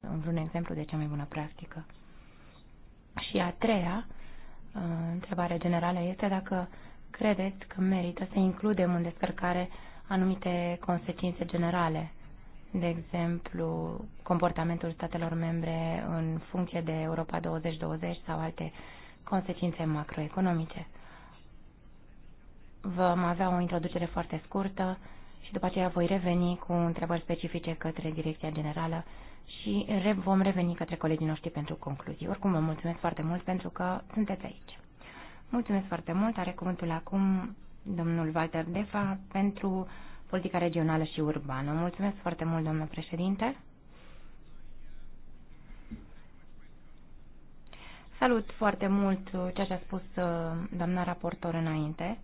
vreun exemplu de cea mai bună practică. Și a treia uh, întrebare generală este dacă credeți că merită să includem în descărcare anumite consecințe generale, de exemplu comportamentul statelor membre în funcție de Europa 2020 sau alte consecințe macroeconomice. Vom avea o introducere foarte scurtă și după aceea voi reveni cu întrebări specifice către Direcția Generală și vom reveni către colegii noștri pentru concluzii. Oricum, vă mulțumesc foarte mult pentru că sunteți aici. Mulțumesc foarte mult. Are cuvântul acum domnul Walter Defa pentru politica regională și urbană. Mulțumesc foarte mult, domnul președinte. Salut foarte mult uh, ceea ce a spus uh, doamna raportor înainte,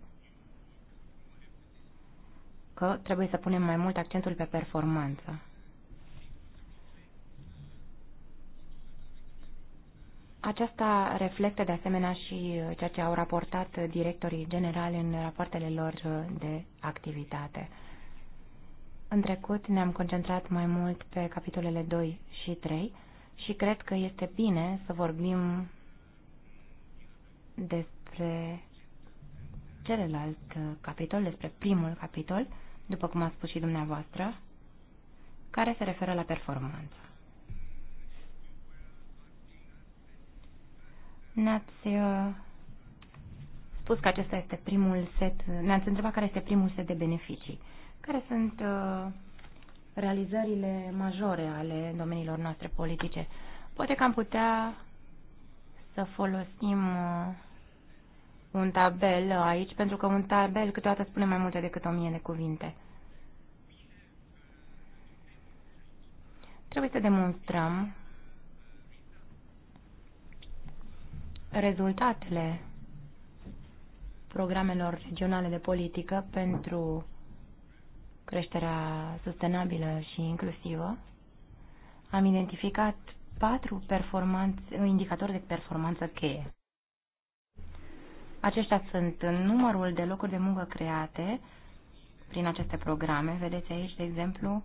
că trebuie să punem mai mult accentul pe performanță. Aceasta reflectă de asemenea și uh, ceea ce au raportat directorii generali în rapoartele lor uh, de activitate. În trecut ne-am concentrat mai mult pe capitolele 2 și 3 și cred că este bine să vorbim despre celălalt uh, capitol, despre primul capitol, după cum a spus și dumneavoastră, care se referă la performanță. Ne-ați uh, spus că acesta este primul set, ne-ați întrebat care este primul set de beneficii. Care sunt uh, realizările majore ale domeniilor noastre politice? Poate că am putea să folosim uh, un tabel aici, pentru că un tabel câteodată spune mai multe decât o mie de cuvinte. Trebuie să demonstrăm rezultatele programelor regionale de politică pentru creșterea sustenabilă și inclusivă, am identificat patru indicatori de performanță cheie. Aceștia sunt numărul de locuri de muncă create prin aceste programe. Vedeți aici, de exemplu,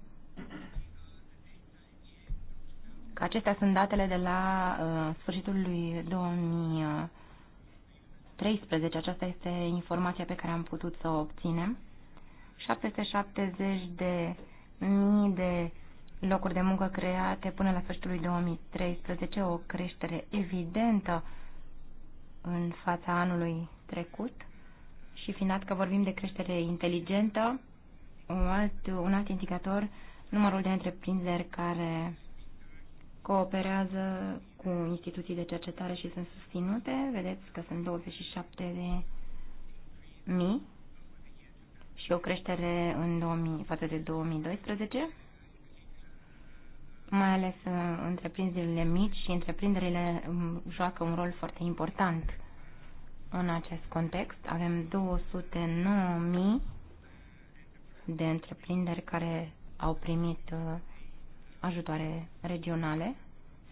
Acestea sunt datele de la uh, sfârșitul lui 2013. Aceasta este informația pe care am putut să o obținem. 770 de mii de locuri de muncă create până la sfârșitul lui 2013, o creștere evidentă în fața anului trecut și fiind că vorbim de creștere inteligentă, un alt, un alt indicator, numărul de întreprinderi care cooperează cu instituții de cercetare și sunt susținute. Vedeți că sunt 27 de mii și o creștere în 2000, față de 2012, mai ales uh, întreprinderile mici și întreprinderile um, joacă un rol foarte important în acest context. Avem 209.000 de întreprinderi care au primit uh, ajutoare regionale,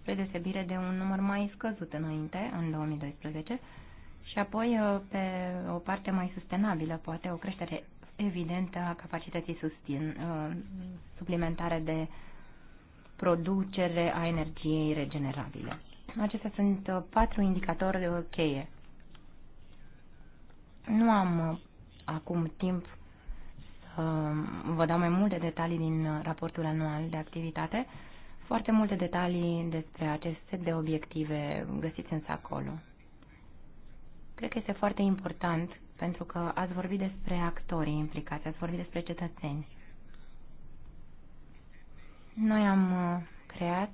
spre deosebire de un număr mai scăzut înainte, în 2012, și apoi uh, pe o parte mai sustenabilă, poate o creștere evidentă a capacității susțin, uh, suplimentare de producere a energiei regenerabile. Acestea sunt uh, patru indicatori cheie. Nu am acum timp Um, vă dau mai multe detalii din uh, raportul anual de activitate. Foarte multe detalii despre acest set de obiective găsiți însă acolo. Cred că este foarte important pentru că ați vorbit despre actorii implicați, ați vorbit despre cetățeni. Noi am uh, creat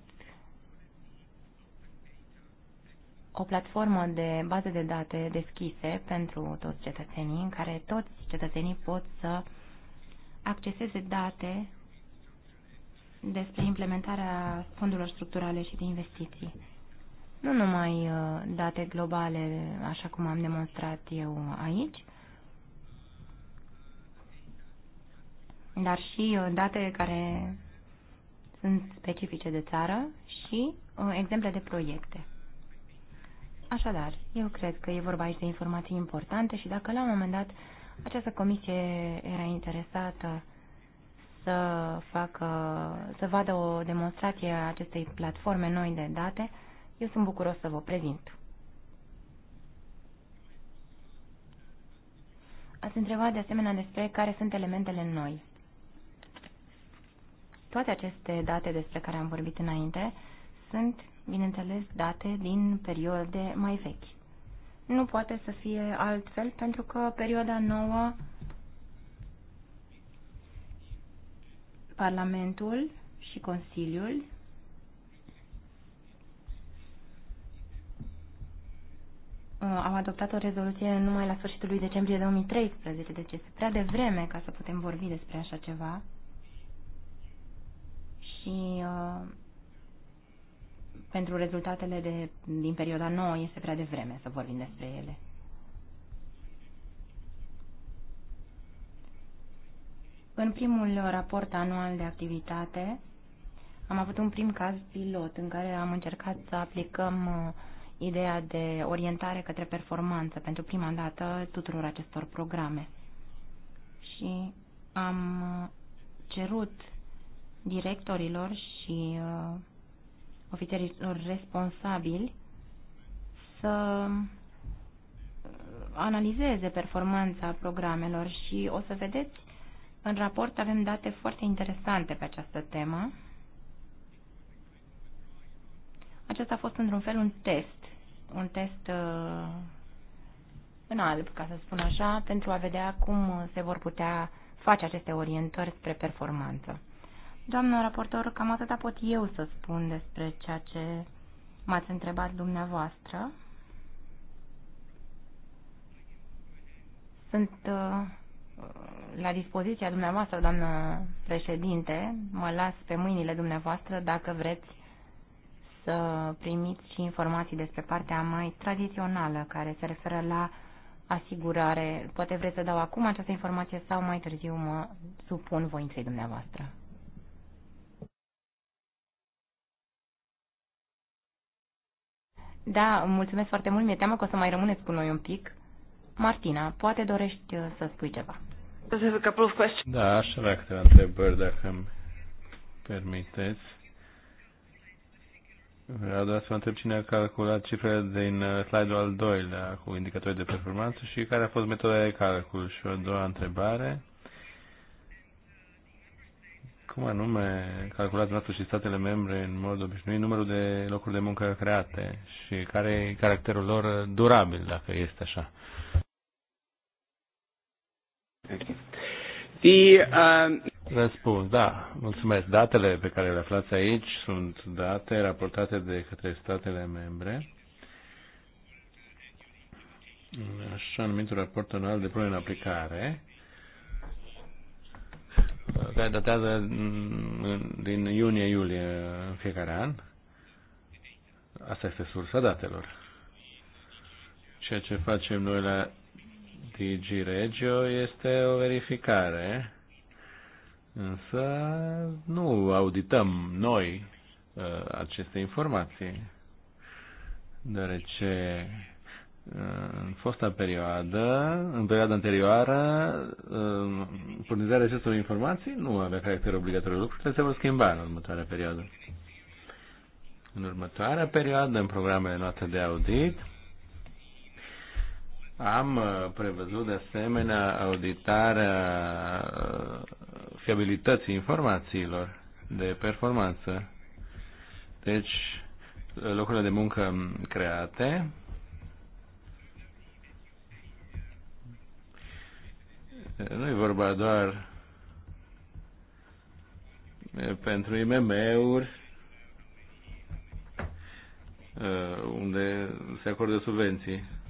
o platformă de baze de date deschise pentru toți cetățenii, în care toți cetățenii pot să uh, acceseze date despre implementarea fondurilor structurale și de investiții. Nu numai uh, date globale, așa cum am demonstrat eu aici, dar și uh, date care sunt specifice de țară și uh, exemple de proiecte. Așadar, eu cred că e vorba aici de informații importante și dacă la un moment dat această comisie era interesată să facă, să vadă o demonstrație a acestei platforme noi de date. Eu sunt bucuros să vă prezint. Ați întrebat de asemenea despre care sunt elementele noi. Toate aceste date despre care am vorbit înainte sunt, bineînțeles, date din perioade mai vechi. Nu poate să fie altfel, pentru că perioada nouă Parlamentul și Consiliul uh, au adoptat o rezoluție numai la sfârșitul lui decembrie 2013, deci este prea devreme ca să putem vorbi despre așa ceva. Și uh, pentru rezultatele de, din perioada nouă este prea devreme să vorbim despre ele. În primul raport anual de activitate am avut un prim caz pilot în care am încercat să aplicăm uh, ideea de orientare către performanță pentru prima dată tuturor acestor programe. Și am uh, cerut directorilor și uh, ofițerilor responsabili să analizeze performanța programelor și o să vedeți, în raport avem date foarte interesante pe această temă. Acesta a fost într-un fel un test, un test uh, în alb, ca să spun așa, pentru a vedea cum se vor putea face aceste orientări spre performanță. Doamnă raportor, cam atâta pot eu să spun despre ceea ce m-ați întrebat dumneavoastră. Sunt uh, la dispoziția dumneavoastră, doamnă președinte, mă las pe mâinile dumneavoastră dacă vreți să primiți și informații despre partea mai tradițională care se referă la asigurare. Poate vreți să dau acum această informație sau mai târziu mă supun voinței dumneavoastră. Da, mulțumesc foarte mult. Mi-e teamă că o să mai rămâneți cu noi un pic. Martina, poate dorești uh, să spui ceva. Da, aș avea câteva întrebări, dacă îmi permiteți. Vreau doar să vă întreb cine a calculat cifrele din uh, slide-ul al doilea cu indicatori de performanță și care a fost metoda de calcul. Și o a doua întrebare cum anume calculați dumneavoastră și statele membre în mod obișnuit numărul de locuri de muncă create și care e caracterul lor durabil, dacă este așa? The, uh... Răspuns, da, mulțumesc. Datele pe care le aflați aici sunt date raportate de către statele membre în așa numitul raport anual de punere în aplicare care datează din iunie-iulie în fiecare an. Asta este sursa datelor. Ceea ce facem noi la DG Regio este o verificare, însă nu audităm noi uh, aceste informații, deoarece în fosta perioadă, în perioada anterioară, furnizarea acestor informații nu avea caracter obligatoriu. Lucrurile se vor schimba în următoarea perioadă. În următoarea perioadă, în programele noastre de audit, am uh, prevăzut de asemenea auditarea uh, fiabilității informațiilor de performanță. Deci, locurile de muncă create Nu e vorba doar pentru IMM-uri, unde se acordă subvenții.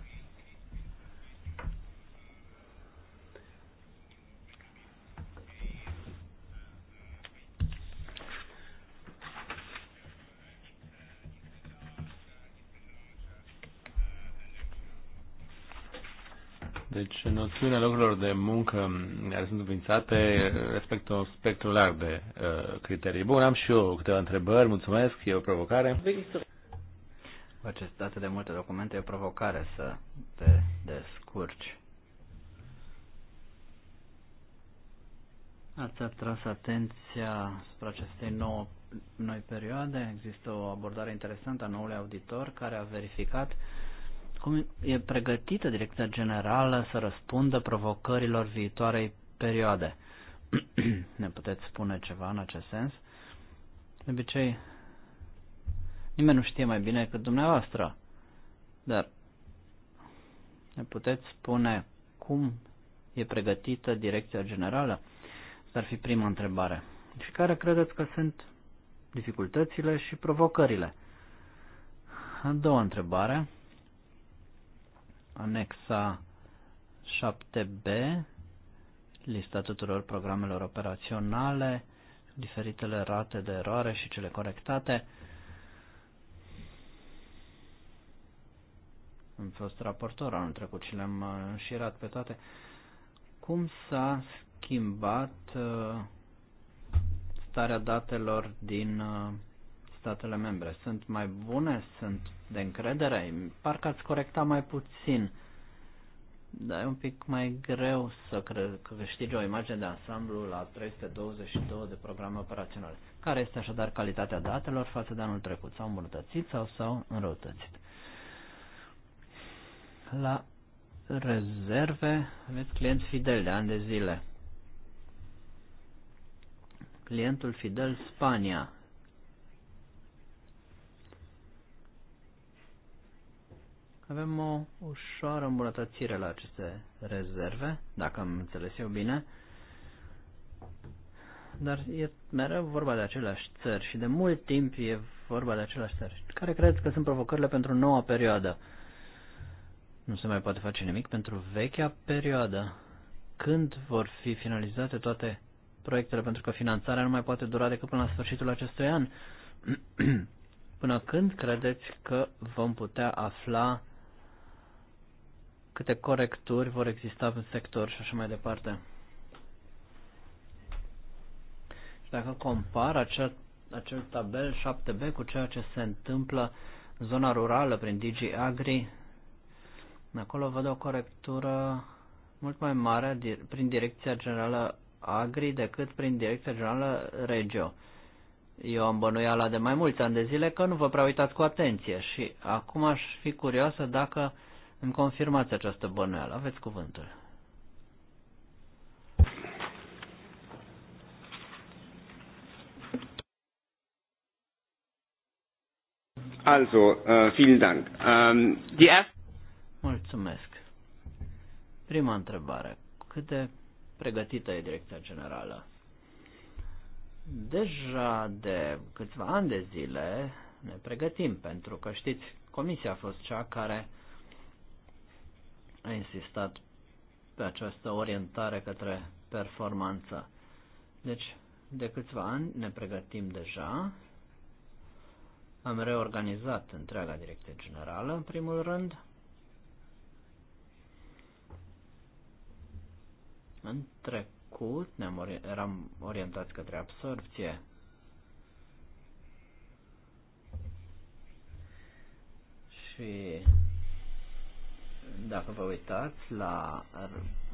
Deci, noțiunea locurilor de muncă care sunt înființate respectă un spectru larg de uh, criterii. Bun, am și eu câteva întrebări, mulțumesc, e o provocare. Aceste date de multe documente, e o provocare să te descurci. Ați atras atenția spre acestei nouă, noi perioade. Există o abordare interesantă a noului auditor care a verificat uh, cum e pregătită Direcția Generală să răspundă provocărilor viitoarei perioade? ne puteți spune ceva în acest sens? De obicei, nimeni nu știe mai bine decât dumneavoastră, dar ne puteți spune cum e pregătită Direcția Generală? Asta ar fi prima întrebare. Și care credeți că sunt dificultățile și provocările? A doua întrebare anexa 7b, lista tuturor programelor operaționale, diferitele rate de eroare și cele corectate. Am fost raportor anul trecut și le-am uh, înșirat pe toate. Cum s-a schimbat uh, starea datelor din uh, statele membre? Sunt mai bune? Sunt de încredere? Parcă ați corecta mai puțin. Dar e un pic mai greu să câștigi o imagine de ansamblu la 322 de programe operaționale. Care este așadar calitatea datelor față de anul trecut? S-au îmbunătățit sau s-au înrăutățit? La rezerve aveți clienți fideli de ani de zile clientul fidel Spania. Avem o ușoară îmbunătățire la aceste rezerve, dacă am înțeles eu bine, dar e mereu vorba de aceleași țări și de mult timp e vorba de aceleași țări. Care credeți că sunt provocările pentru noua perioadă? Nu se mai poate face nimic pentru vechea perioadă. Când vor fi finalizate toate proiectele? Pentru că finanțarea nu mai poate dura decât până la sfârșitul acestui an. până când credeți că vom putea afla câte corecturi vor exista în sector și așa mai departe. Și dacă compar acel, acel tabel 7B cu ceea ce se întâmplă în zona rurală prin Digi Agri, acolo văd o corectură mult mai mare prin Direcția Generală Agri decât prin Direcția Generală Regio. Eu am bănuiala de mai mulți ani de zile că nu vă prea uitați cu atenție și acum aș fi curioasă dacă îmi confirmați această bănuială. Aveți cuvântul. Also, uh, vielen Dank. Um, die erste... Mulțumesc. Prima întrebare. Cât de pregătită e Direcția Generală? Deja de câțiva ani de zile ne pregătim, pentru că știți, Comisia a fost cea care a insistat pe această orientare către performanță. Deci, de câțiva ani ne pregătim deja. Am reorganizat întreaga direcție generală, în primul rând. În trecut ne-am ori eram orientați către absorpție. Și dacă vă uitați la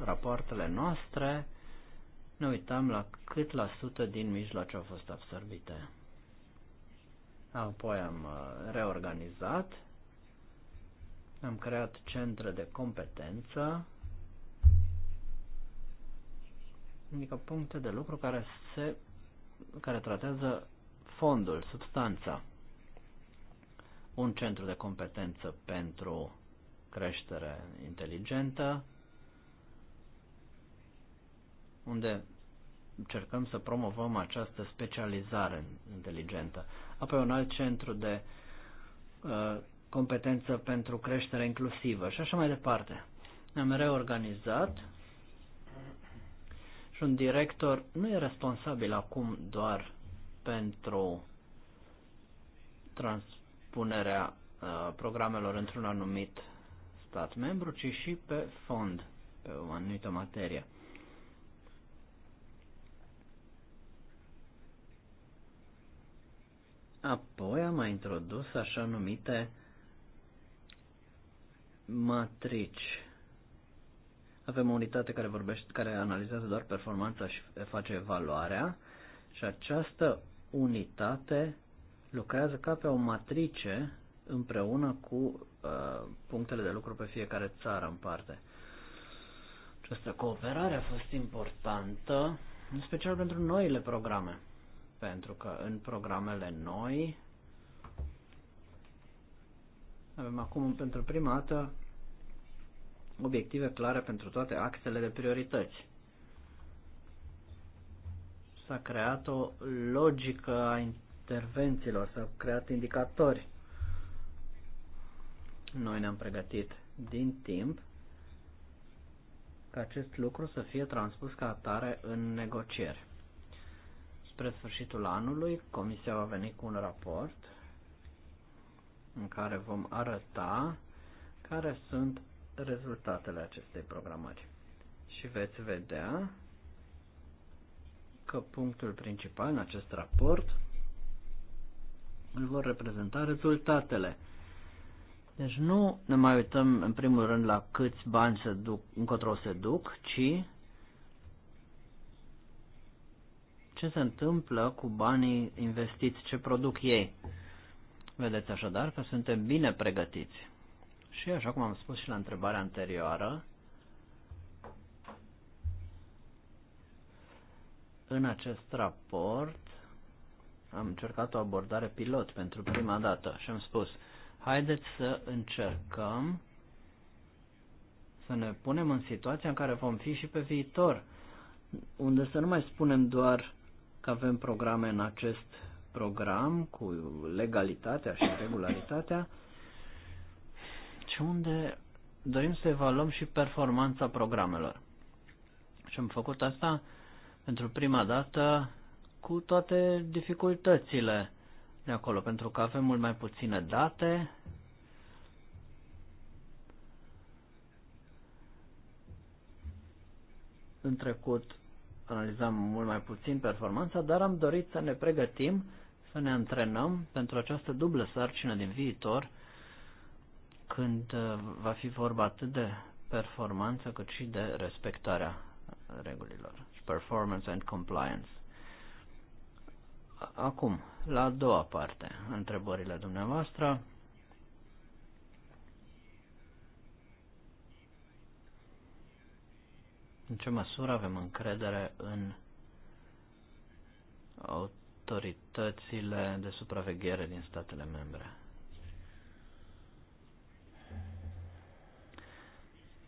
rapoartele noastre, ne uitam la cât la sută din mijloace au fost absorbite. Apoi am uh, reorganizat, am creat centre de competență, adică puncte de lucru care, se, care tratează fondul, substanța. Un centru de competență pentru creștere inteligentă, unde încercăm să promovăm această specializare inteligentă. Apoi un alt centru de uh, competență pentru creștere inclusivă și așa mai departe. Ne-am reorganizat și un director nu e responsabil acum doar pentru transpunerea uh, programelor într-un anumit stat membru, ci și pe fond, pe o anumită materie. Apoi am mai introdus așa numite matrici. Avem o unitate care vorbește, care analizează doar performanța și face evaluarea și această unitate lucrează ca pe o matrice împreună cu Uh, punctele de lucru pe fiecare țară în parte. Această cooperare a fost importantă, în special pentru noile programe, pentru că în programele noi avem acum pentru prima dată obiective clare pentru toate axele de priorități. S-a creat o logică a intervențiilor, s-au creat indicatori noi ne-am pregătit din timp ca acest lucru să fie transpus ca atare în negocieri. Spre sfârșitul anului, Comisia va veni cu un raport în care vom arăta care sunt rezultatele acestei programări. Și veți vedea că punctul principal în acest raport îl vor reprezenta rezultatele deci nu ne mai uităm în primul rând la câți bani se duc, încotro se duc, ci ce se întâmplă cu banii investiți, ce produc ei. Vedeți așadar că suntem bine pregătiți. Și așa cum am spus și la întrebarea anterioară, în acest raport am încercat o abordare pilot pentru prima dată și am spus – Haideți să încercăm să ne punem în situația în care vom fi și pe viitor, unde să nu mai spunem doar că avem programe în acest program cu legalitatea și regularitatea, ci unde dorim să evaluăm și performanța programelor. Și am făcut asta pentru prima dată cu toate dificultățile de acolo, pentru că avem mult mai puține date. În trecut analizam mult mai puțin performanța, dar am dorit să ne pregătim, să ne antrenăm pentru această dublă sarcină din viitor, când uh, va fi vorba atât de performanță cât și de respectarea regulilor. Performance and compliance. Acum, la a doua parte, întrebările dumneavoastră. În ce măsură avem încredere în autoritățile de supraveghere din statele membre?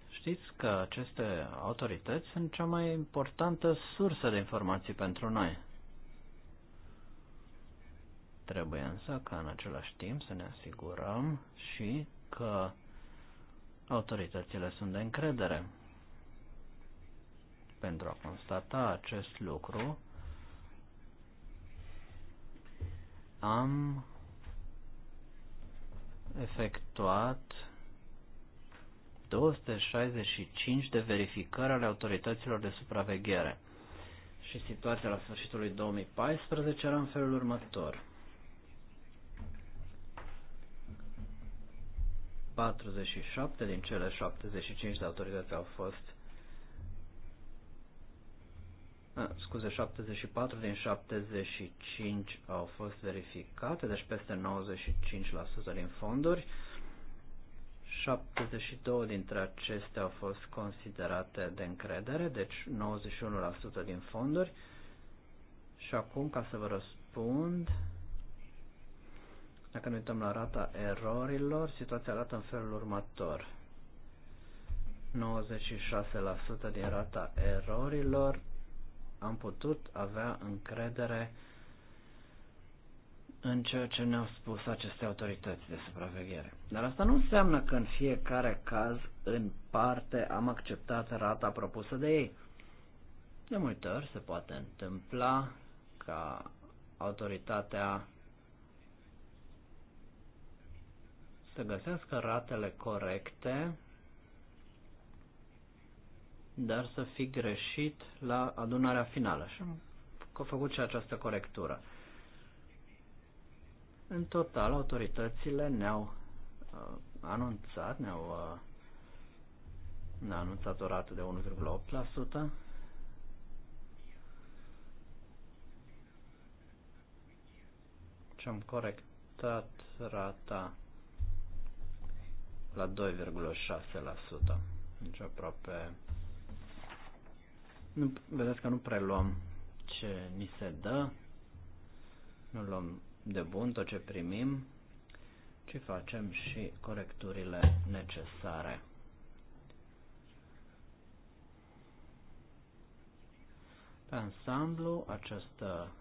Știți că aceste autorități sunt cea mai importantă sursă de informații pentru noi. Trebuie însă ca în același timp să ne asigurăm și că autoritățile sunt de încredere. Pentru a constata acest lucru, am efectuat 265 de verificări ale autorităților de supraveghere. Și situația la sfârșitul lui 2014 era în felul următor. 47 din cele 75 de autorități au fost a, scuze, 74 din 75 au fost verificate, deci peste 95% din fonduri. 72 dintre acestea au fost considerate de încredere, deci 91% din fonduri. Și acum, ca să vă răspund, dacă ne uităm la rata erorilor, situația arată în felul următor. 96% din rata erorilor am putut avea încredere în ceea ce ne-au spus aceste autorități de supraveghere. Dar asta nu înseamnă că în fiecare caz, în parte, am acceptat rata propusă de ei. De multe ori se poate întâmpla ca autoritatea să găsească ratele corecte, dar să fi greșit la adunarea finală. Și am făcut și această corectură. În total, autoritățile ne-au uh, anunțat, ne-au uh, ne anunțat o rată de 1,8%. Și am corectat rata la 2,6%. Deci aproape... Nu, vedeți că nu preluăm ce ni se dă, nu luăm de bun tot ce primim, ci facem și corecturile necesare. Pe ansamblu, această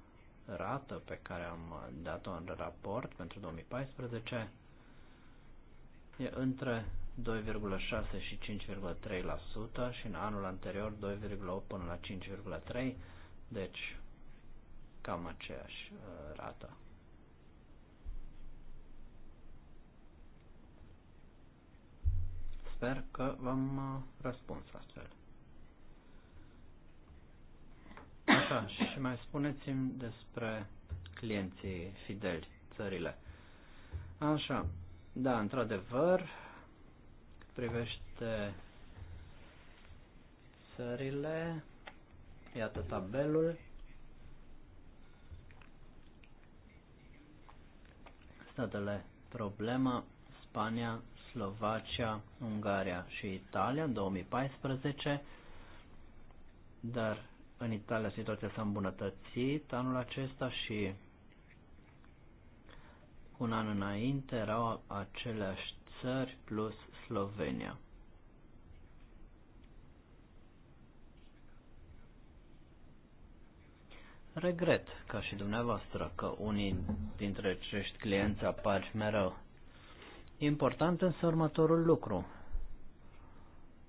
rată pe care am dat-o în raport pentru 2014 e între 2,6 și 5,3% și în anul anterior 2,8 până la 5,3%, deci cam aceeași uh, rată. Sper că v-am uh, răspuns astfel. Așa, și mai spuneți-mi despre clienții fideli, țările. Așa, da, într-adevăr, cât privește țările, iată tabelul. Statele problema Spania, Slovacia, Ungaria și Italia în 2014, dar în Italia situația s-a îmbunătățit anul acesta și un an înainte erau aceleași țări plus Slovenia. Regret, ca și dumneavoastră, că unii dintre acești clienți apar mereu. Important însă următorul lucru.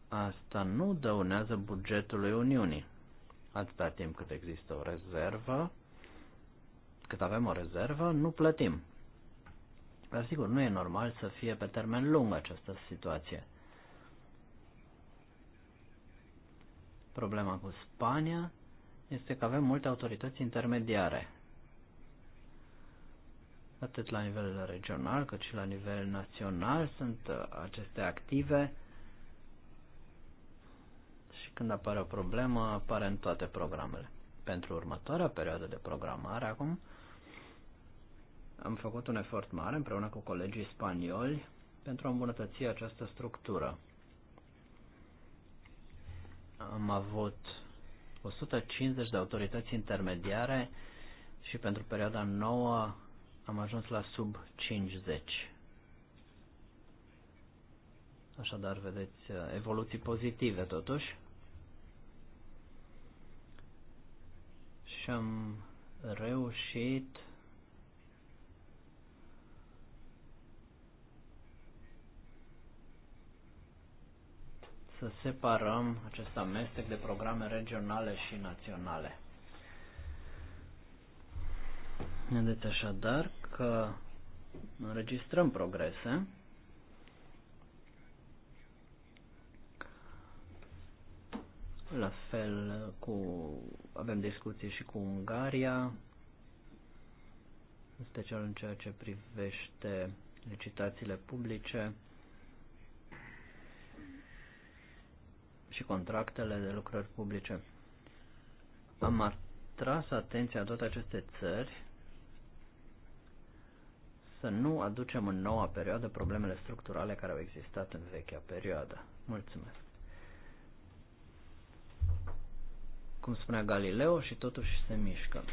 Asta nu dăunează bugetului Uniunii. Atâta timp cât există o rezervă, cât avem o rezervă, nu plătim. Dar sigur, nu e normal să fie pe termen lung această situație. Problema cu Spania este că avem multe autorități intermediare, atât la nivel regional cât și la nivel național sunt uh, aceste active și când apare o problemă apare în toate programele. Pentru următoarea perioadă de programare acum am făcut un efort mare împreună cu colegii spanioli pentru a îmbunătăți această structură. Am avut 150 de autorități intermediare și pentru perioada nouă am ajuns la sub 50. Așadar, vedeți evoluții pozitive totuși. Și am reușit să separăm acest amestec de programe regionale și naționale. Vedeți așadar că înregistrăm progrese. La fel cu avem discuții și cu Ungaria, special în ceea ce privește licitațiile publice. și contractele de lucrări publice. Am atras atenția toate aceste țări să nu aducem în noua perioadă problemele structurale care au existat în vechea perioadă. Mulțumesc! Cum spunea Galileo și totuși se mișcă.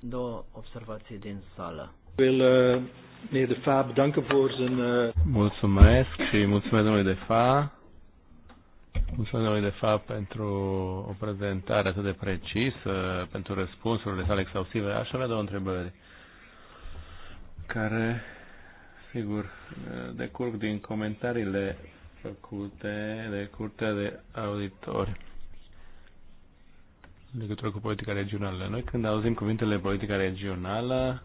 Două observații din sală. Wil uh, De Fa Uh... Mulțumesc și mulțumesc domnului De Fa Mulțumesc, domnule, de fapt, pentru o prezentare atât de precisă, pentru răspunsurile sale exhaustive. Aș avea două întrebări care, sigur, decurg din comentariile făcute de Curtea de Auditori în legătură cu politica regională. Noi când auzim cuvintele politica regională,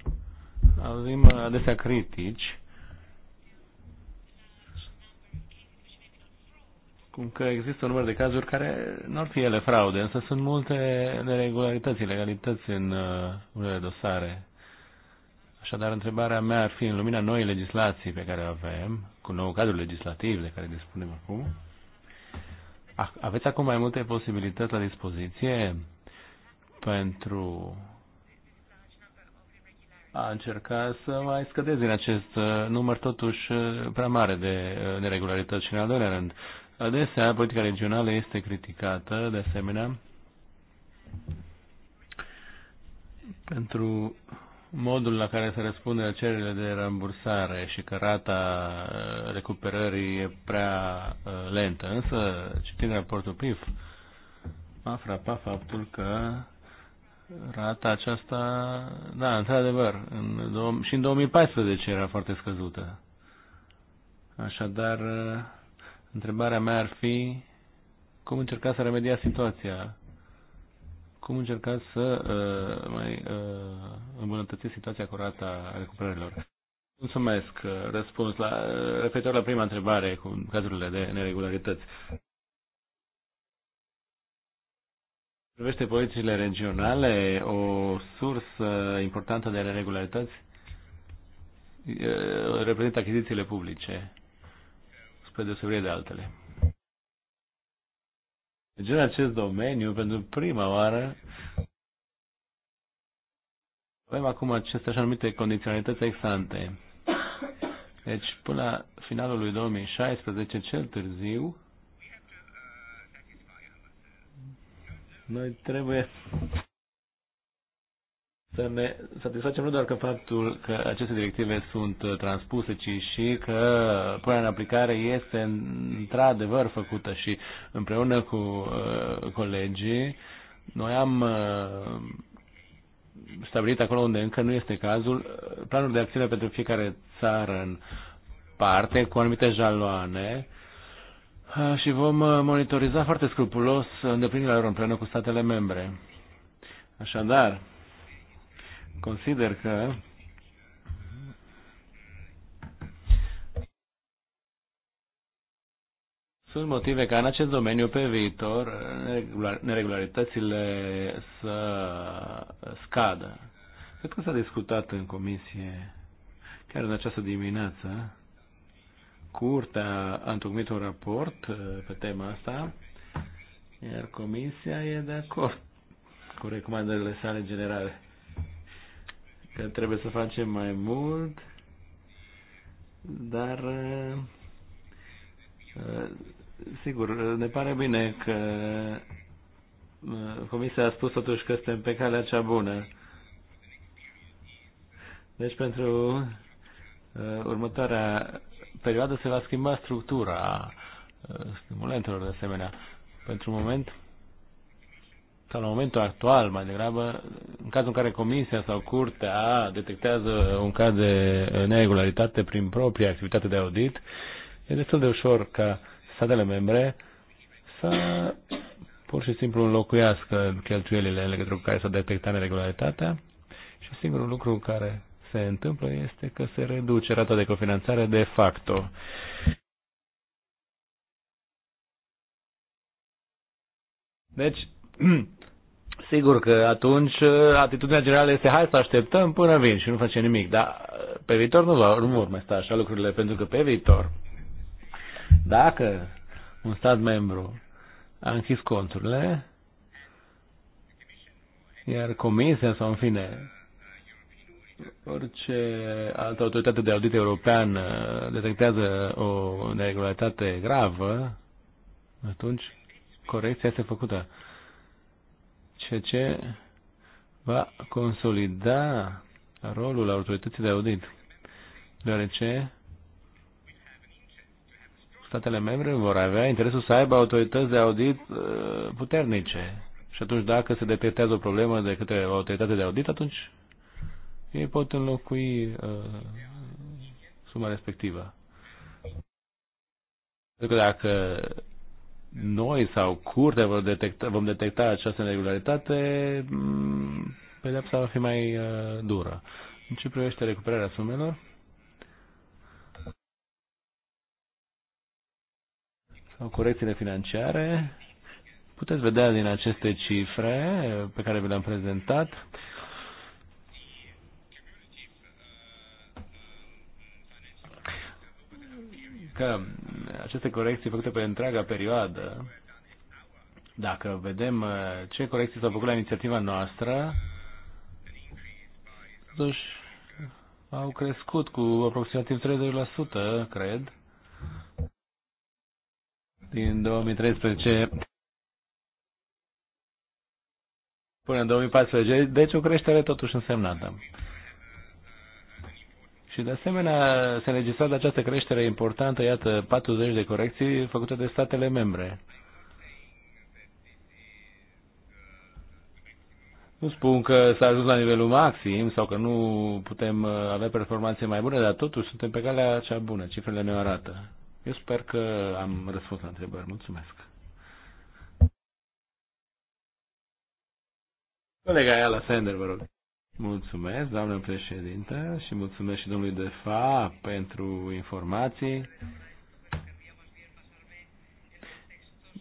auzim adesea critici cum că există un număr de cazuri care nu ar fi ele fraude, însă sunt multe neregularități, ilegalități în uh, unele dosare. Așadar, întrebarea mea ar fi, în lumina noii legislații pe care o avem, cu nou cadru legislativ de care dispunem acum, aveți acum mai multe posibilități la dispoziție pentru a încerca să mai scădeți din acest uh, număr totuși uh, prea mare de uh, neregularități și în al doilea rând Adesea, politica regională este criticată, de asemenea, pentru modul la care se răspunde la cererile de rambursare și că rata uh, recuperării e prea uh, lentă. Însă, citind raportul PIF, a frapat faptul că rata aceasta, da, într-adevăr, în, și în 2014 era foarte scăzută. Așadar, uh, Întrebarea mea ar fi cum încercați să remediați situația? Cum încercați să uh, mai uh, îmbunătățiți situația curată a recuperărilor? Mulțumesc. Răspuns la, referitor la prima întrebare cu cazurile de neregularități. Privește politicile regionale, o sursă importantă de neregularități uh, reprezintă achizițiile publice spre deosebire de altele. Deci în acest domeniu, pentru prima oară, avem acum aceste așa numite condiționalități exante. Deci până la finalul lui 2016, cel târziu, noi trebuie să ne satisfacem nu doar că faptul că aceste directive sunt uh, transpuse, ci și că punerea în aplicare este într-adevăr făcută și împreună cu uh, colegii noi am uh, stabilit acolo unde încă nu este cazul uh, planul de acțiune pentru fiecare țară în parte cu anumite jaloane uh, și vom uh, monitoriza foarte scrupulos îndeplinirea lor împreună cu statele membre. Așadar, Consider că Sunt motive ca în acest domeniu pe viitor neregularitățile să scadă. Cred că s-a discutat în comisie chiar în această dimineață. Curtea a întocmit un raport uh, pe tema asta, iar comisia e de acord cu recomandările sale generale că trebuie să facem mai mult, dar uh, sigur, ne pare bine că uh, Comisia a spus totuși că suntem pe calea cea bună. Deci pentru uh, următoarea perioadă se va schimba structura stimulentelor de asemenea. Pentru moment sau la momentul actual, mai degrabă, în cazul în care comisia sau curtea detectează un caz de neregularitate prin propria activitate de audit, e destul de ușor ca statele membre să pur și simplu înlocuiască cheltuielile în legătură cu care s-a detectat neregularitatea și singurul lucru care se întâmplă este că se reduce rata de cofinanțare de facto. Deci, Sigur că atunci uh, atitudinea generală este hai să așteptăm până vin și nu facem nimic, dar uh, pe viitor nu, va, nu vor mai sta așa lucrurile, pentru că pe viitor, dacă un stat membru a închis conturile, iar comisia sau în fine orice altă autoritate de audit european uh, detectează o neregularitate gravă, atunci corecția este făcută ceea va consolida rolul autorității de audit, deoarece statele membre vor avea interesul să aibă autorități de audit uh, puternice. Și atunci dacă se detectează o problemă de către o autoritate de audit, atunci ei pot înlocui uh, suma respectivă. Pentru că dacă noi sau curte vom detecta, vom detecta această neregularitate, mm, pedepsa va fi mai uh, dură. În ce privește recuperarea sumelor? Sau corecțiile financiare? Puteți vedea din aceste cifre uh, pe care vi le-am prezentat că aceste corecții făcute pe întreaga perioadă, dacă vedem uh, ce corecții s-au făcut la inițiativa noastră, totuși au crescut cu aproximativ 30%, cred, din 2013 până în 2014, deci o creștere totuși însemnată. Și de asemenea se înregistrează această creștere importantă, iată, 40 de corecții făcute de statele membre. Nu spun că s-a ajuns la nivelul maxim sau că nu putem uh, avea performanțe mai bune, dar totuși suntem pe calea cea bună, cifrele ne arată. Eu sper că am răspuns la întrebări. Mulțumesc. Colega Ayala Sender, vă rog. Mulțumesc, doamnă președinte și mulțumesc și domnului Defa pentru informații.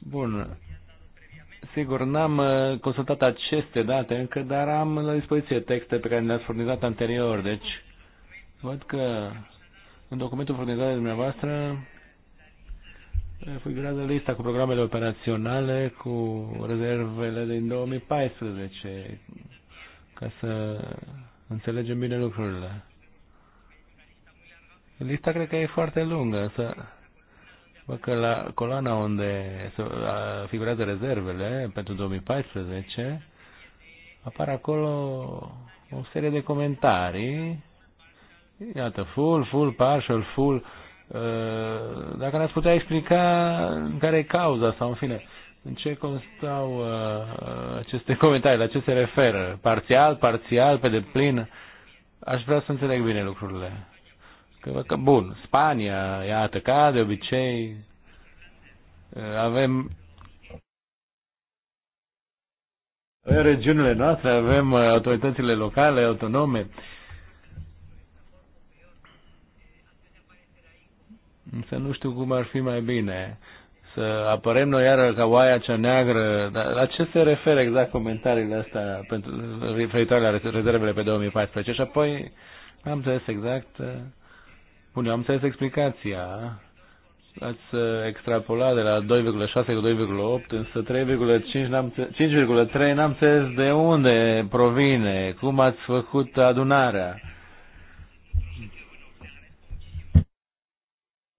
Bun. Sigur, n-am uh, consultat aceste date încă, dar am la dispoziție texte pe care le-ați furnizat anterior. Deci, văd că în documentul furnizat de dumneavoastră figurează lista cu programele operaționale, cu rezervele din 2014, ca să înțelegem bine lucrurile. Lista cred că e foarte lungă, să Bă, că la coloana unde figurează rezervele pentru 2014, apar acolo o serie de comentarii. Iată, full, full, partial, full. Ă, dacă ne-ați putea explica care e cauza sau în fine. În ce constau uh, uh, aceste comentarii? La ce se referă? Parțial, parțial, pe deplin? Aș vrea să înțeleg bine lucrurile. Că, că, bun, Spania, iată, ca de obicei, uh, avem în regiunile noastre avem uh, autoritățile locale, autonome. Însă nu știu cum ar fi mai bine să apărem noi iară ca oaia cea neagră. Dar la ce se referă exact comentariile astea pentru, referitoare la rezervele pe 2014? Și apoi am înțeles exact, bun, eu am înțeles explicația. Ați uh, extrapolat de la 2,6 cu 2,8, însă 5,3 n-am înțeles de unde provine, cum ați făcut adunarea.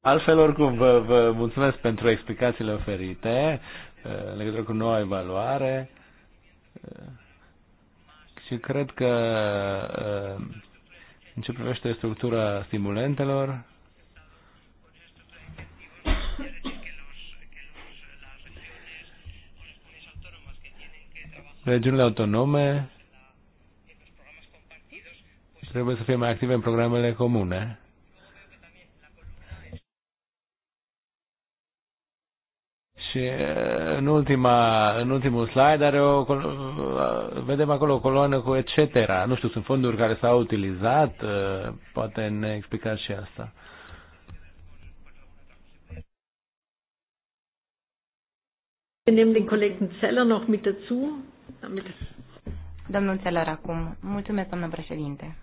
Altfel, oricum, vă, vă mulțumesc pentru explicațiile oferite eh, în legătură cu noua evaluare eh, și cred că eh, în ce privește structura stimulentelor, regiunile autonome trebuie să fie mai active în programele comune. Și în, ultima, în ultimul slide are o, vedem acolo o coloană cu etc. Nu știu, sunt fonduri care s-au utilizat, poate ne explicați și asta. Zeller Domnul Țelăr acum. Mulțumesc, doamnă președinte.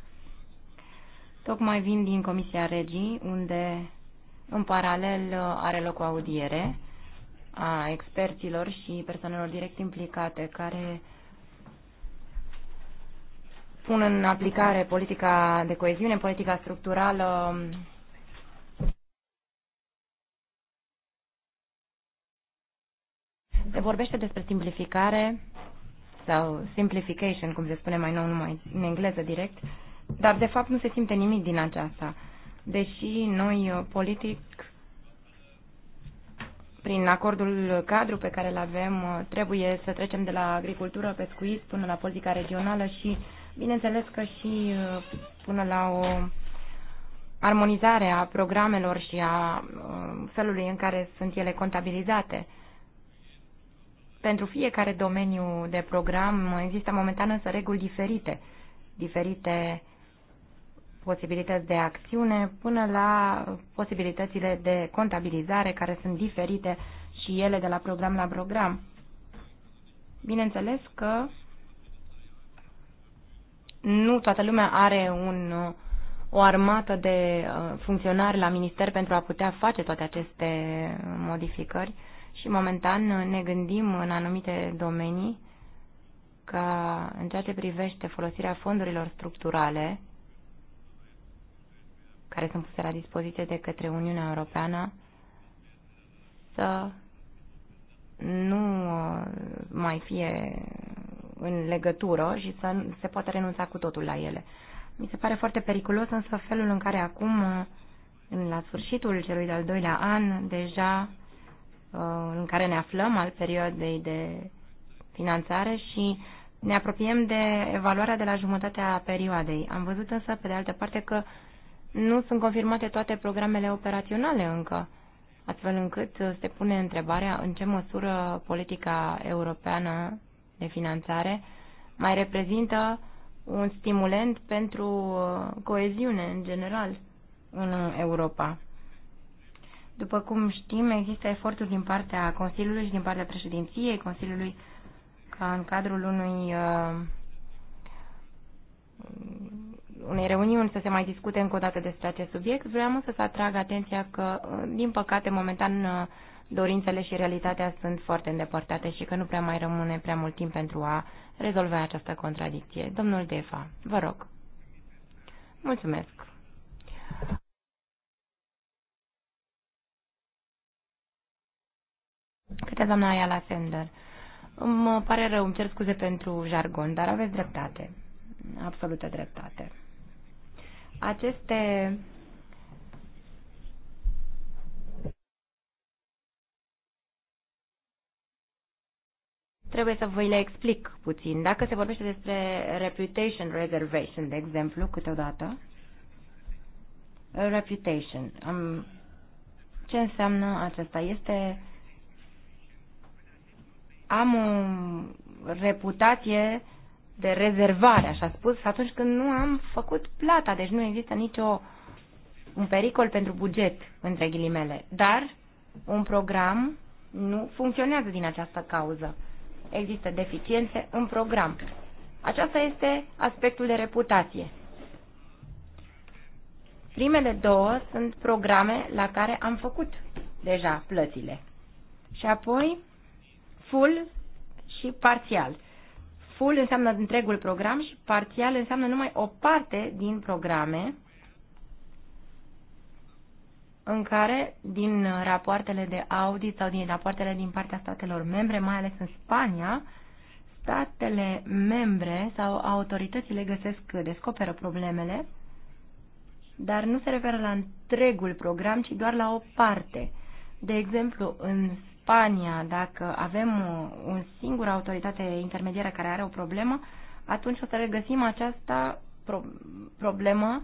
Tocmai vin din Comisia Regii, unde în paralel are loc o audiere a experților și persoanelor direct implicate care pun în aplicare politica de coeziune, politica structurală Se vorbește despre simplificare sau simplification, cum se spune mai nou numai în engleză direct, dar de fapt nu se simte nimic din aceasta. Deși noi politic prin acordul cadru pe care îl avem, trebuie să trecem de la agricultură, pescuit, până la politica regională și, bineînțeles că și uh, până la o armonizare a programelor și a uh, felului în care sunt ele contabilizate. Pentru fiecare domeniu de program există momentan însă reguli diferite, diferite posibilități de acțiune până la posibilitățile de contabilizare care sunt diferite și ele de la program la program. Bineînțeles că nu toată lumea are un, o armată de uh, funcționari la minister pentru a putea face toate aceste modificări și momentan ne gândim în anumite domenii ca în ceea ce privește folosirea fondurilor structurale, care sunt puse la dispoziție de către Uniunea Europeană să nu uh, mai fie în legătură și să se poată renunța cu totul la ele. Mi se pare foarte periculos, însă felul în care acum, uh, la sfârșitul celui de-al doilea an, deja uh, în care ne aflăm al perioadei de finanțare și ne apropiem de evaluarea de la jumătatea perioadei. Am văzut însă, pe de altă parte, că uh, nu sunt confirmate toate programele operaționale încă, astfel încât uh, se pune întrebarea în ce măsură politica europeană de finanțare mai reprezintă un stimulent pentru uh, coeziune în general în Europa. După cum știm, există eforturi din partea Consiliului și din partea președinției Consiliului ca în cadrul unui uh, unei reuniuni să se mai discute încă o dată despre acest subiect. Vreau să să atrag atenția că, din păcate, momentan uh, dorințele și realitatea sunt foarte îndepărtate și că nu prea mai rămâne prea mult timp pentru a rezolva această contradicție. Domnul Defa, vă rog. Mulțumesc. Către doamna la Sender. Îmi pare rău, îmi cer scuze pentru jargon, dar aveți dreptate. Absolută dreptate. Aceste Trebuie să vă le explic puțin. Dacă se vorbește despre reputation reservation, de exemplu, câteodată, reputation, ce înseamnă acesta? Este am o reputație de rezervare, așa spus, atunci când nu am făcut plata, deci nu există nicio un pericol pentru buget, între ghilimele. Dar un program nu funcționează din această cauză. Există deficiențe în program. Aceasta este aspectul de reputație. Primele două sunt programe la care am făcut deja plățile. Și apoi full și parțial. Full înseamnă întregul program și parțial înseamnă numai o parte din programe în care din rapoartele de audit sau din rapoartele din partea statelor membre, mai ales în Spania, statele membre sau autoritățile găsesc, descoperă problemele, dar nu se referă la întregul program, ci doar la o parte. De exemplu, în Spania, dacă avem o, singură autoritate intermediară care are o problemă, atunci o să regăsim această pro, problemă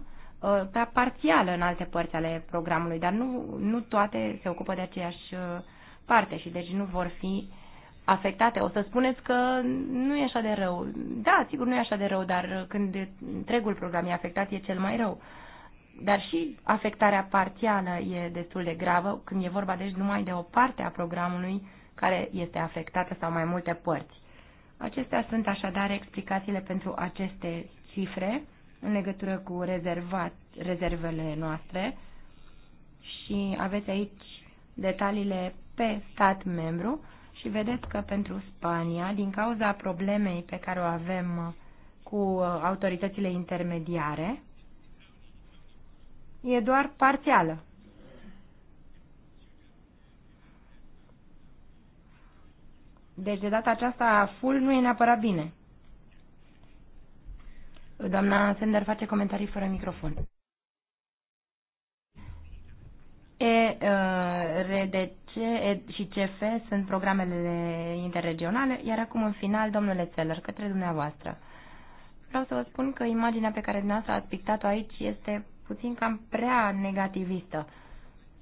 ca uh, parțială în alte părți ale programului, dar nu, nu toate se ocupă de aceeași uh, parte și deci nu vor fi afectate. O să spuneți că nu e așa de rău. Da, sigur, nu e așa de rău, dar când întregul program e afectat, e cel mai rău. Uh, dar și afectarea parțială e destul de gravă, când e vorba deci numai de o parte a programului care este afectată sau mai multe părți. Acestea sunt așadar explicațiile pentru aceste cifre în legătură cu rezervat, rezervele noastre și aveți aici detaliile pe stat membru și vedeți că pentru Spania, din cauza problemei pe care o avem cu autoritățile intermediare, e doar parțială. Deci de data aceasta full nu e neapărat bine. Doamna Sender face comentarii fără microfon. E, uh, RDC e, și CF sunt programele interregionale, iar acum în final, domnule Țeller, către dumneavoastră. Vreau să vă spun că imaginea pe care dumneavoastră ați pictat-o aici este puțin cam prea negativistă.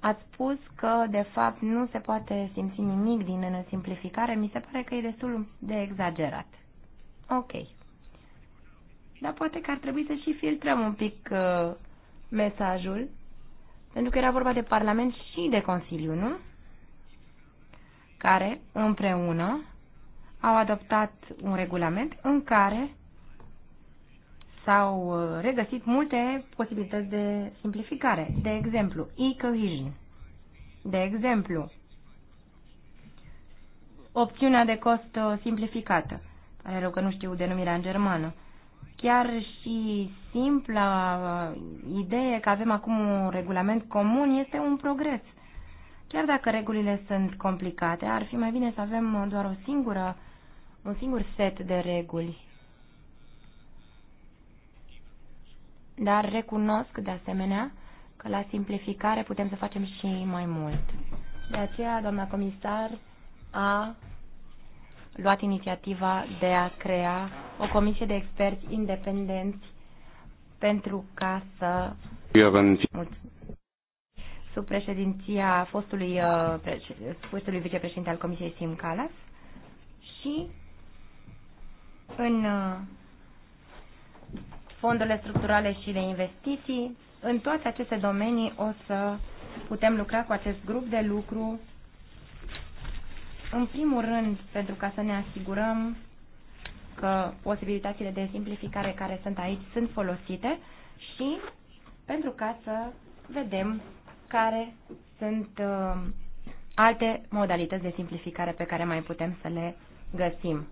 Ați spus că, de fapt, nu se poate simți nimic din simplificare. Mi se pare că e destul de exagerat. Ok. Dar poate că ar trebui să și filtrăm un pic uh, mesajul, pentru că era vorba de Parlament și de Consiliu, nu? Care, împreună, au adoptat un regulament în care s-au uh, regăsit multe posibilități de simplificare. De exemplu, e-cohesion. De exemplu, opțiunea de cost uh, simplificată. Pare rău că nu știu denumirea în germană. Chiar și simpla uh, idee că avem acum un regulament comun este un progres. Chiar dacă regulile sunt complicate, ar fi mai bine să avem doar o singură, un singur set de reguli dar recunosc de asemenea că la simplificare putem să facem și mai mult. De aceea, doamna comisar a luat inițiativa de a crea o comisie de experți independenți pentru ca să sub președinția fostului, uh, fostului vicepreședinte al Comisiei Sim Calas și în uh, fondurile structurale și de investiții. În toate aceste domenii o să putem lucra cu acest grup de lucru, în primul rând, pentru ca să ne asigurăm că posibilitățile de simplificare care sunt aici sunt folosite și pentru ca să vedem care sunt uh, alte modalități de simplificare pe care mai putem să le găsim.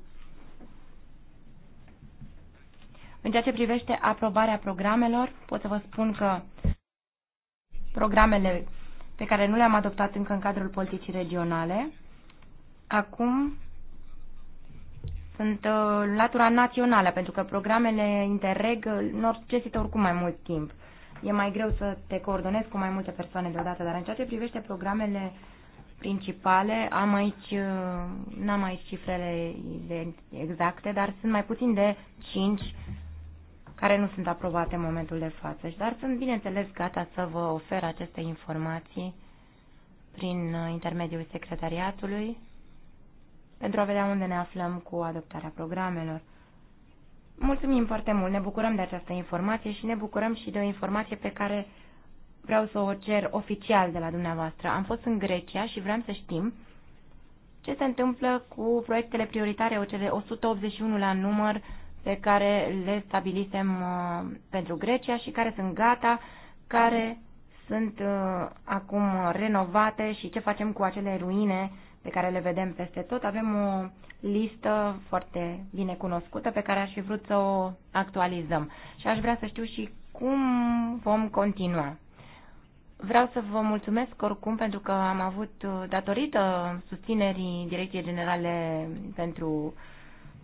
În ceea ce privește aprobarea programelor, pot să vă spun că programele pe care nu le-am adoptat încă în cadrul politicii regionale, acum sunt uh, latura națională, pentru că programele Interreg uh, necesită oricum mai mult timp. E mai greu să te coordonezi cu mai multe persoane deodată, dar în ceea ce privește programele principale, am aici, uh, n-am aici cifrele exacte, dar sunt mai puțin de 5 care nu sunt aprobate în momentul de față, dar sunt, bineînțeles, gata să vă ofer aceste informații prin uh, intermediul secretariatului pentru a vedea unde ne aflăm cu adoptarea programelor. Mulțumim foarte mult, ne bucurăm de această informație și ne bucurăm și de o informație pe care vreau să o cer oficial de la dumneavoastră. Am fost în Grecia și vreau să știm ce se întâmplă cu proiectele prioritare, cele 181 la număr, pe care le stabilisem uh, pentru Grecia și care sunt gata, care sunt uh, acum renovate și ce facem cu acele ruine pe care le vedem peste tot. Avem o listă foarte bine cunoscută pe care aș fi vrut să o actualizăm și aș vrea să știu și cum vom continua. Vreau să vă mulțumesc oricum pentru că am avut, uh, datorită susținerii Direcției Generale pentru uh,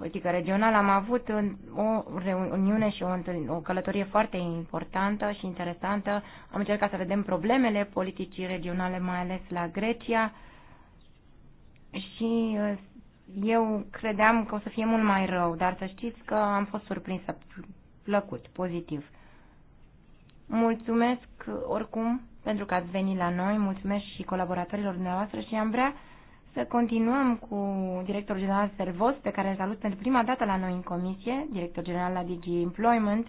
politică regională, am avut o reuniune și o, o călătorie foarte importantă și interesantă. Am încercat să vedem problemele politicii regionale, mai ales la Grecia. Și uh, eu credeam că o să fie mult mai rău, dar să știți că am fost surprinsă plăcut, pozitiv. Mulțumesc oricum pentru că ați venit la noi, mulțumesc și colaboratorilor dumneavoastră și am vrea să continuăm cu directorul general Servos, pe care îl salut pentru prima dată la noi în comisie, director general la DG Employment.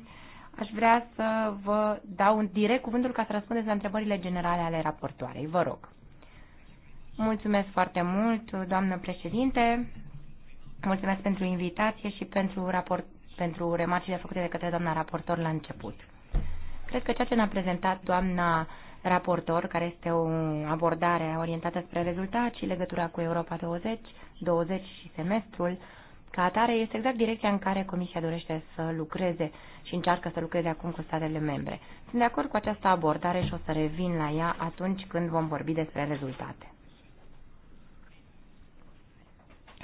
Aș vrea să vă dau un direct cuvântul ca să răspundeți la întrebările generale ale raportoarei. Vă rog. Mulțumesc foarte mult, doamnă președinte. Mulțumesc pentru invitație și pentru, raport, pentru remarcile făcute de către doamna raportor la început. Cred că ceea ce ne-a prezentat doamna raportor, care este o abordare orientată spre rezultat și legătura cu Europa 20, 20 și semestrul, ca atare este exact direcția în care Comisia dorește să lucreze și încearcă să lucreze acum cu statele membre. Sunt de acord cu această abordare și o să revin la ea atunci când vom vorbi despre rezultate.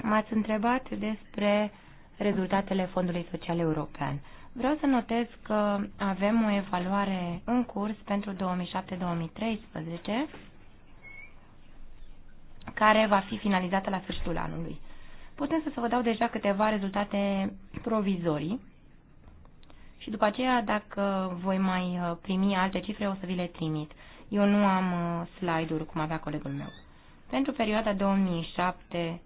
M-ați întrebat despre rezultatele Fondului Social European. Vreau să notez că avem o evaluare în curs pentru 2007-2013 care va fi finalizată la sfârșitul anului. Putem să vă dau deja câteva rezultate provizorii și după aceea, dacă voi mai uh, primi alte cifre, o să vi le trimit. Eu nu am uh, slide-uri, cum avea colegul meu. Pentru perioada 2007-2013,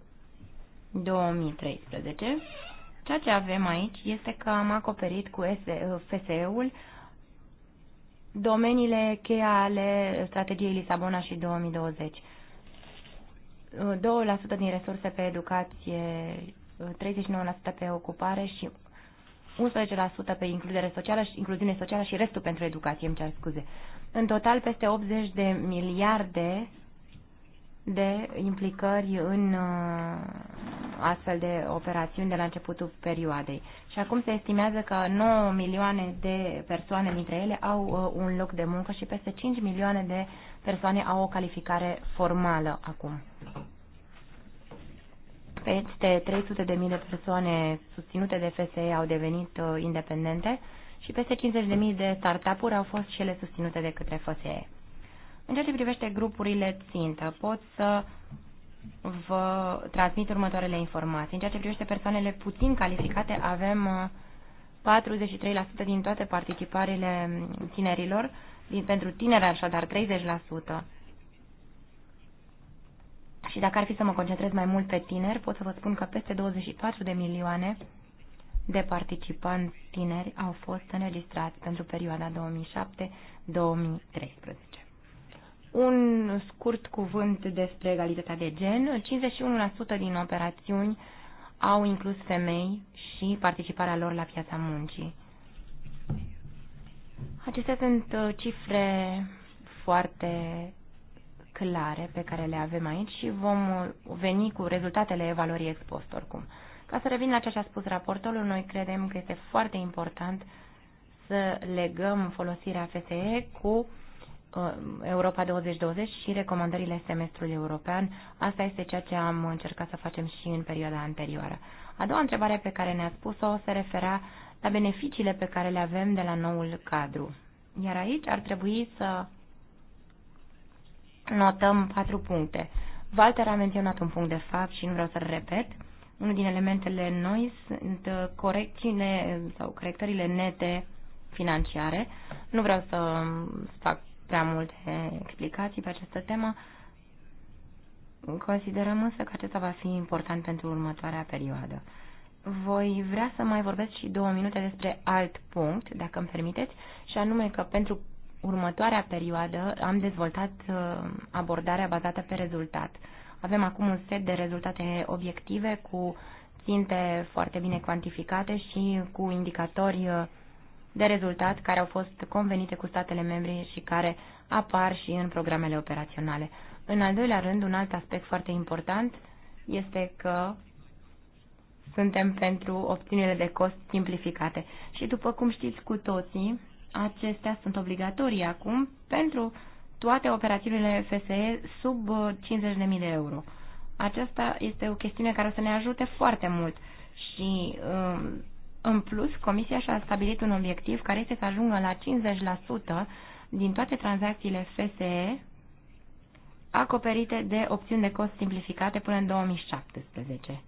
Ceea ce avem aici este că am acoperit cu FSE-ul domeniile cheia ale strategiei Lisabona și 2020. 2% din resurse pe educație, 39% pe ocupare și 11% pe includere socială și incluziune socială și restul pentru educație, îmi cer scuze. În total, peste 80 de miliarde de implicări în uh, astfel de operațiuni de la începutul perioadei. Și acum se estimează că 9 milioane de persoane dintre ele au uh, un loc de muncă și peste 5 milioane de persoane au o calificare formală acum. Peste 300 de mii de persoane susținute de FSE au devenit uh, independente și peste 50 de mii de up uri au fost cele susținute de către FSE. În ceea ce privește grupurile țintă, pot să vă transmit următoarele informații. În ceea ce privește persoanele puțin calificate, avem 43% uh, din toate participările tinerilor, din, pentru tineri așadar 30%. Și dacă ar fi să mă concentrez mai mult pe tineri, pot să vă spun că peste 24 de milioane de participanți tineri au fost înregistrați pentru perioada 2007-2013. Un scurt cuvânt despre egalitatea de gen. 51% din operațiuni au inclus femei și participarea lor la piața muncii. Acestea sunt uh, cifre foarte clare pe care le avem aici și vom uh, veni cu rezultatele evaluării ex post oricum. Ca să revin la ceea ce a spus raportorul, noi credem că este foarte important să legăm folosirea FSE cu Uh, Europa 2020 și recomandările semestrului european. Asta este ceea ce am încercat să facem și în perioada anterioară. A doua întrebare pe care ne-a spus-o se refera la beneficiile pe care le avem de la noul cadru. Iar aici ar trebui să notăm patru puncte. Walter a menționat un punct de fapt și nu vreau să-l repet. Unul din elementele noi sunt corecțiile sau corectările nete financiare. Nu vreau să fac prea multe explicații pe această temă. Considerăm însă că acesta va fi important pentru următoarea perioadă. Voi vrea să mai vorbesc și două minute despre alt punct, dacă îmi permiteți, și anume că pentru următoarea perioadă am dezvoltat uh, abordarea bazată pe rezultat. Avem acum un set de rezultate obiective cu ținte foarte bine cuantificate și cu indicatori uh, de rezultat care au fost convenite cu statele membre și care apar și în programele operaționale. În al doilea rând, un alt aspect foarte important este că suntem pentru obținere de cost simplificate. Și după cum știți cu toții, acestea sunt obligatorii acum pentru toate operațiunile FSE sub 50.000 de euro. Aceasta este o chestiune care o să ne ajute foarte mult și um, în plus, Comisia și-a stabilit un obiectiv care este să ajungă la 50% din toate tranzacțiile FSE acoperite de opțiuni de cost simplificate până în 2017.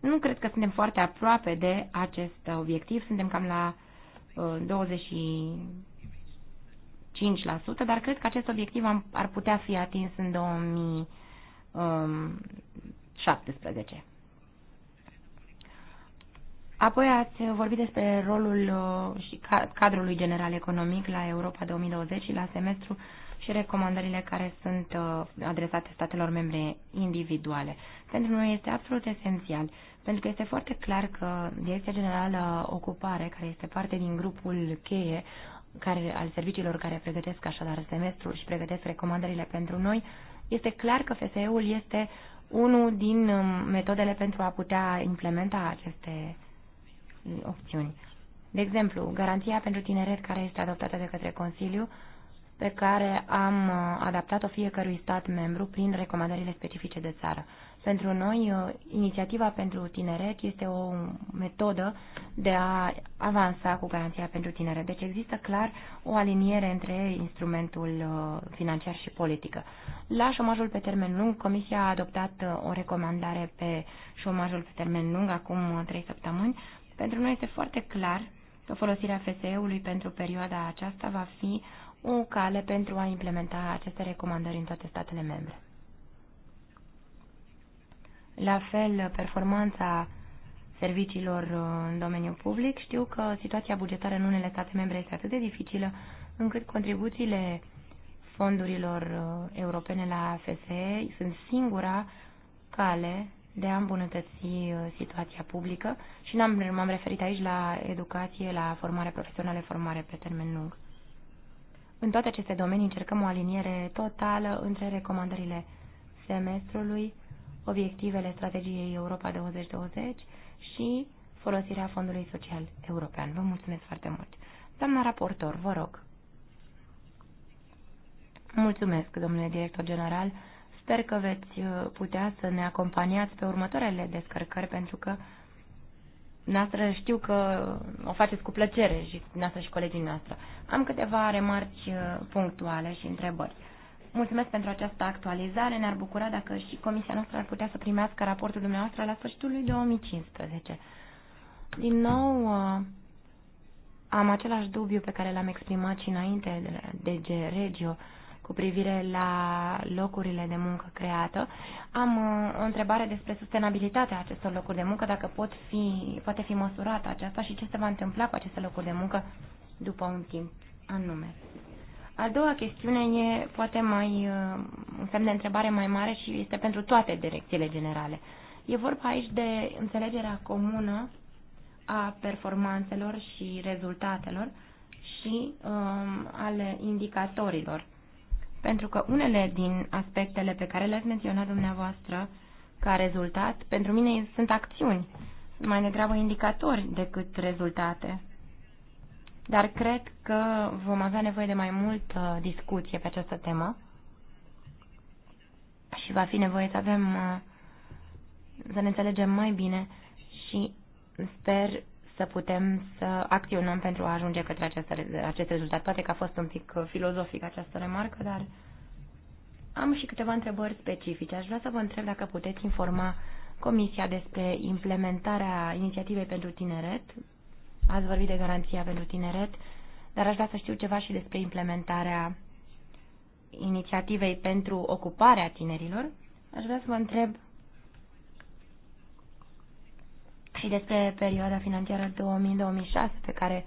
Nu cred că suntem foarte aproape de acest obiectiv, suntem cam la uh, 25%, dar cred că acest obiectiv am, ar putea fi atins în 2017. Apoi ați vorbit despre rolul uh, și cadrului general economic la Europa 2020 și la semestru și recomandările care sunt uh, adresate statelor membre individuale. Pentru noi este absolut esențial, pentru că este foarte clar că Direcția Generală Ocupare, care este parte din grupul cheie care, al serviciilor care pregătesc așadar semestrul și pregătesc recomandările pentru noi, este clar că FSE-ul este unul din um, metodele pentru a putea implementa aceste opțiuni. De exemplu, garanția pentru tineret care este adoptată de către Consiliu, pe care am uh, adaptat-o fiecărui stat membru prin recomandările specifice de țară. Pentru noi, uh, inițiativa pentru tineret este o metodă de a avansa cu garanția pentru tineret. Deci există clar o aliniere între instrumentul uh, financiar și politică. La șomajul pe termen lung, Comisia a adoptat o recomandare pe șomajul pe termen lung acum trei săptămâni, pentru noi este foarte clar că folosirea FSE-ului pentru perioada aceasta va fi o cale pentru a implementa aceste recomandări în toate statele membre. La fel, performanța serviciilor uh, în domeniul public. Știu că situația bugetară în unele state membre este atât de dificilă încât contribuțiile fondurilor uh, europene la FSE sunt singura cale de a îmbunătăți uh, situația publică și m-am referit aici la educație, la formare profesională, formare pe termen lung. În toate aceste domenii încercăm o aliniere totală între recomandările semestrului, obiectivele strategiei Europa 2020 și folosirea Fondului Social European. Vă mulțumesc foarte mult. Doamna raportor, vă rog. Mulțumesc, domnule director general. Sper că veți uh, putea să ne acompaniați pe următoarele descărcări, pentru că noastră știu că o faceți cu plăcere și noastră și colegii noastră. Am câteva remarci uh, punctuale și întrebări. Mulțumesc pentru această actualizare. Ne-ar bucura dacă și comisia noastră ar putea să primească raportul dumneavoastră la sfârșitul lui 2015. Din nou, uh, am același dubiu pe care l-am exprimat și înainte de DG Regio cu privire la locurile de muncă creată. Am uh, o întrebare despre sustenabilitatea acestor locuri de muncă, dacă pot fi, poate fi măsurată aceasta și ce se va întâmpla cu aceste locuri de muncă după un timp anume. A doua chestiune e poate mai uh, un semn de întrebare mai mare și este pentru toate direcțiile generale. E vorba aici de înțelegerea comună a performanțelor și rezultatelor și um, ale indicatorilor pentru că unele din aspectele pe care le-ați menționat dumneavoastră ca rezultat, pentru mine sunt acțiuni, mai degrabă indicatori decât rezultate. Dar cred că vom avea nevoie de mai multă uh, discuție pe această temă și va fi nevoie să avem, uh, să ne înțelegem mai bine și sper să putem să acționăm pentru a ajunge către acest, acest rezultat. Poate că a fost un pic filozofic această remarcă, dar am și câteva întrebări specifice. Aș vrea să vă întreb dacă puteți informa Comisia despre implementarea inițiativei pentru tineret. Ați vorbit de garanția pentru tineret, dar aș vrea să știu ceva și despre implementarea inițiativei pentru ocuparea tinerilor. Aș vrea să vă întreb și despre perioada financiară 2000-2006 pe care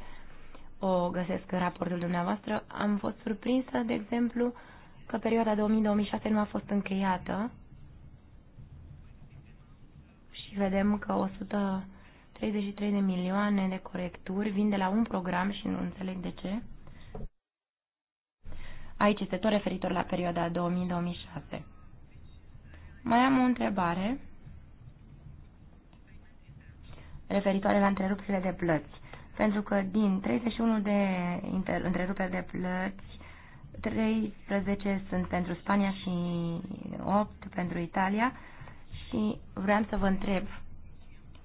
o găsesc în raportul dumneavoastră, am fost surprinsă, de exemplu, că perioada 2000-2006 nu a fost încheiată și vedem că 133 de milioane de corecturi vin de la un program și nu înțeleg de ce. Aici este tot referitor la perioada 2000-2006. Mai am o întrebare referitoare la întreruperile de plăți. Pentru că din 31 de întreruperi de plăți, 13 sunt pentru Spania și 8 pentru Italia și vreau să vă întreb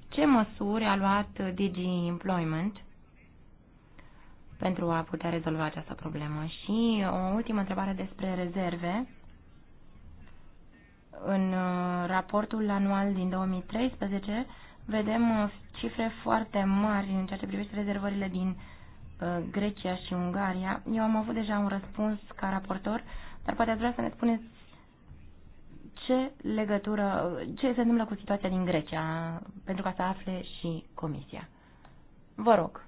ce măsuri a luat Digi Employment pentru a putea rezolva această problemă. Și o ultimă întrebare despre rezerve. În uh, raportul anual din 2013 vedem uh, cifre foarte mari în ceea ce privește rezervările din uh, Grecia și Ungaria. Eu am avut deja un răspuns ca raportor, dar poate ați vrea să ne spuneți ce legătură, ce se întâmplă cu situația din Grecia, pentru ca să afle și Comisia. Vă rog.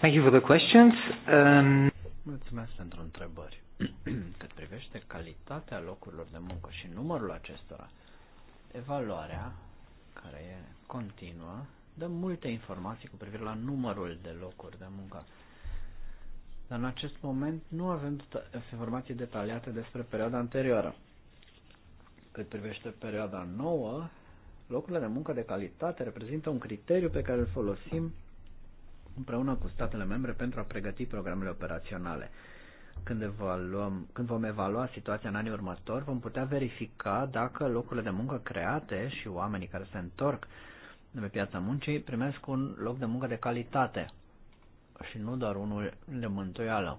Thank you for the questions. Um... Mulțumesc pentru întrebări. Cât privește calitatea locurilor de muncă și numărul acestora, evaluarea, care e continuă, dă multe informații cu privire la numărul de locuri de muncă. Dar în acest moment nu avem informații detaliate despre perioada anterioară. Cât privește perioada nouă, locurile de muncă de calitate reprezintă un criteriu pe care îl folosim împreună cu statele membre pentru a pregăti programele operaționale când, evaluăm, când vom evalua situația în anii următori, vom putea verifica dacă locurile de muncă create și oamenii care se întorc de pe piața muncii primesc un loc de muncă de calitate și nu doar unul de mântuială.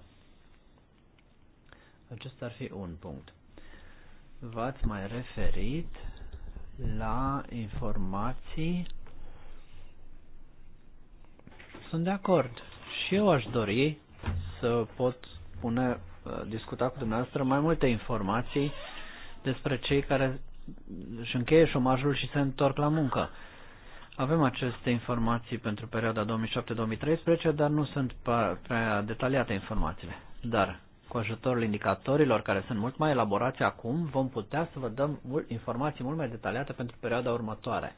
Acesta ar fi un punct. V-ați mai referit la informații. Sunt de acord. Și eu aș dori să pot spune, uh, discuta cu dumneavoastră mai multe informații despre cei care își încheie șomajul și se întorc la muncă. Avem aceste informații pentru perioada 2007-2013, dar nu sunt prea detaliate informațiile. Dar cu ajutorul indicatorilor care sunt mult mai elaborați acum, vom putea să vă dăm informații mult mai detaliate pentru perioada următoare.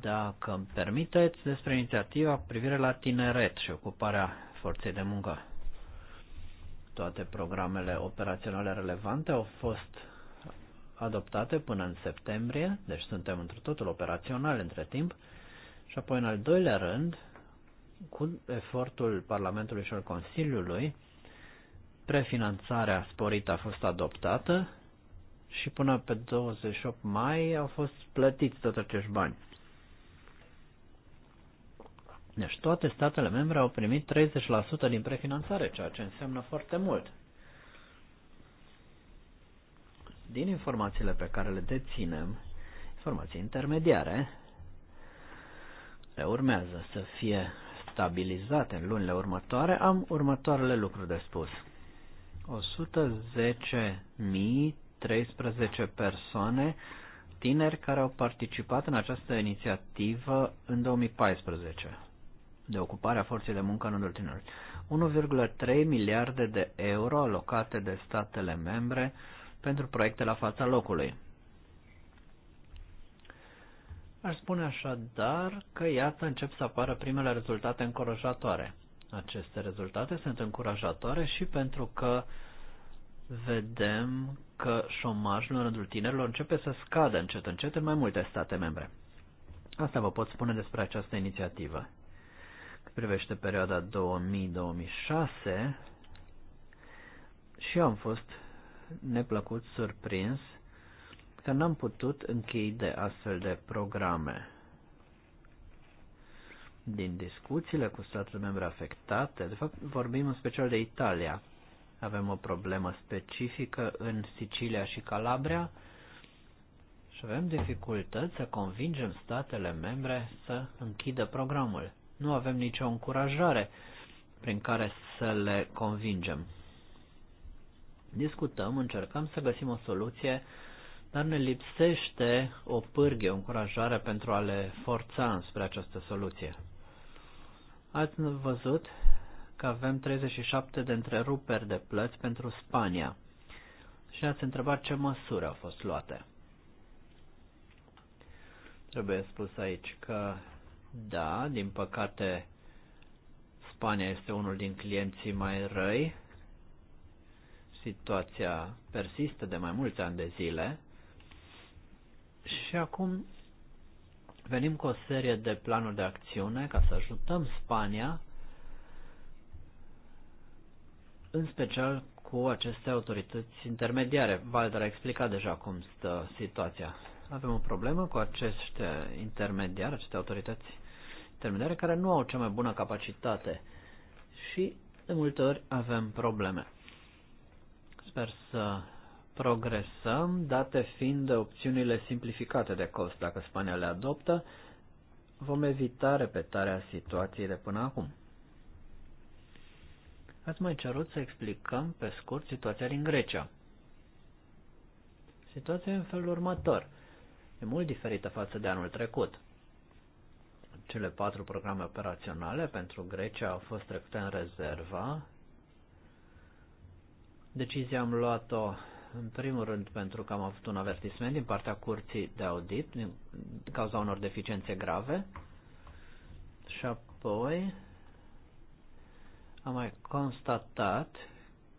Dacă îmi permiteți, despre inițiativa privire la tineret și ocuparea forței de muncă. Toate programele operaționale relevante au fost adoptate până în septembrie, deci suntem într totul operațional între timp, și apoi în al doilea rând, cu efortul Parlamentului și al Consiliului, prefinanțarea sporită a fost adoptată și până pe 28 mai au fost plătiți tot acești bani. Deci toate statele membre au primit 30% din prefinanțare, ceea ce înseamnă foarte mult. Din informațiile pe care le deținem, informații intermediare, le urmează să fie stabilizate în lunile următoare, am următoarele lucruri de spus. 110.013 persoane tineri care au participat în această inițiativă în 2014 de ocupare a forței de muncă în rândul tinerilor. 1,3 miliarde de euro alocate de statele membre pentru proiecte la fața locului. Aș spune așadar că iată încep să apară primele rezultate încurajatoare. Aceste rezultate sunt încurajatoare și pentru că vedem că șomajul în rândul tinerilor începe să scadă încet încet în mai multe state membre. Asta vă pot spune despre această inițiativă privește perioada 2000-2006 și am fost neplăcut surprins că n-am putut închide astfel de programe. Din discuțiile cu statele membre afectate, de fapt vorbim în special de Italia, avem o problemă specifică în Sicilia și Calabria și avem dificultăți să convingem statele membre să închidă programul nu avem nicio încurajare prin care să le convingem. Discutăm, încercăm să găsim o soluție, dar ne lipsește o pârghie, o încurajare pentru a le forța spre această soluție. Ați văzut că avem 37 de întreruperi de plăți pentru Spania și ați întrebat ce măsuri au fost luate. Trebuie spus aici că da, din păcate Spania este unul din clienții mai răi. Situația persistă de mai mulți ani de zile. Și acum venim cu o serie de planuri de acțiune ca să ajutăm Spania, în special cu aceste autorități intermediare. Valder a explicat deja cum stă situația avem o problemă cu acești intermediari, aceste autorități intermediare care nu au cea mai bună capacitate și de multe ori avem probleme. Sper să progresăm, date fiind opțiunile simplificate de cost. Dacă Spania le adoptă, vom evita repetarea situației de până acum. Ați mai cerut să explicăm pe scurt situația din Grecia. Situația e în felul următor e mult diferită față de anul trecut. Cele patru programe operaționale pentru Grecia au fost trecute în rezerva. Decizia am luat-o în primul rând pentru că am avut un avertisment din partea curții de audit din cauza unor deficiențe grave și apoi am mai constatat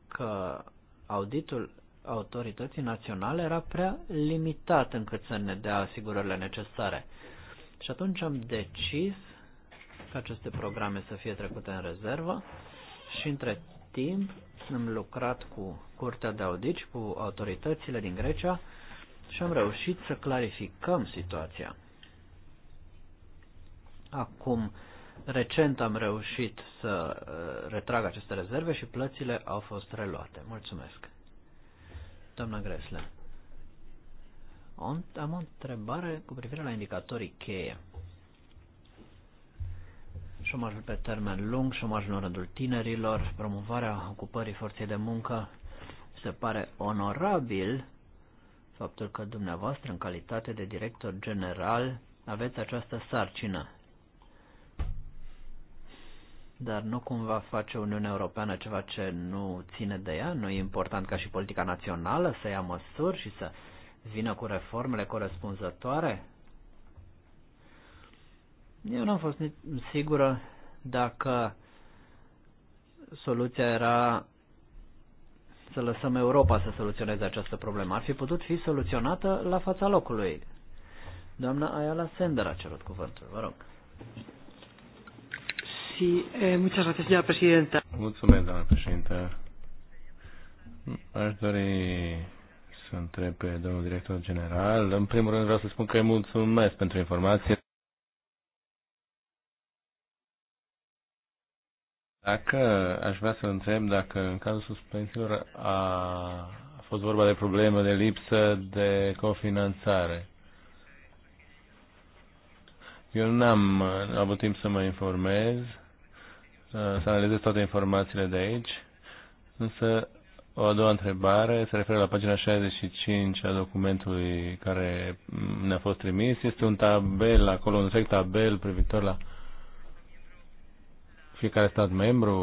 că auditul autorității naționale era prea limitat încât să ne dea asigurările necesare. Și atunci am decis ca aceste programe să fie trecute în rezervă și între timp am lucrat cu Curtea de Audici, cu autoritățile din Grecia și am reușit să clarificăm situația. Acum, recent am reușit să uh, retrag aceste rezerve și plățile au fost reluate. Mulțumesc! Doamna Gresle, am o întrebare cu privire la indicatorii cheie. Șomajul pe termen lung, șomajul în rândul tinerilor, promovarea ocupării forței de muncă. Se pare onorabil faptul că dumneavoastră, în calitate de director general, aveți această sarcină. Dar nu cumva face Uniunea Europeană ceva ce nu ține de ea? Nu e important ca și politica națională să ia măsuri și să vină cu reformele corespunzătoare? Eu nu am fost sigură dacă soluția era să lăsăm Europa să soluționeze această problemă. Ar fi putut fi soluționată la fața locului. Doamna Ayala Sender a cerut cuvântul, vă rog. Sí, eh, muchas gracias, señora presidenta. Mulțumesc, doamna președintă. Aș dori să întreb pe domnul director general. În primul rând vreau să spun că îi mulțumesc pentru informație. Dacă aș vrea să întreb dacă în cazul suspensiilor a fost vorba de problemă de lipsă de cofinanțare. Eu n-am avut timp să mă informez. Uh, să analizez toate informațiile de aici, însă o a doua întrebare se referă la pagina 65 a documentului care ne-a fost trimis. Este un tabel acolo, un sec tabel privitor la fiecare stat membru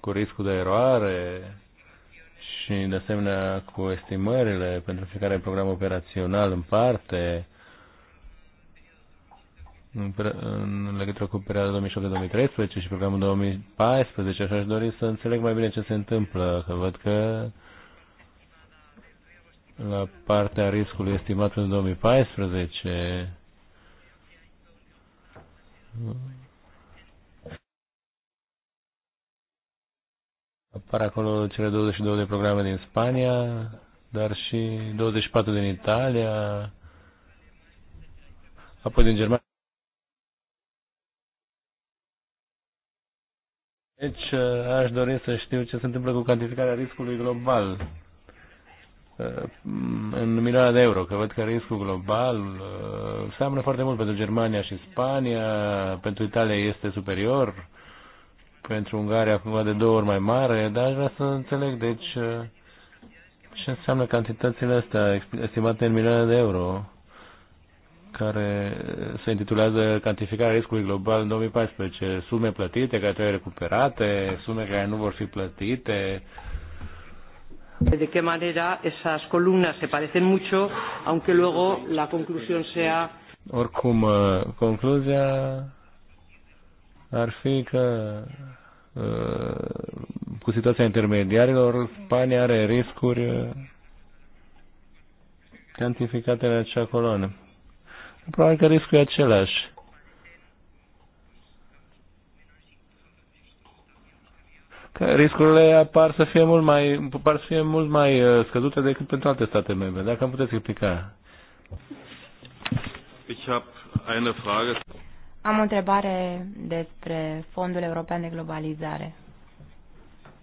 cu riscul de eroare și de asemenea cu estimările pentru fiecare program operațional în parte în legătură cu perioada 2007-2013 și programul 2014 și aș dori să înțeleg mai bine ce se întâmplă, că văd că la partea riscului estimat în 2014 apar acolo cele 22 de programe din Spania, dar și 24 din Italia, apoi din Germania. Deci uh, aș dori să știu ce se întâmplă cu cantificarea riscului global uh, în milioane de euro, că văd că riscul global uh, seamănă foarte mult pentru Germania și Spania, pentru Italia este superior, pentru Ungaria cumva de două ori mai mare, dar aș vrea să înțeleg, deci, ce înseamnă cantitățile astea estimate în milioane de euro? care se intitulează Cantificarea riscului global în 2014. Sume plătite care trebuie recuperate, sume care nu vor fi plătite. De qué manera esas columnas se parecen mucho, aunque luego la conclusión sea. Oricum, uh, concluzia ar fi că uh, cu situația intermediarilor, Spania are riscuri uh, cantificate în acea coloană. Probabil că riscul e același. Că riscurile apar să fie mult mai, par să fie mult mai uh, scăzute decât pentru alte state membre. Dacă îmi puteți explica. Ich eine Frage. Am o întrebare despre Fondul European de Globalizare.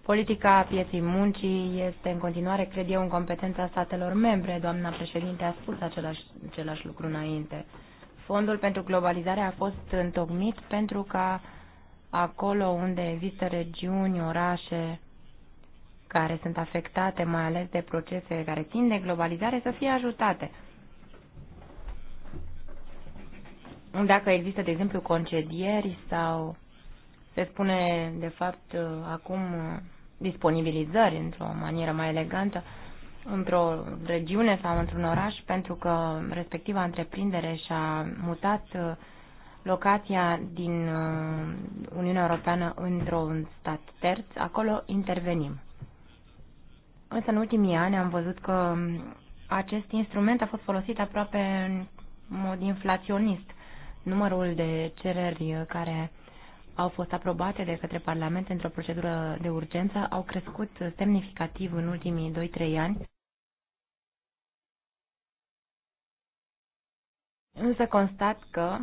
Politica pieții muncii este în continuare, cred eu, în competența statelor membre. Doamna președinte a spus același, același lucru înainte. Fondul pentru globalizare a fost întocmit pentru ca acolo unde există regiuni, orașe care sunt afectate mai ales de procese care țin de globalizare să fie ajutate. Dacă există, de exemplu, concedieri sau se spune, de fapt, acum disponibilizări într-o manieră mai elegantă într-o regiune sau într-un oraș pentru că respectiva întreprindere și-a mutat uh, locația din uh, Uniunea Europeană într-un stat terț, acolo intervenim. Însă în ultimii ani am văzut că um, acest instrument a fost folosit aproape în mod inflaționist. Numărul de cereri uh, care au fost aprobate de către Parlament într-o procedură de urgență au crescut semnificativ în ultimii 2-3 ani. Însă constat că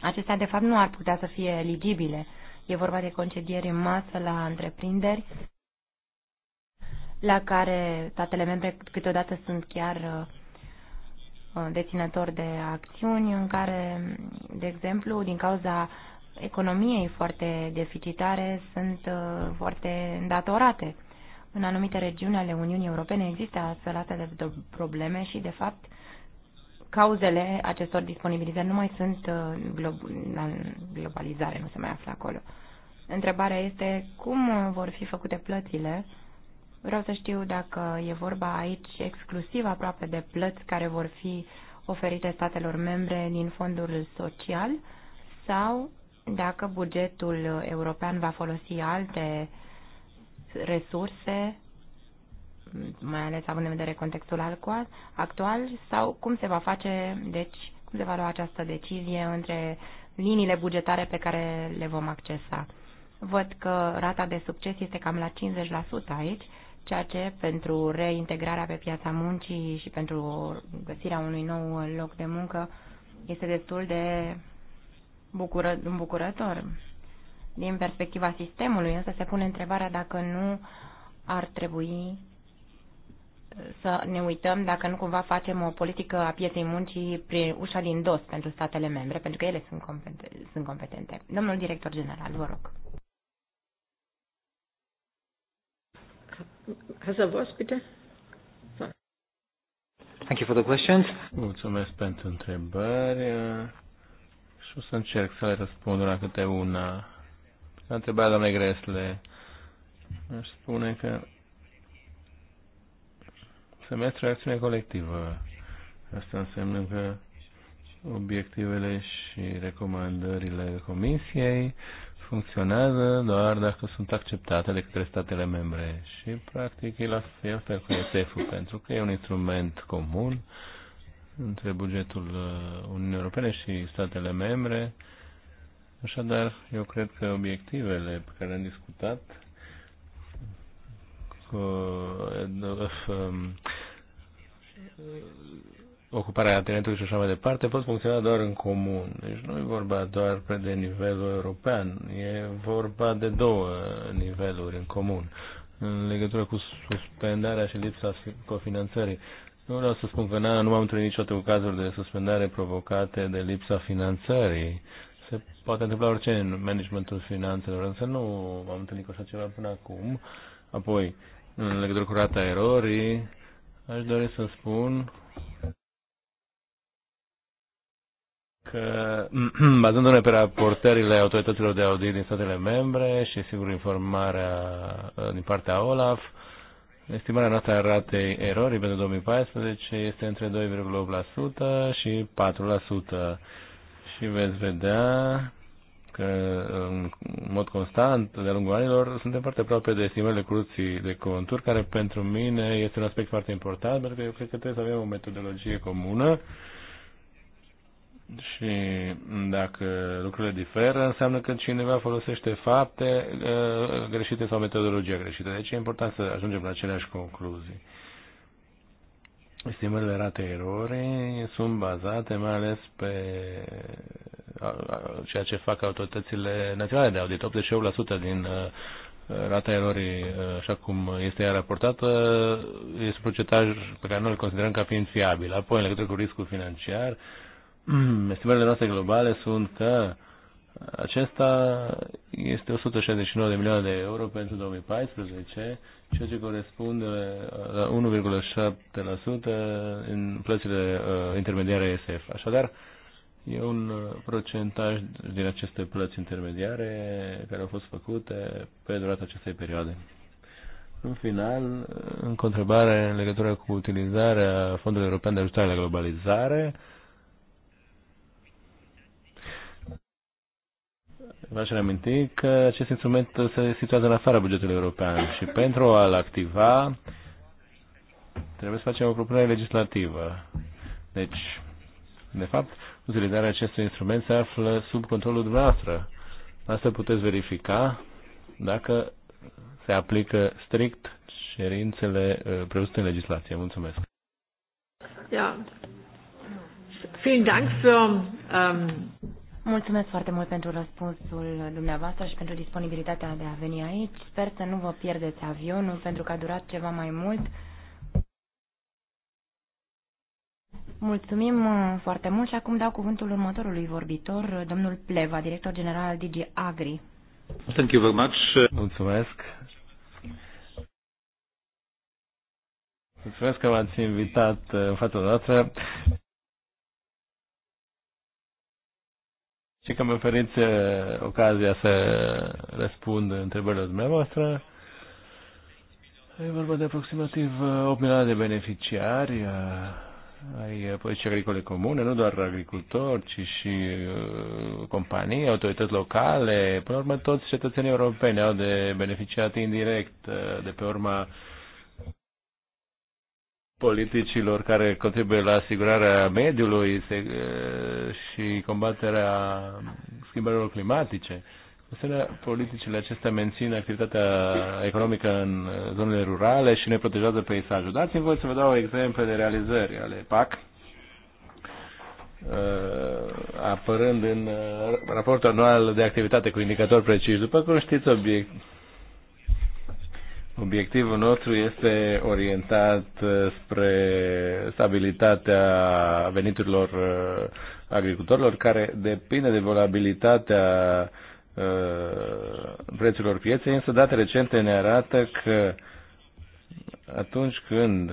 acestea de fapt nu ar putea să fie eligibile. E vorba de concedieri în masă la întreprinderi, la care statele membre câteodată sunt chiar uh, deținători de acțiuni, în care, de exemplu, din cauza economiei foarte deficitare sunt uh, foarte îndatorate. În anumite regiuni ale Uniunii Europene există astfel astfel de probleme și, de fapt, cauzele acestor disponibilizări nu mai sunt uh, globalizare, nu se mai află acolo. Întrebarea este cum uh, vor fi făcute plățile. Vreau să știu dacă e vorba aici exclusiv aproape de plăți care vor fi oferite statelor membre din fondul social sau dacă bugetul european va folosi alte resurse, mai ales având în vedere contextul actual, sau cum se va face, deci, cum se va lua această decizie între liniile bugetare pe care le vom accesa. Văd că rata de succes este cam la 50% aici, ceea ce pentru reintegrarea pe piața muncii și pentru găsirea unui nou loc de muncă este destul de bucură, îmbucurător. Din perspectiva sistemului, însă se pune întrebarea dacă nu ar trebui să ne uităm dacă nu cumva facem o politică a pieței muncii prin ușa din dos pentru statele membre, pentru că ele sunt competente. Sunt competente. Domnul director general, vă rog. Hazavos, Thank you for the questions. Mulțumesc pentru întrebare. Și o să încerc să le răspund la câte una. S-a întrebat doamne Gresle. Aș spune că să mergi o acțiune colectivă. Asta înseamnă că obiectivele și recomandările Comisiei funcționează doar dacă sunt acceptate de către statele membre. Și, practic, e la fel cu ETF-ul, pentru că e un instrument comun între bugetul uh, Uniunii Europene și statele membre. Așadar, eu cred că obiectivele pe care am discutat cu uh, um, ocuparea Atenetului și așa mai departe, pot funcționa doar în comun. Deci nu e vorba doar de nivelul european, e vorba de două niveluri în comun. În legătură cu suspendarea și lipsa cofinanțării, nu vreau să spun că na, nu am întâlnit niciodată cu cazuri de suspendare provocate de lipsa finanțării. Se poate întâmpla orice în managementul finanțelor, însă nu am întâlnit cu așa ceva până acum. Apoi, în legătură cu rata erorii, aș dori să spun că, bazându-ne pe raportările autorităților de audit din statele membre și, sigur, informarea uh, din partea OLAF, Estimarea noastră a ratei erorii pentru 2014 este între 2,8% și 4%. Și veți vedea că în mod constant, de-a lungul anilor, suntem foarte aproape de estimările curții de conturi, care pentru mine este un aspect foarte important, pentru că eu cred că trebuie să avem o metodologie comună și dacă lucrurile diferă, înseamnă că cineva folosește fapte uh, greșite sau metodologia greșită. Deci e important să ajungem la aceleași concluzii. Estimările rate erorii, sunt bazate mai ales pe ceea ce fac autoritățile naționale de audit. 88% din uh, rata erorii, uh, așa cum este ea raportată, este un procentaj pe care noi îl considerăm ca fiind fiabil. Apoi, în legătură cu riscul financiar, Mm, estimările noastre globale sunt că uh, acesta este 169 de milioane de euro pentru 2014, ceea ce corespunde uh, la 1,7% în plățile uh, intermediare SF. Așadar, e un procentaj din aceste plăți intermediare care au fost făcute pe durata acestei perioade. În final, în întrebare în legătură cu utilizarea Fondului European de Ajutare la Globalizare, v-aș reaminti că acest instrument se situează în afara bugetului european și pentru a-l activa trebuie să facem o propunere legislativă. Deci, de fapt, utilizarea acestui instrument se află sub controlul dumneavoastră. Asta puteți verifica dacă se aplică strict cerințele uh, prevăzute în legislație. Mulțumesc. Yeah. Vielen Dank für ähm, Mulțumesc foarte mult pentru răspunsul dumneavoastră și pentru disponibilitatea de a veni aici. Sper să nu vă pierdeți avionul pentru că a durat ceva mai mult. Mulțumim uh, foarte mult și acum dau cuvântul următorului vorbitor, uh, domnul Pleva, director general al DG Agri. Thank you very much. Mulțumesc. Mulțumesc că m-ați invitat uh, în fața noastră. și că mi oferiți uh, ocazia să răspund întrebările dumneavoastră. E vorba de aproximativ 8 uh, milioane de beneficiari uh, ai politicii agricole comune, nu doar agricultori, ci și companii, autorități locale, până la urmă toți cetățenii europeni au de beneficiat indirect de pe urma politicilor care contribuie la asigurarea mediului eh, și combaterea schimbărilor climatice. Asemenea, politicile acestea mențin activitatea economică în zonele rurale și ne protejează peisajul. Dați-mi voi să vă dau exemple de realizări ale PAC, eh, apărând în eh, raportul anual de activitate cu indicatori precis După cum știți, obiect, Obiectivul nostru este orientat uh, spre stabilitatea veniturilor uh, agricultorilor, care depinde de volabilitatea uh, prețurilor pieței, însă date recente ne arată că atunci când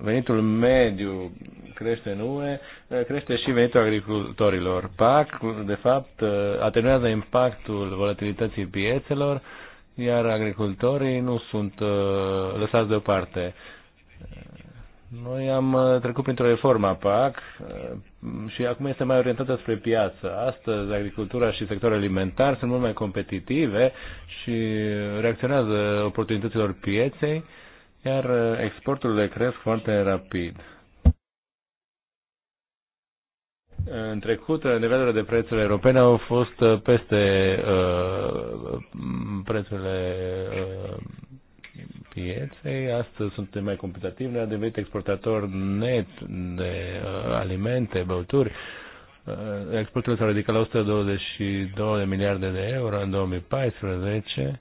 venitul mediu crește în UE, crește și venitul agricultorilor. PAC, de fapt, atenuează impactul volatilității piețelor iar agricultorii nu sunt uh, lăsați deoparte. Noi am uh, trecut printr-o reformă a PAC uh, și acum este mai orientată spre piață. Astăzi, agricultura și sectorul alimentar sunt mult mai competitive și reacționează oportunităților pieței, iar exporturile cresc foarte rapid în trecut nivelurile de prețuri europene au fost uh, peste uh, prețurile uh, pieței. Astăzi sunt mai competitivi, ne-a devenit exportator net de uh, alimente, băuturi. Uh, exporturile s-au ridicat la 122 de miliarde de euro în 2014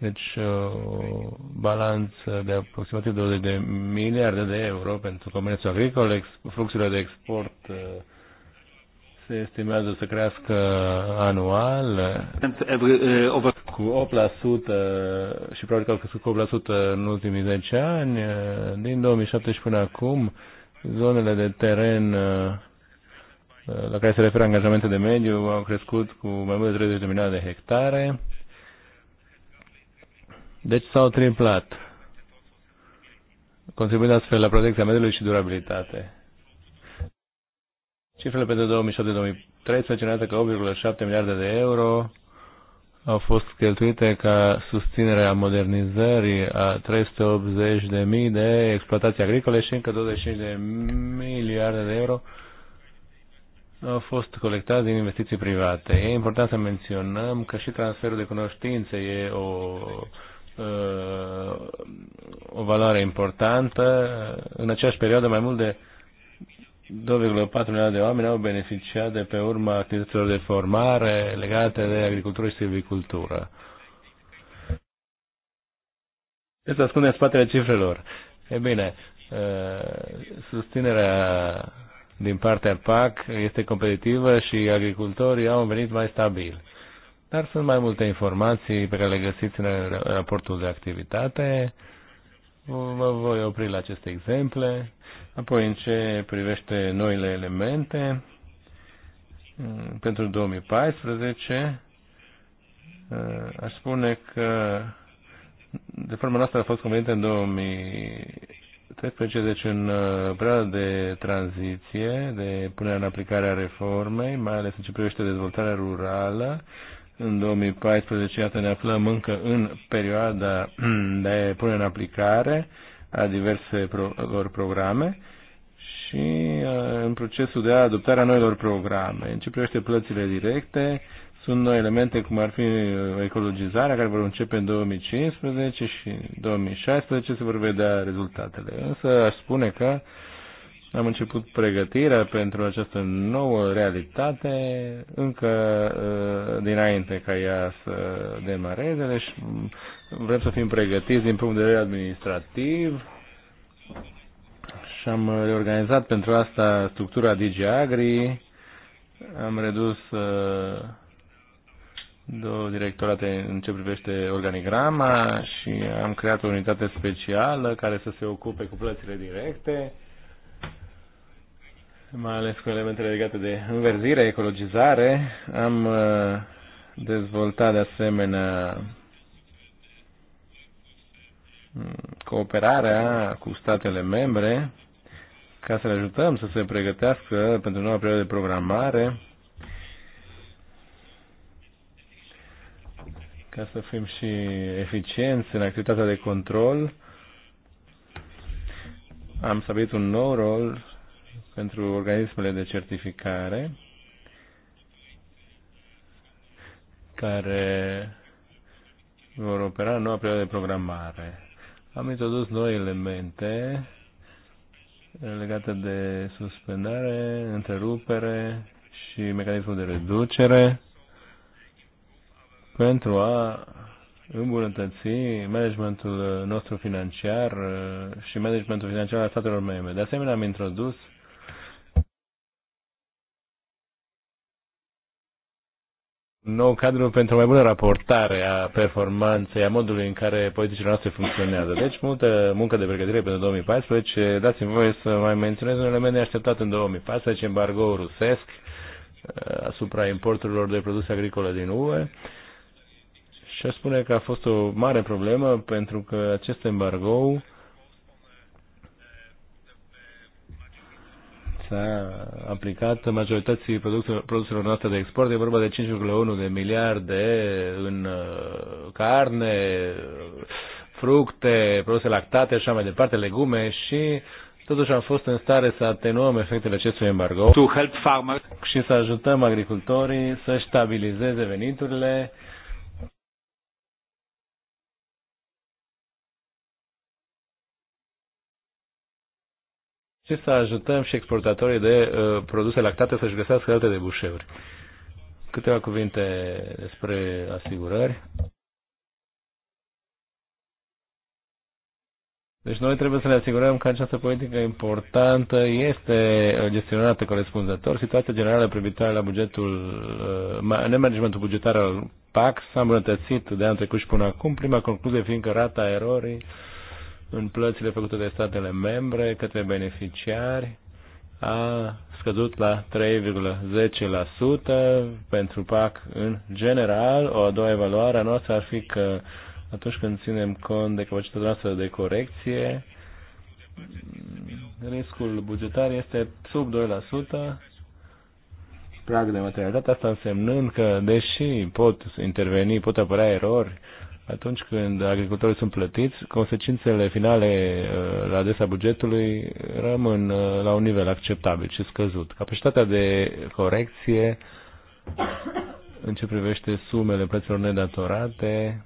deci o uh, balanță de aproximativ 20 de miliarde de euro pentru comerțul agricol, fluxurile de export uh, se estimează să crească anual cu 8% și probabil că au crescut cu 8% în ultimii 10 ani. Din 2017 până acum, zonele de teren uh, la care se referă angajamente de mediu au crescut cu mai mult de 30 de milioane de hectare deci s-au triplat, contribuind astfel la protecția mediului și durabilitate. Cifrele pentru 2007-2013 arată că 8,7 miliarde de euro au fost cheltuite ca susținere a modernizării a 380.000 de exploatații agricole și încă 25 de miliarde de euro au fost colectați din investiții private. E important să menționăm că și transferul de cunoștințe e o Uh, o valoare importantă. În aceeași perioadă, mai mult de 2,4 milioane de oameni au beneficiat de pe urma activităților de formare legate de agricultură și silvicultură. Ce se ascunde în spatele cifrelor? E bine, uh, susținerea din partea PAC este competitivă și agricultorii au venit mai stabil. Dar sunt mai multe informații pe care le găsiți în raportul de activitate. Vă voi opri la aceste exemple. Apoi, în ce privește noile elemente, mm, pentru 2014, mm, aș spune că de forma noastră a fost convenită în 2013, deci în uh, perioada de tranziție, de punere în aplicare a reformei, mai ales în ce privește dezvoltarea rurală, în 2014, iată, ne aflăm încă în perioada de pune în aplicare a diverselor programe și uh, în procesul de adoptare a noilor programe. În ce privește plățile directe, sunt noi elemente cum ar fi uh, ecologizarea, care vor începe în 2015 și 2016 se vor vedea rezultatele. Însă aș spune că am început pregătirea pentru această nouă realitate încă uh, dinainte ca ea să demareze, deci mm, vrem să fim pregătiți din punct de vedere administrativ și am reorganizat pentru asta structura DigiAgri, am redus uh, două directorate în ce privește organigrama și am creat o unitate specială care să se ocupe cu plățile directe mai ales cu elementele legate de înverzire, ecologizare. Am uh, dezvoltat de asemenea mm, cooperarea cu statele membre ca să le ajutăm să se pregătească pentru noua perioadă de programare, ca să fim și eficienți în activitatea de control. Am stabilit un nou rol pentru organismele de certificare care vor opera în noua perioadă de programare. Am introdus noi elemente legate de suspendare, întrerupere și mecanismul de reducere pentru a îmbunătăți managementul nostru financiar și managementul financiar al statelor membre. De asemenea, am introdus nou cadru pentru o mai bună raportare a performanței, a modului în care politicile noastre funcționează. Deci, multă muncă de pregătire pentru 2014. Dați-mi voie să mai menționez un element neașteptat în 2014, embargo rusesc uh, asupra importurilor de produse agricole din UE. Și aș spune că a fost o mare problemă pentru că acest embargo s-a aplicat majorității produselor noastre de export. E vorba de 5,1 de miliarde în uh, carne, fructe, produse lactate și așa mai departe, legume și totuși am fost în stare să atenuăm efectele acestui embargo to help farmers. și să ajutăm agricultorii să stabilizeze veniturile și să ajutăm și exportatorii de uh, produse lactate să-și găsească alte debușeuri. Câteva cuvinte despre asigurări. Deci noi trebuie să ne asigurăm că această politică importantă este gestionată corespunzător. Situația generală privitoare la bugetul, uh, nemanagementul bugetar al PAC s-a îmbunătățit de anul trecut și până acum, prima concluzie fiind că rata erorii în plățile făcute de statele membre către beneficiari a scăzut la 3,10% pentru PAC în general. O a doua evaluare a noastră ar fi că atunci când ținem cont de capacitatea noastră de corecție, riscul bugetar este sub 2%, prag de materialitate, asta însemnând că, deși pot interveni, pot apărea erori atunci când agricultorii sunt plătiți, consecințele finale uh, la adresa bugetului rămân uh, la un nivel acceptabil și scăzut. Capacitatea de corecție în ce privește sumele plăților nedatorate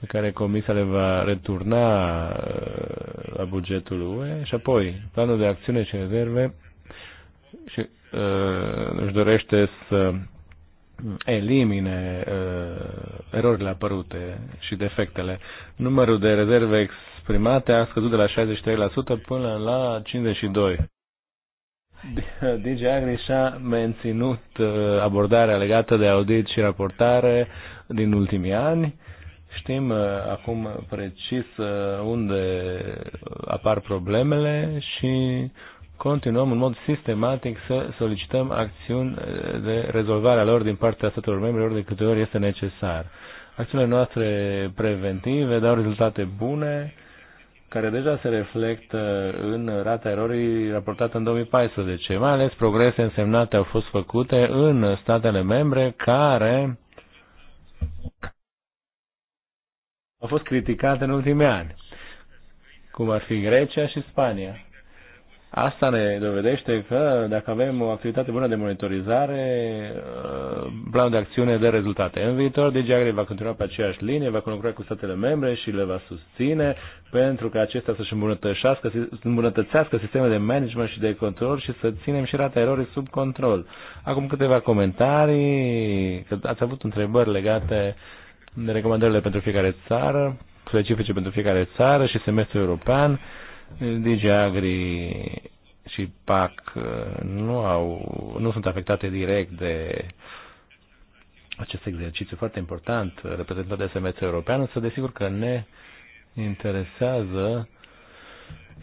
pe care Comisia le va returna uh, la bugetul UE și apoi planul de acțiune și rezerve și uh, își dorește să elimine uh, erorile apărute și defectele. Numărul de rezerve exprimate a scăzut de la 63% până la 52%. DJ Agri și-a menținut uh, abordarea legată de audit și raportare din ultimii ani. Știm uh, acum precis uh, unde apar problemele și continuăm în mod sistematic să solicităm acțiuni eh, de rezolvare a lor din partea statelor membre ori de câte ori este necesar. Acțiunile noastre preventive dau rezultate bune, care deja se reflectă în rata erorii raportată în 2014. Mai ales progrese însemnate au fost făcute în statele membre care au fost criticate în ultimii ani, cum ar fi Grecia și Spania. Asta ne dovedește că dacă avem o activitate bună de monitorizare, uh, planul de acțiune dă rezultate. În viitor, DGAGRI va continua pe aceeași linie, va conlucra cu statele membre și le va susține pentru că acestea să-și îmbunătățească, îmbunătățească sistemele de management și de control și să ținem și rata erorii sub control. Acum câteva comentarii, că ați avut întrebări legate de recomandările pentru fiecare țară, specifice pentru fiecare țară și semestrul european. DG Agri și PAC uh, nu, au, nu sunt afectate direct de acest exercițiu foarte important uh, reprezentat de SMS european, însă desigur că ne interesează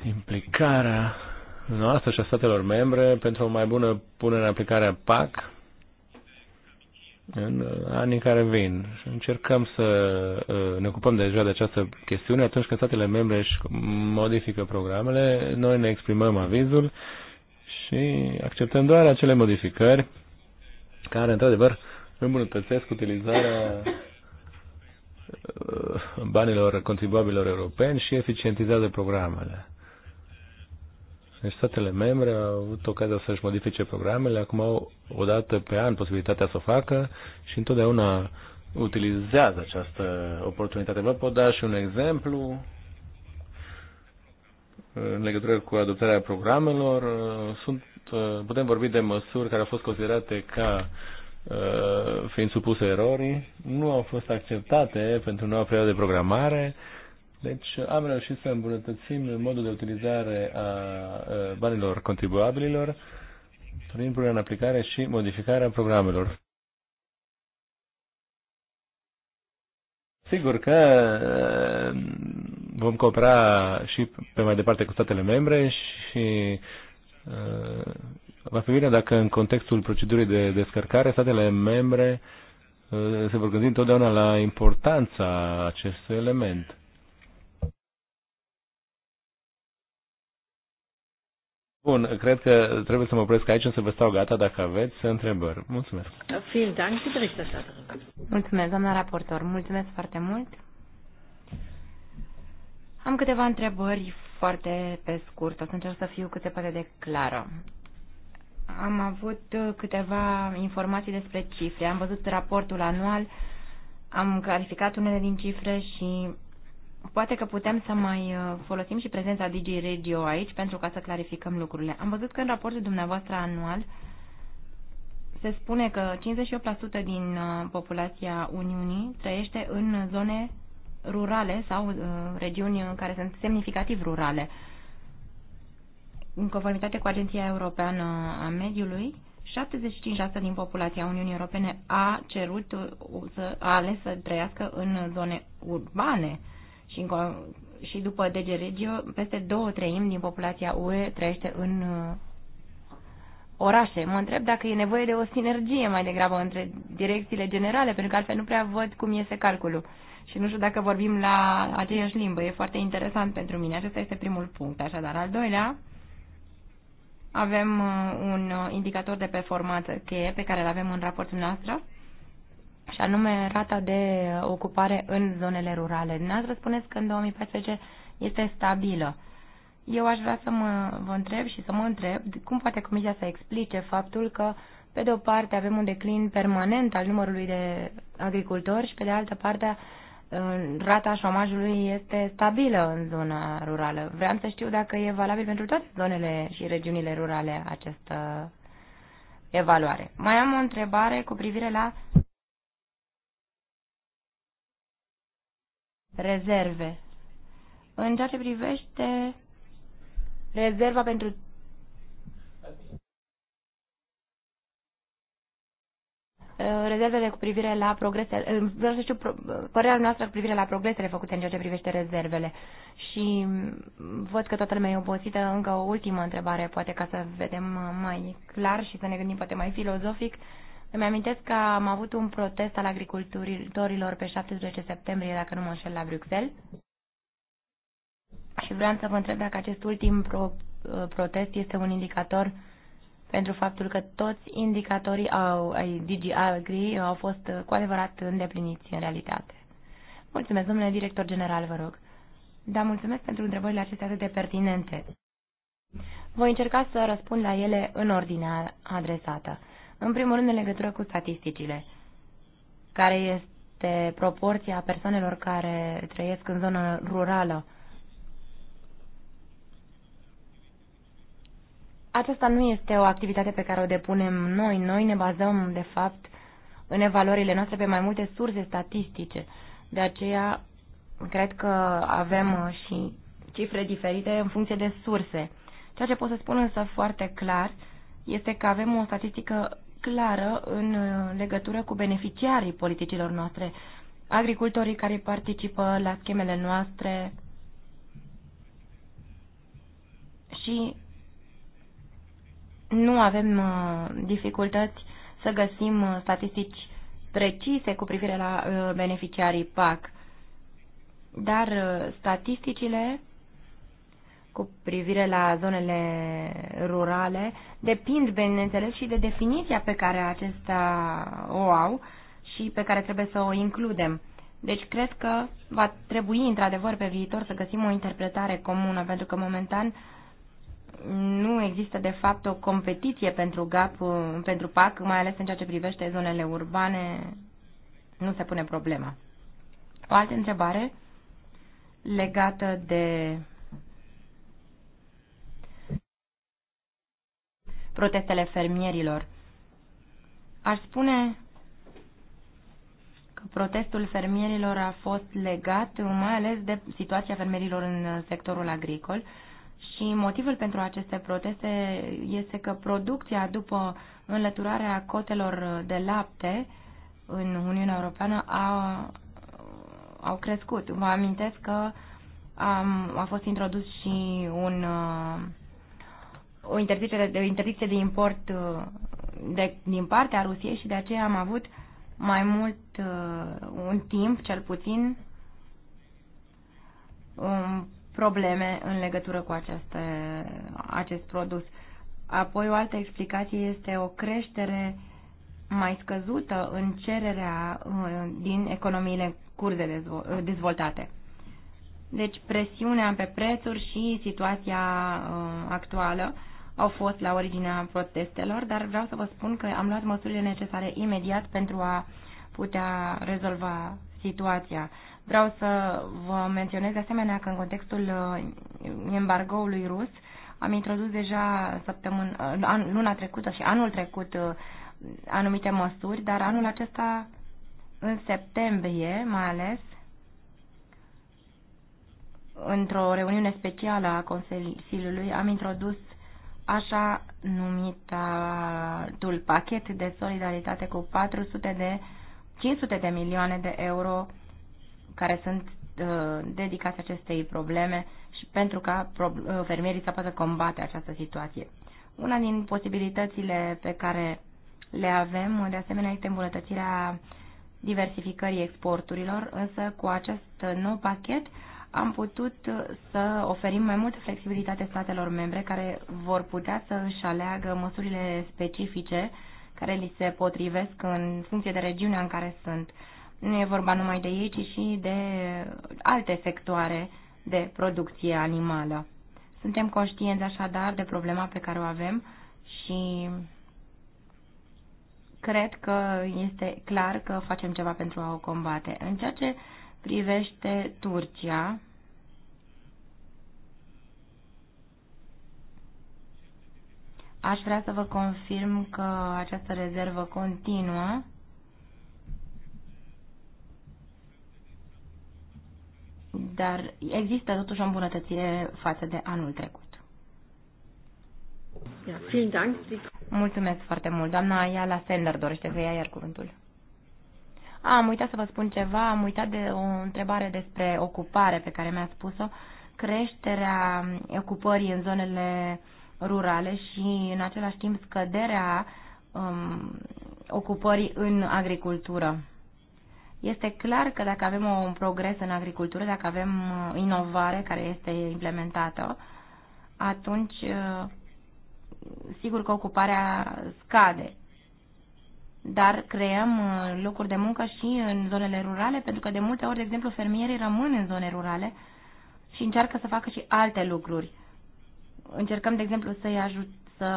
implicarea noastră și a statelor membre pentru o mai bună punere în aplicare a PAC în uh, anii care vin. Și încercăm să uh, ne ocupăm deja de această chestiune. Atunci când statele membre își modifică programele, noi ne exprimăm avizul și acceptăm doar acele modificări care, într-adevăr, îmbunătățesc utilizarea uh, banilor contribuabilor europeni și eficientizează programele. Deci statele membre au avut ocazia să-și modifice programele, acum au o dată pe an posibilitatea să o facă și întotdeauna utilizează această oportunitate. Vă pot da și un exemplu în legătură cu adoptarea programelor. Sunt, putem vorbi de măsuri care au fost considerate ca uh, fiind supuse erorii, nu au fost acceptate pentru noua perioadă de programare, deci am reușit să îmbunătățim modul de utilizare a banilor contribuabililor prin punerea în aplicare și modificarea programelor. Sigur că vom coopera și pe mai departe cu statele membre și va fi bine dacă în contextul procedurii de descărcare statele membre se vor gândi întotdeauna la importanța acestui element. Bun, cred că trebuie să mă opresc aici, să vă stau gata dacă aveți întrebări. Mulțumesc. Mulțumesc, doamna raportor. Mulțumesc foarte mult. Am câteva întrebări foarte pe scurt. O să încerc să fiu cât se poate de clară. Am avut câteva informații despre cifre. Am văzut raportul anual, am clarificat unele din cifre și Poate că putem să mai uh, folosim și prezența Digi Radio aici pentru ca să clarificăm lucrurile. Am văzut că în raportul dumneavoastră anual se spune că 58% din uh, populația Uniunii trăiește în zone rurale sau uh, regiuni care sunt semnificativ rurale. În conformitate cu Agenția Europeană a Mediului, 75% din populația Uniunii Europene a cerut, a ales să trăiască în zone urbane și, în, și după DG Regio, peste două treimi din populația UE trăiește în uh, orașe. Mă întreb dacă e nevoie de o sinergie mai degrabă între direcțiile generale, pentru că altfel nu prea văd cum iese calculul. Și nu știu dacă vorbim la aceeași limbă. E foarte interesant pentru mine. Acesta este primul punct. Așadar, al doilea, avem uh, un uh, indicator de performanță cheie pe care îl avem în raportul nostru și anume rata de ocupare în zonele rurale. Dumneavoastră spuneți că în 2014 este stabilă. Eu aș vrea să mă vă întreb și să mă întreb cum poate Comisia să explice faptul că, pe de o parte, avem un declin permanent al numărului de agricultori și, pe de altă parte, rata șomajului este stabilă în zona rurală. Vreau să știu dacă e valabil pentru toate zonele și regiunile rurale această evaluare. Mai am o întrebare cu privire la rezerve. În ceea ce privește rezerva pentru uh, rezervele cu privire la progrese, uh, vreau să știu uh, părerea noastră cu privire la progresele făcute în ceea ce privește rezervele. Și mm, văd că toată lumea e obosită. Încă o ultimă întrebare, poate ca să vedem mai clar și să ne gândim poate mai filozofic. Uh, îmi amintesc că am avut un protest al agricultorilor pe 17 septembrie, dacă nu mă înșel, la Bruxelles. Și vreau să vă întreb dacă acest ultim pro, uh, protest este un indicator pentru faptul că toți indicatorii au, ai DG Agri au fost uh, cu adevărat îndepliniți în realitate. Mulțumesc, domnule director general, vă rog. Da, mulțumesc pentru întrebările acestea atât de pertinente. Voi încerca să răspund la ele în ordinea adresată. În primul rând, în legătură cu statisticile, care este proporția persoanelor care trăiesc în zona rurală. Aceasta nu este o activitate pe care o depunem noi. Noi ne bazăm, de fapt, în evaluările noastre pe mai multe surse statistice. De aceea, cred că avem și cifre diferite în funcție de surse. Ceea ce pot să spun însă foarte clar este că avem o statistică clară în uh, legătură cu beneficiarii politicilor noastre, agricultorii care participă la schemele noastre și nu avem uh, dificultăți să găsim uh, statistici precise cu privire la beneficiarii PAC, dar statisticile cu privire la zonele rurale depind, bineînțeles, și de definiția pe care acesta o au și pe care trebuie să o includem. Deci cred că va trebui, într-adevăr, pe viitor să găsim o interpretare comună, pentru că momentan nu există, de fapt, o competiție pentru GAP, pentru PAC, mai ales în ceea ce privește zonele urbane, nu se pune problema. O altă întrebare legată de protestele fermierilor. Aș spune că protestul fermierilor a fost legat mai ales de situația fermierilor în sectorul agricol și motivul pentru aceste proteste este că producția după înlăturarea cotelor de lapte în Uniunea Europeană a, au crescut. Vă amintesc că am, a fost introdus și un uh, o interdicție de, o interdicție de import uh, de, din partea Rusiei și de aceea am avut mai mult uh, un timp, cel puțin, um, probleme în legătură cu aceste, acest produs. Apoi o altă explicație este o creștere mai scăzută în cererea uh, din economiile curze dezvoltate. Deci presiunea pe prețuri și situația actuală au fost la originea protestelor, dar vreau să vă spun că am luat măsurile necesare imediat pentru a putea rezolva situația. Vreau să vă menționez de asemenea că în contextul uh, embargoului rus am introdus deja săptămân, uh, an, luna trecută și anul trecut uh, anumite măsuri, dar anul acesta în septembrie mai ales într-o reuniune specială a Consiliului am introdus așa numitul pachet de solidaritate cu 400 de 500 de milioane de euro care sunt uh, dedicați acestei probleme și pentru ca uh, fermierii să poată combate această situație. Una din posibilitățile pe care le avem, de asemenea, este îmbunătățirea diversificării exporturilor, însă cu acest nou pachet am putut uh, să oferim mai multă flexibilitate statelor membre care vor putea să își aleagă măsurile specifice care li se potrivesc în funcție de regiunea în care sunt. Nu e vorba numai de ei, ci și de alte sectoare de producție animală. Suntem conștienți așadar de problema pe care o avem și cred că este clar că facem ceva pentru a o combate. În ceea ce privește Turcia, aș vrea să vă confirm că această rezervă continuă. Dar există totuși o îmbunătățire față de anul trecut. Mulțumesc foarte mult. Doamna Ayala Sender dorește să ia iar cuvântul. Am uitat să vă spun ceva, am uitat de o întrebare despre ocupare pe care mi-a spus-o. Creșterea ocupării în zonele rurale și în același timp scăderea um, ocupării în agricultură. Este clar că dacă avem un progres în agricultură, dacă avem uh, inovare care este implementată, atunci uh, sigur că ocuparea scade dar creăm uh, locuri de muncă și în zonele rurale, pentru că de multe ori, de exemplu, fermierii rămân în zone rurale și încearcă să facă și alte lucruri. Încercăm, de exemplu, să-i ajut, să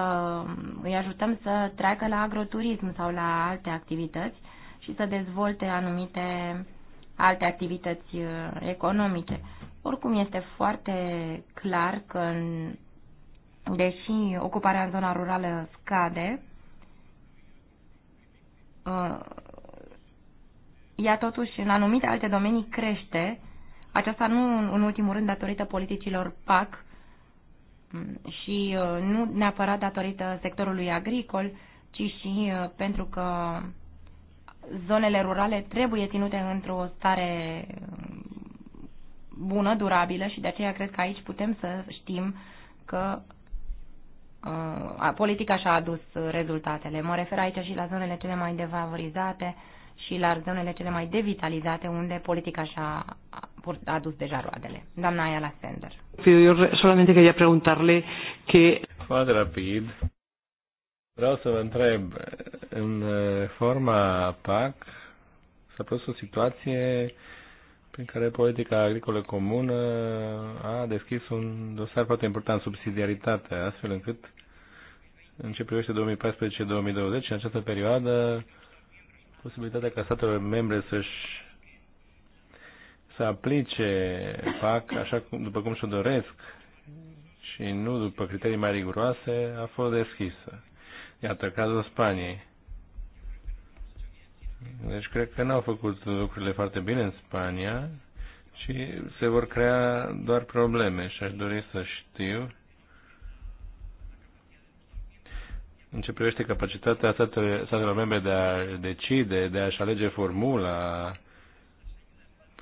um, îi ajutăm să treacă la agroturism sau la alte activități și să dezvolte anumite alte activități uh, economice. Oricum este foarte clar că, deși ocuparea în zona rurală scade, Uh, ea totuși în anumite alte domenii crește, aceasta nu în ultimul rând datorită politicilor PAC mm, și uh, nu neapărat datorită sectorului agricol, ci și uh, pentru că zonele rurale trebuie ținute într-o stare mm, bună, durabilă și de aceea cred că aici putem să știm că politica și-a adus rezultatele. Mă refer aici și la zonele cele mai defavorizate și la zonele cele mai devitalizate, unde politica și-a adus deja roadele. Doamna Ayala Sender. Eu solamente quería preguntarle que... Foarte rapid. Vreau să vă întreb, în eh, forma PAC s-a pus o situație prin care politica agricolă comună a deschis un dosar foarte important, subsidiaritatea, astfel încât în ce privește 2014-2020, în această perioadă, posibilitatea ca statelor membre să-și să aplice PAC așa cum, după cum și-o doresc și nu după criterii mai riguroase, a fost deschisă. Iată, cazul Spaniei. Deci cred că n-au făcut lucrurile foarte bine în Spania și se vor crea doar probleme și aș dori să știu în ce privește capacitatea statelor membre de a decide, de a-și alege formula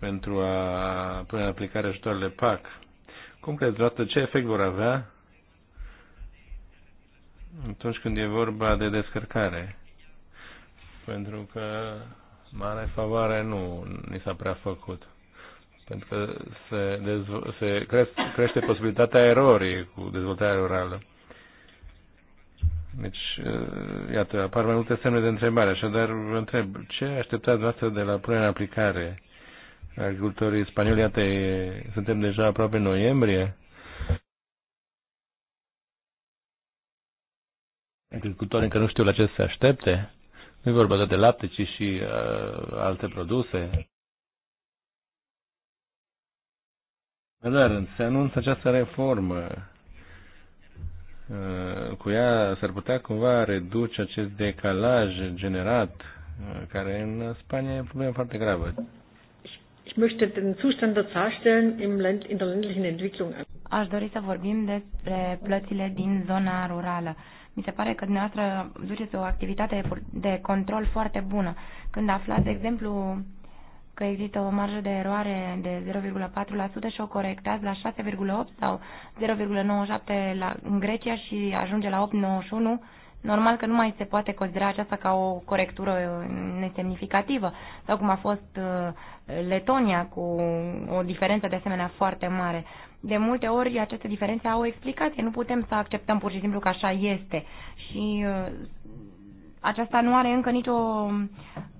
pentru a pune în aplicare ajutoarele PAC. Cum credeți dumneavoastră ce efect vor avea atunci când e vorba de descărcare? pentru că mare favoare nu ni s-a prea făcut. Pentru că se, dezvo- se crește posibilitatea erorii cu dezvoltarea rurală. Deci, eh, iată, apar mai multe semne de întrebare, așadar vă întreb, ce așteptați dumneavoastră de la punerea în aplicare? Agricultorii spanioli, iată, e, suntem deja aproape noiembrie. Agricultorii încă nu știu la ce se aștepte. Nu e vorba de lapte, ci și uh, alte produse. Dar se anunță această reformă. Uh, cu ea s-ar putea cumva reduce acest decalaj generat, uh, care în Spania e o problemă foarte gravă. Aș dori să vorbim despre plățile din zona rurală. Mi se pare că dumneavoastră duceți o activitate de control foarte bună. Când aflați, de exemplu, că există o marjă de eroare de 0,4% și o corectați la 6,8% sau 0,97% la, în Grecia și ajunge la 8,91%, normal că nu mai se poate considera aceasta ca o corectură uh, nesemnificativă, sau cum a fost uh, Letonia cu o diferență de asemenea foarte mare. De multe ori aceste diferențe au o explicație, nu putem să acceptăm pur și simplu că așa este și uh, aceasta nu are încă nicio,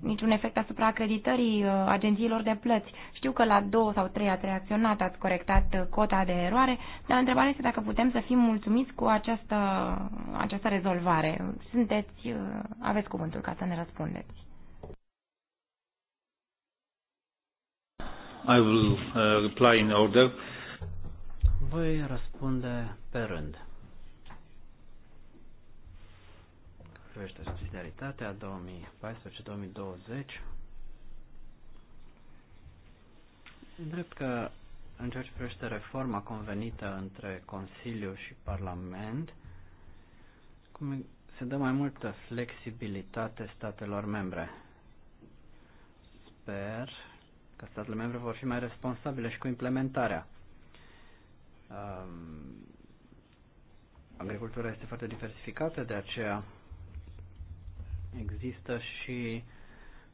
niciun efect asupra acreditării uh, agențiilor de plăți. Știu că la două sau trei ați reacționat, ați corectat uh, cota de eroare, dar întrebarea este dacă putem să fim mulțumiți cu această, această rezolvare. Sunteți, aveți cuvântul ca să ne răspundeți. I will uh, reply in order. Voi răspunde pe rând. Crește subsidiaritatea 2014-2020. Drept că în ceea ce privește reforma convenită între Consiliu și Parlament, cum se dă mai multă flexibilitate statelor membre. Sper că statele membre vor fi mai responsabile și cu implementarea. Um, agricultura este foarte diversificată, de aceea există și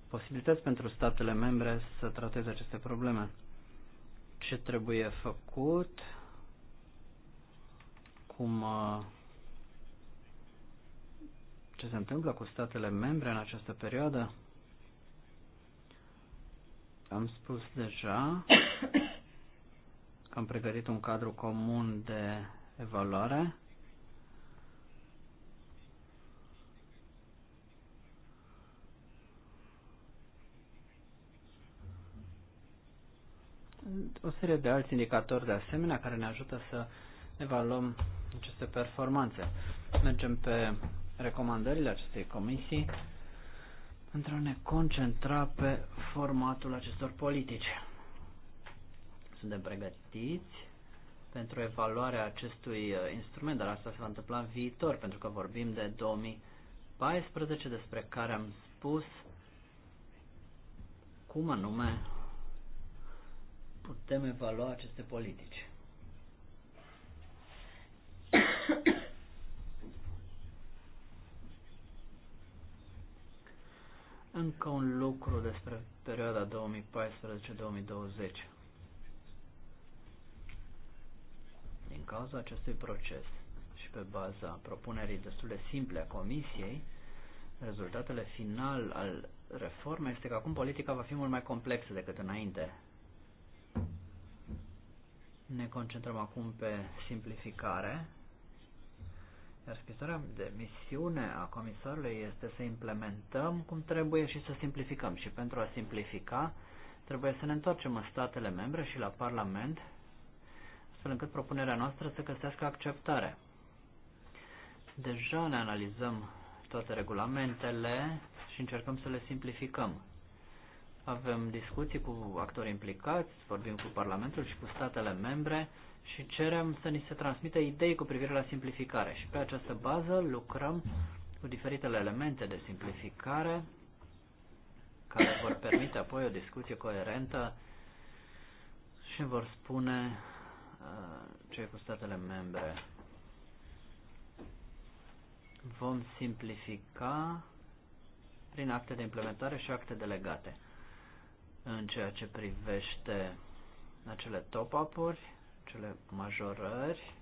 posibilități pentru statele membre să trateze aceste probleme. Ce trebuie făcut? Cum uh, ce se întâmplă cu statele membre în această perioadă? Am spus deja am pregătit un cadru comun de evaluare. O serie de alți indicatori de asemenea care ne ajută să evaluăm aceste performanțe. Mergem pe recomandările acestei comisii pentru a ne concentra pe formatul acestor politici suntem pregătiți pentru evaluarea acestui uh, instrument, dar asta se va întâmpla în viitor, pentru că vorbim de 2014, despre care am spus cum anume putem evalua aceste politici. Încă un lucru despre perioada 2014-2020. cauza acestui proces și pe baza propunerii destul de simple a Comisiei, rezultatele final al reformei este că acum politica va fi mult mai complexă decât înainte. Ne concentrăm acum pe simplificare, iar scrisoarea de misiune a comisarului este să implementăm cum trebuie și să simplificăm. Și pentru a simplifica, trebuie să ne întoarcem în statele membre și la Parlament astfel încât propunerea noastră să găsească acceptare. Deja ne analizăm toate regulamentele și încercăm să le simplificăm. Avem discuții cu actori implicați, vorbim cu Parlamentul și cu statele membre și cerem să ni se transmită idei cu privire la simplificare. Și pe această bază lucrăm cu diferitele elemente de simplificare care vor permite apoi o discuție coerentă și vor spune Uh, ce e cu statele membre. Vom simplifica prin acte de implementare și acte delegate. În ceea ce privește acele top-up-uri, acele majorări,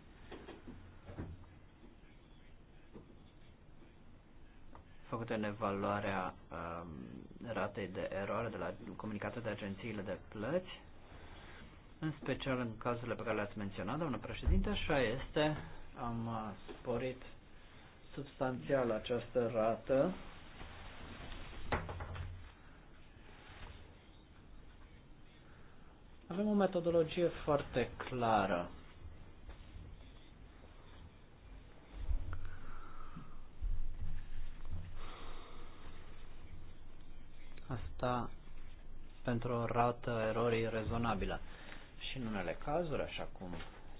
făcute în evaluarea um, ratei de eroare de la comunicate de agențiile de plăți, în special în cazurile pe care le-ați menționat, doamnă președinte, așa este, am uh, sporit substanțial această rată. Avem o metodologie foarte clară. Asta pentru o rată erorii rezonabilă. Și în unele cazuri, așa cum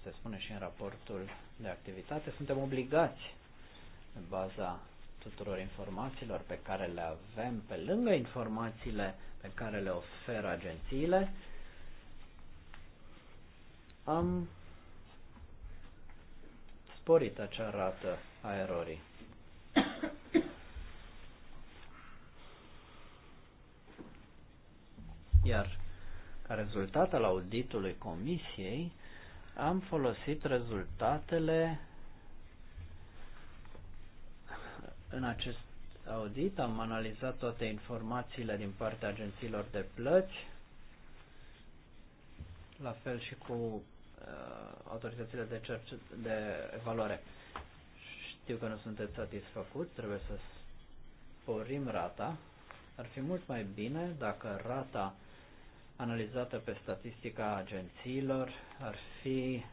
se spune și în raportul de activitate, suntem obligați în baza tuturor informațiilor pe care le avem, pe lângă informațiile pe care le oferă agențiile, am sporit acea rată a erorii. Iar ca rezultat al auditului comisiei, am folosit rezultatele în acest audit, am analizat toate informațiile din partea agențiilor de plăți, la fel și cu uh, autoritățile de, cercet- de evaluare. Știu că nu sunteți satisfăcuți, trebuie să sporim rata. Ar fi mult mai bine dacă rata analizată pe statistica agențiilor ar fi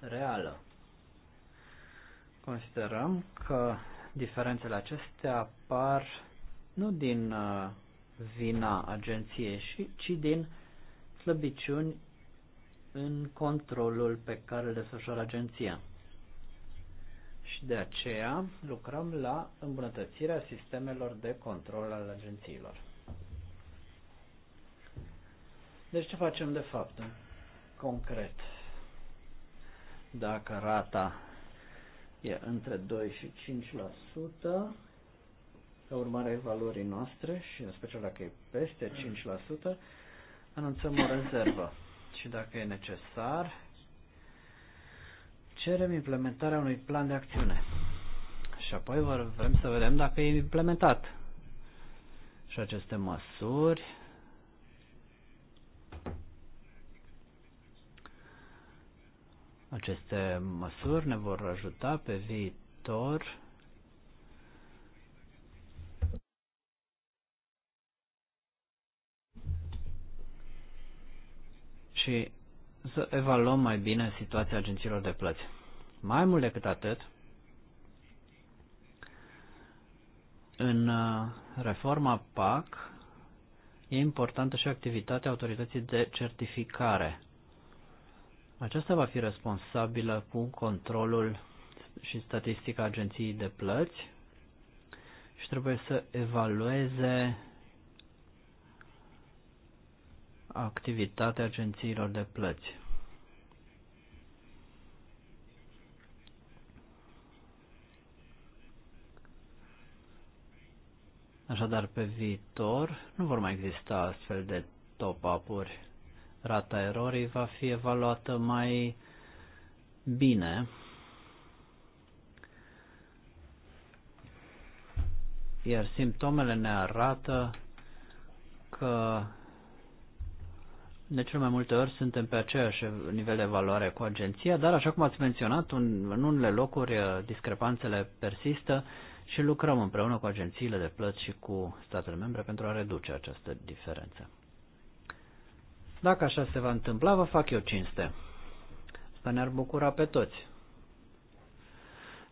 reală. Considerăm că diferențele acestea apar nu din uh, vina agenției, ci din slăbiciuni în controlul pe care îl desfășoară agenția. Și de aceea lucrăm la îmbunătățirea sistemelor de control al agențiilor. Deci ce facem de fapt concret? Dacă rata e între 2 și 5%, la urmare valorii noastre și în special dacă e peste 5%, anunțăm o rezervă și dacă e necesar, cerem implementarea unui plan de acțiune. Și apoi vrem să vedem dacă e implementat. Și aceste măsuri Aceste măsuri ne vor ajuta pe viitor și să evaluăm mai bine situația agențiilor de plăți. Mai mult decât atât, în uh, reforma PAC e importantă și activitatea autorității de certificare. Aceasta va fi responsabilă cu controlul și statistica agenției de plăți și trebuie să evalueze activitatea agențiilor de plăți. Așadar, pe viitor nu vor mai exista astfel de top-up-uri rata erorii va fi evaluată mai bine. Iar simptomele ne arată că de cel mai multe ori suntem pe aceeași nivel de valoare cu agenția, dar așa cum ați menționat, un, în unele locuri uh, discrepanțele persistă și lucrăm împreună cu agențiile de plăți și cu statele membre pentru a reduce această diferență. Dacă așa se va întâmpla, vă fac eu cinste. Asta ne-ar bucura pe toți.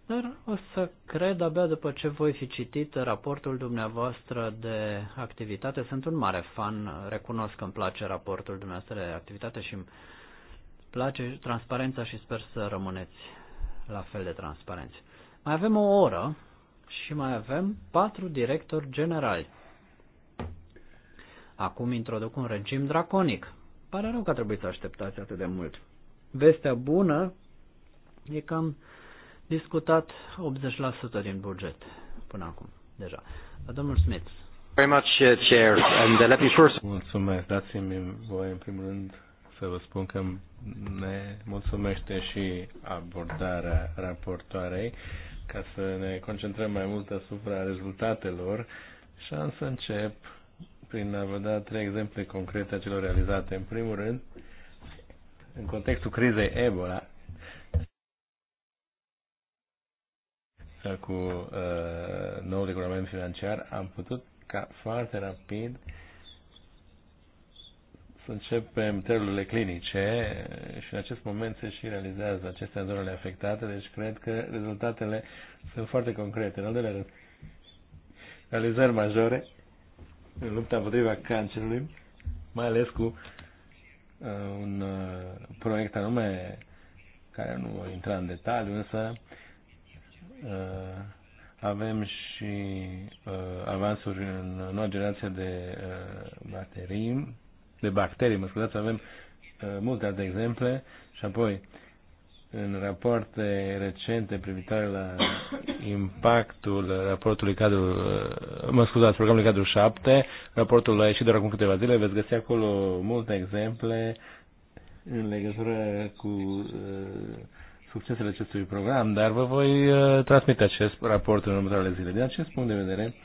Dar o să cred abia după ce voi fi citit raportul dumneavoastră de activitate. Sunt un mare fan, recunosc că îmi place raportul dumneavoastră de activitate și îmi place transparența și sper să rămâneți la fel de transparenți. Mai avem o oră și mai avem patru directori generali. Acum introduc un regim draconic. Pare rău că trebuie să așteptați atât de mult. Vestea bună e că am discutat 80% din buget până acum, deja. Domnul Smith. Very much, uh, Chair, and uh, let me first... Mulțumesc. Dați-mi voi, în primul rând, să vă spun că ne mulțumește și abordarea raportoarei ca să ne concentrăm mai mult asupra rezultatelor și am să încep prin a vă da trei exemple concrete a celor realizate. În primul rând, în contextul crizei Ebola, cu uh, nou regulament financiar, am putut ca foarte rapid să începem terurile clinice și în acest moment se și realizează aceste zonele afectate, deci cred că rezultatele sunt foarte concrete. În al doilea rând, realizări majore în lupta împotriva cancerului, mai ales cu uh, un uh, proiect anume care nu voi intra în detaliu, însă uh, avem și uh, avansuri în noua generație de uh, baterii, de bacterii, mă scuzați, avem uh, multe alte exemple și apoi uh, în rapoarte recente privitoare la impactul raportului cadru, mă scuzați, programului cadru 7, raportul a ieșit doar acum câteva zile, veți găsi acolo multe exemple în legătură cu uh, succesele acestui program, dar vă voi uh, transmite acest raport în următoarele zile. Din acest punct de vedere, uh,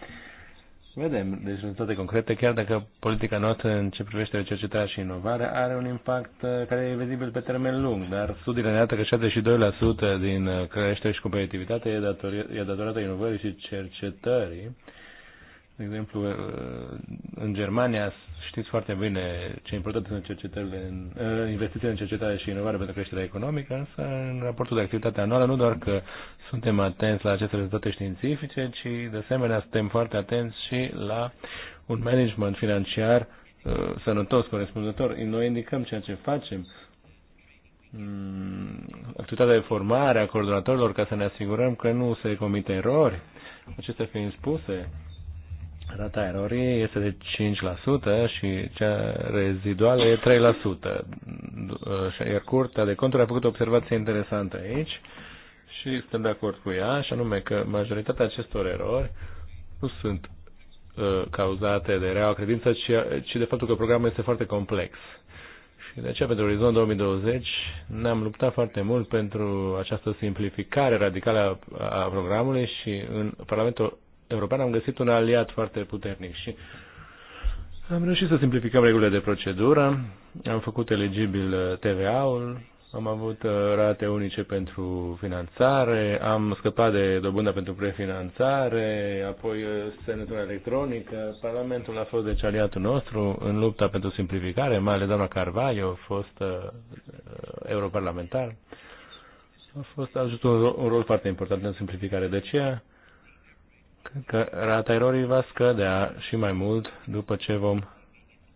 să vedem deci, rezultate concrete, chiar dacă politica noastră în ce privește cercetarea și inovarea are un impact uh, care e vizibil pe termen lung, dar studiile ne arată că 72% din uh, creștere și competitivitate e, datorie, e datorată inovării și cercetării. De exemplu, uh, în Germania știți foarte bine ce importante sunt cercetările în, investițiile în cercetare și inovare pentru creșterea economică, însă în raportul de activitate anuală nu doar că suntem atenți la aceste rezultate științifice, ci de asemenea suntem foarte atenți și la un management financiar uh, sănătos, corespunzător. Noi indicăm ceea ce facem, mm, activitatea de formare a coordonatorilor ca să ne asigurăm că nu se comite erori. Acestea fiind spuse, rata erorii este de 5% și cea reziduală e 3%. Mm, uh, iar Curtea de Conturi a făcut o observație interesantă aici și sunt de acord cu ea, și anume că majoritatea acestor erori nu sunt uh, cauzate de rea credință, ci, ci de faptul că programul este foarte complex. Și de aceea, pentru Orizont 2020, ne-am luptat foarte mult pentru această simplificare radicală a, a programului și în Parlamentul European am găsit un aliat foarte puternic și am reușit să simplificăm regulile de procedură, am făcut eligibil uh, TVA-ul, am avut uh, rate unice pentru finanțare, am scăpat de dobândă pentru prefinanțare, apoi uh, semnătura electronică. Parlamentul a fost deci aliatul nostru în lupta pentru simplificare, mai ales doamna Carvaio, a fost uh, uh, europarlamentar. A fost a un, rol, un rol foarte important în simplificare. De aceea, cred că rata erorii va scădea și mai mult după ce vom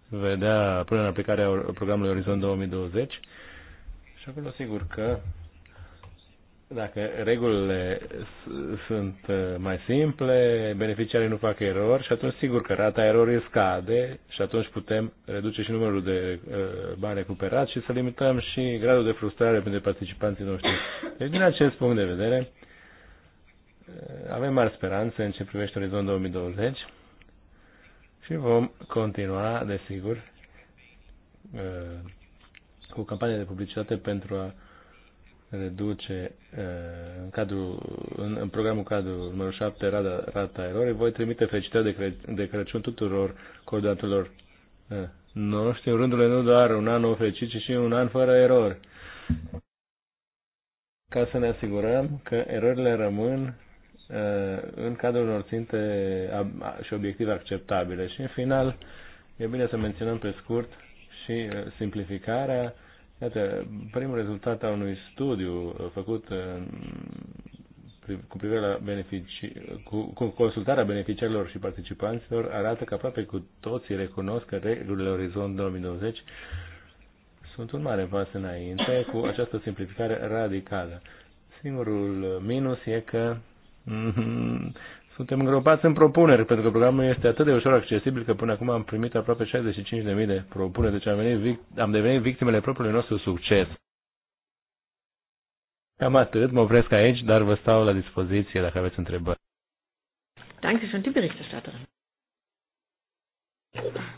vedea până în aplicarea programului Orizont 2020 acolo sigur că dacă regulile sunt uh, mai simple, beneficiarii nu fac erori și atunci sigur că rata erorii scade și atunci putem reduce și numărul de uh, bani recuperați și să limităm și gradul de frustrare pentru participanții noștri. Deci din acest punct de vedere uh, avem mari speranțe în ce privește orizont 2020 și vom continua, desigur, cu campanie de publicitate pentru a reduce în, cadrul, în, în programul cadru numărul 7, rata, rata erorii. Voi trimite felicitări de, Cre- de Crăciun tuturor coordonatorilor noștri, în rândul nu doar un an nou fericit, ci și un an fără erori. Ca să ne asigurăm că erorile rămân în cadrul unor ținte și obiective acceptabile. Și în final, e bine să menționăm pe scurt și eh, simplificarea. Iată, primul rezultat al unui studiu eh, făcut eh, cu privire la beneficii, cu, cu consultarea beneficiarilor și participanților arată că aproape cu toții recunosc că regulile Orizont 2020 sunt un mare pas înainte cu această simplificare radicală. Singurul minus e că mm, suntem îngropați în propuneri, pentru că programul este atât de ușor accesibil că până acum am primit aproape 65.000 de propuneri, deci am, venit, am devenit victimele propriului nostru succes. Cam atât, mă opresc aici, dar vă stau la dispoziție dacă aveți întrebări. Danke schön, die Berichterstatterin.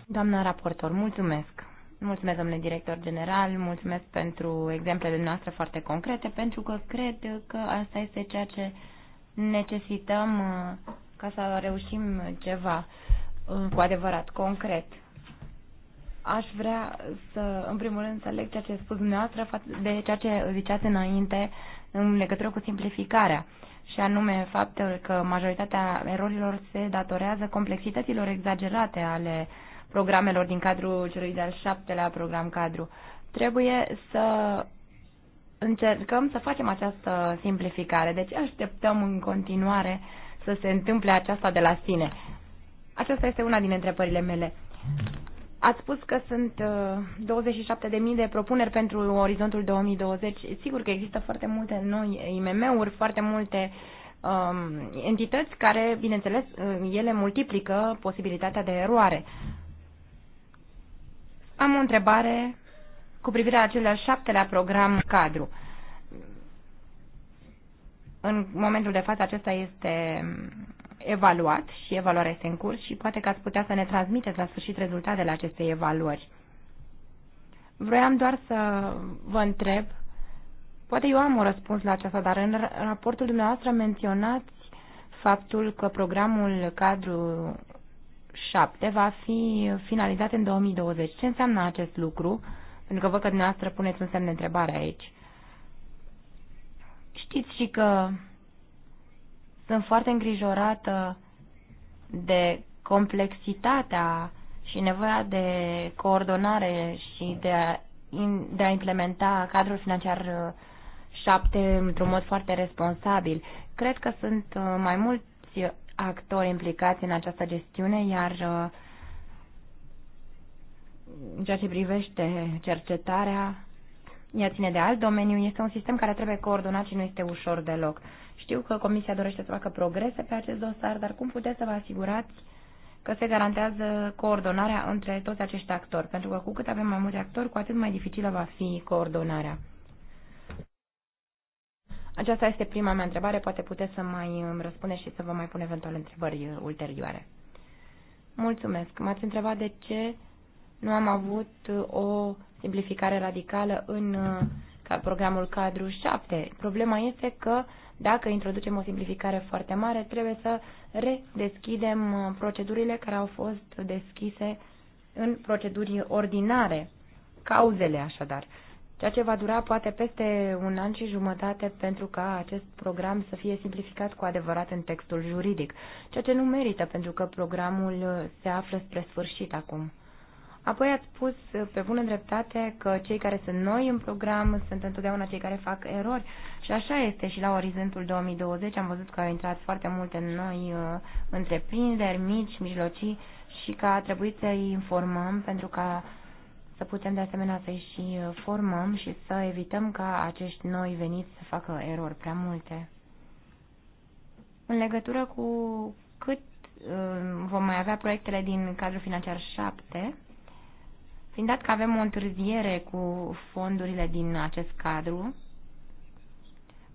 Doamna raportor, mulțumesc. Mulțumesc, domnule director general, mulțumesc pentru exemplele noastre foarte concrete, pentru că cred că asta este ceea ce necesităm uh, ca să reușim ceva uh, cu adevărat, concret. Aș vrea să, în primul rând, să leg ceea ce a spus dumneavoastră de ceea ce ziceați înainte în legătură cu simplificarea și anume faptul că majoritatea erorilor se datorează complexităților exagerate ale programelor din cadrul celui de-al șaptelea program cadru. Trebuie să încercăm să facem această simplificare. Deci așteptăm în continuare să se întâmple aceasta de la sine. Aceasta este una din întrebările mele. Ați spus că sunt 27.000 uh, de propuneri pentru orizontul 2020. Sigur că există foarte multe noi IMM-uri, foarte multe um, entități care, bineînțeles, uh, ele multiplică posibilitatea de eroare. Am o întrebare cu privire la cel de-al șaptelea program cadru. În momentul de față acesta este evaluat și evaluarea este în curs și poate că ați putea să ne transmiteți la sfârșit rezultatele acestei evaluări. Vroiam doar să vă întreb, poate eu am un răspuns la aceasta, dar în raportul dumneavoastră menționați faptul că programul cadru 7 va fi finalizat în 2020. Ce înseamnă acest lucru? Pentru că văd că dumneavoastră puneți un semn de întrebare aici. Știți și că sunt foarte îngrijorată de complexitatea și nevoia de coordonare și de a, de a implementa cadrul financiar 7 uh, într-un mod foarte responsabil. Cred că sunt uh, mai mulți actori implicați în această gestiune, iar uh, în ceea ce privește cercetarea, ea ține de alt domeniu, este un sistem care trebuie coordonat și nu este ușor deloc. Știu că Comisia dorește să facă progrese pe acest dosar, dar cum puteți să vă asigurați că se garantează coordonarea între toți acești actori? Pentru că cu cât avem mai mulți actori, cu atât mai dificilă va fi coordonarea. Aceasta este prima mea întrebare, poate puteți să mai îmi răspundeți și să vă mai pun eventual întrebări ulterioare. Mulțumesc. M-ați întrebat de ce nu am avut uh, o simplificare radicală în uh, programul cadru 7. Problema este că dacă introducem o simplificare foarte mare, trebuie să redeschidem uh, procedurile care au fost deschise în proceduri ordinare, cauzele așadar, ceea ce va dura poate peste un an și jumătate pentru ca acest program să fie simplificat cu adevărat în textul juridic, ceea ce nu merită pentru că programul se află spre sfârșit acum. Apoi ați spus uh, pe bună dreptate că cei care sunt noi în program sunt întotdeauna cei care fac erori și așa este și la orizontul 2020 am văzut că au intrat foarte multe noi uh, întreprinderi mici, mijlocii și că a trebuit să-i informăm pentru ca să putem de asemenea să-i și uh, formăm și să evităm ca acești noi veniți să facă erori prea multe. În legătură cu cât vom mai avea proiectele din cadrul financiar 7, Fiind dat că avem o întârziere cu fondurile din acest cadru,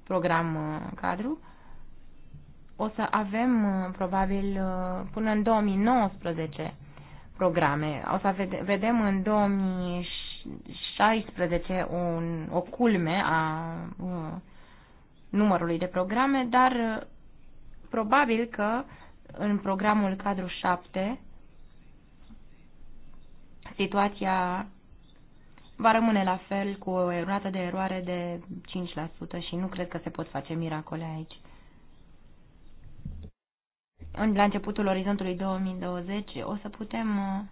program uh, cadru, o să avem uh, probabil uh, până în 2019 programe. O să vedem în 2016 un, o culme a numărului de programe, dar probabil că în programul cadru 7 situația va rămâne la fel cu o rată de eroare de 5% și nu cred că se pot face miracole aici. În, la începutul orizontului 2020 o să putem uh,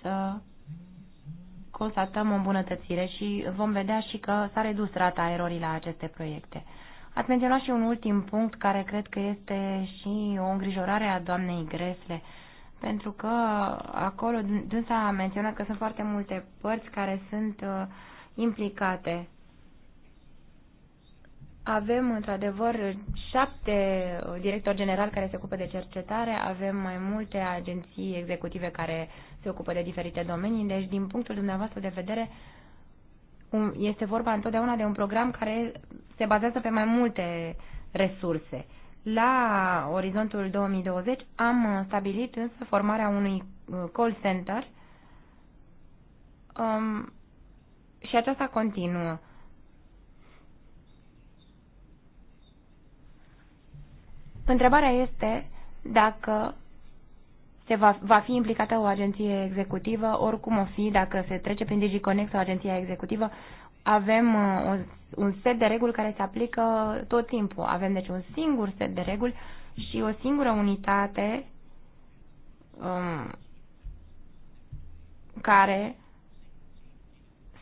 să constatăm o îmbunătățire și vom vedea și că s-a redus rata erorii la aceste proiecte. Ați menționat și un ultim punct care cred că este și o îngrijorare a doamnei Gresle pentru că acolo dânsa a menționat că sunt foarte multe părți care sunt uh, implicate. Avem, într-adevăr, șapte uh, directori generali care se ocupă de cercetare, avem mai multe agenții executive care se ocupă de diferite domenii, deci, din punctul dumneavoastră de vedere, este vorba întotdeauna de un program care se bazează pe mai multe resurse. La orizontul 2020 am uh, stabilit însă formarea unui uh, call center um, și aceasta continuă. Întrebarea este dacă se va, va fi implicată o agenție executivă, oricum o fi, dacă se trece prin DigiConnect sau agenția executivă, avem uh, un set de reguli care se aplică tot timpul. Avem deci un singur set de reguli și o singură unitate um, care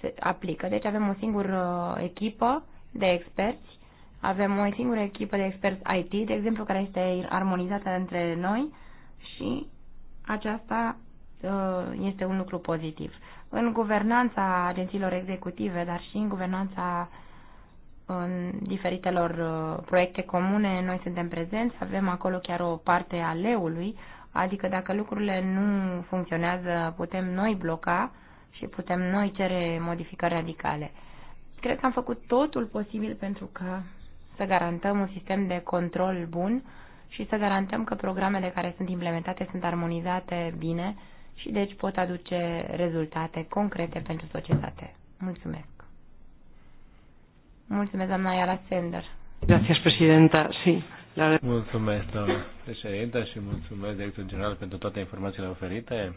se aplică. Deci avem o singură echipă de experți, avem o singură echipă de experți IT, de exemplu, care este armonizată între noi și aceasta uh, este un lucru pozitiv în guvernanța agențiilor executive, dar și în guvernanța în diferitelor uh, proiecte comune, noi suntem prezenți, avem acolo chiar o parte a leului, adică dacă lucrurile nu funcționează, putem noi bloca și putem noi cere modificări radicale. Cred că am făcut totul posibil pentru ca să garantăm un sistem de control bun și să garantăm că programele care sunt implementate sunt armonizate bine și deci pot aduce rezultate concrete pentru societate. Mulțumesc. Mulțumesc, doamna Iara Sender. Gracias, presidenta. Sí. La... Mulțumesc, doamna președinta, și mulțumesc, director general, pentru toate informațiile oferite.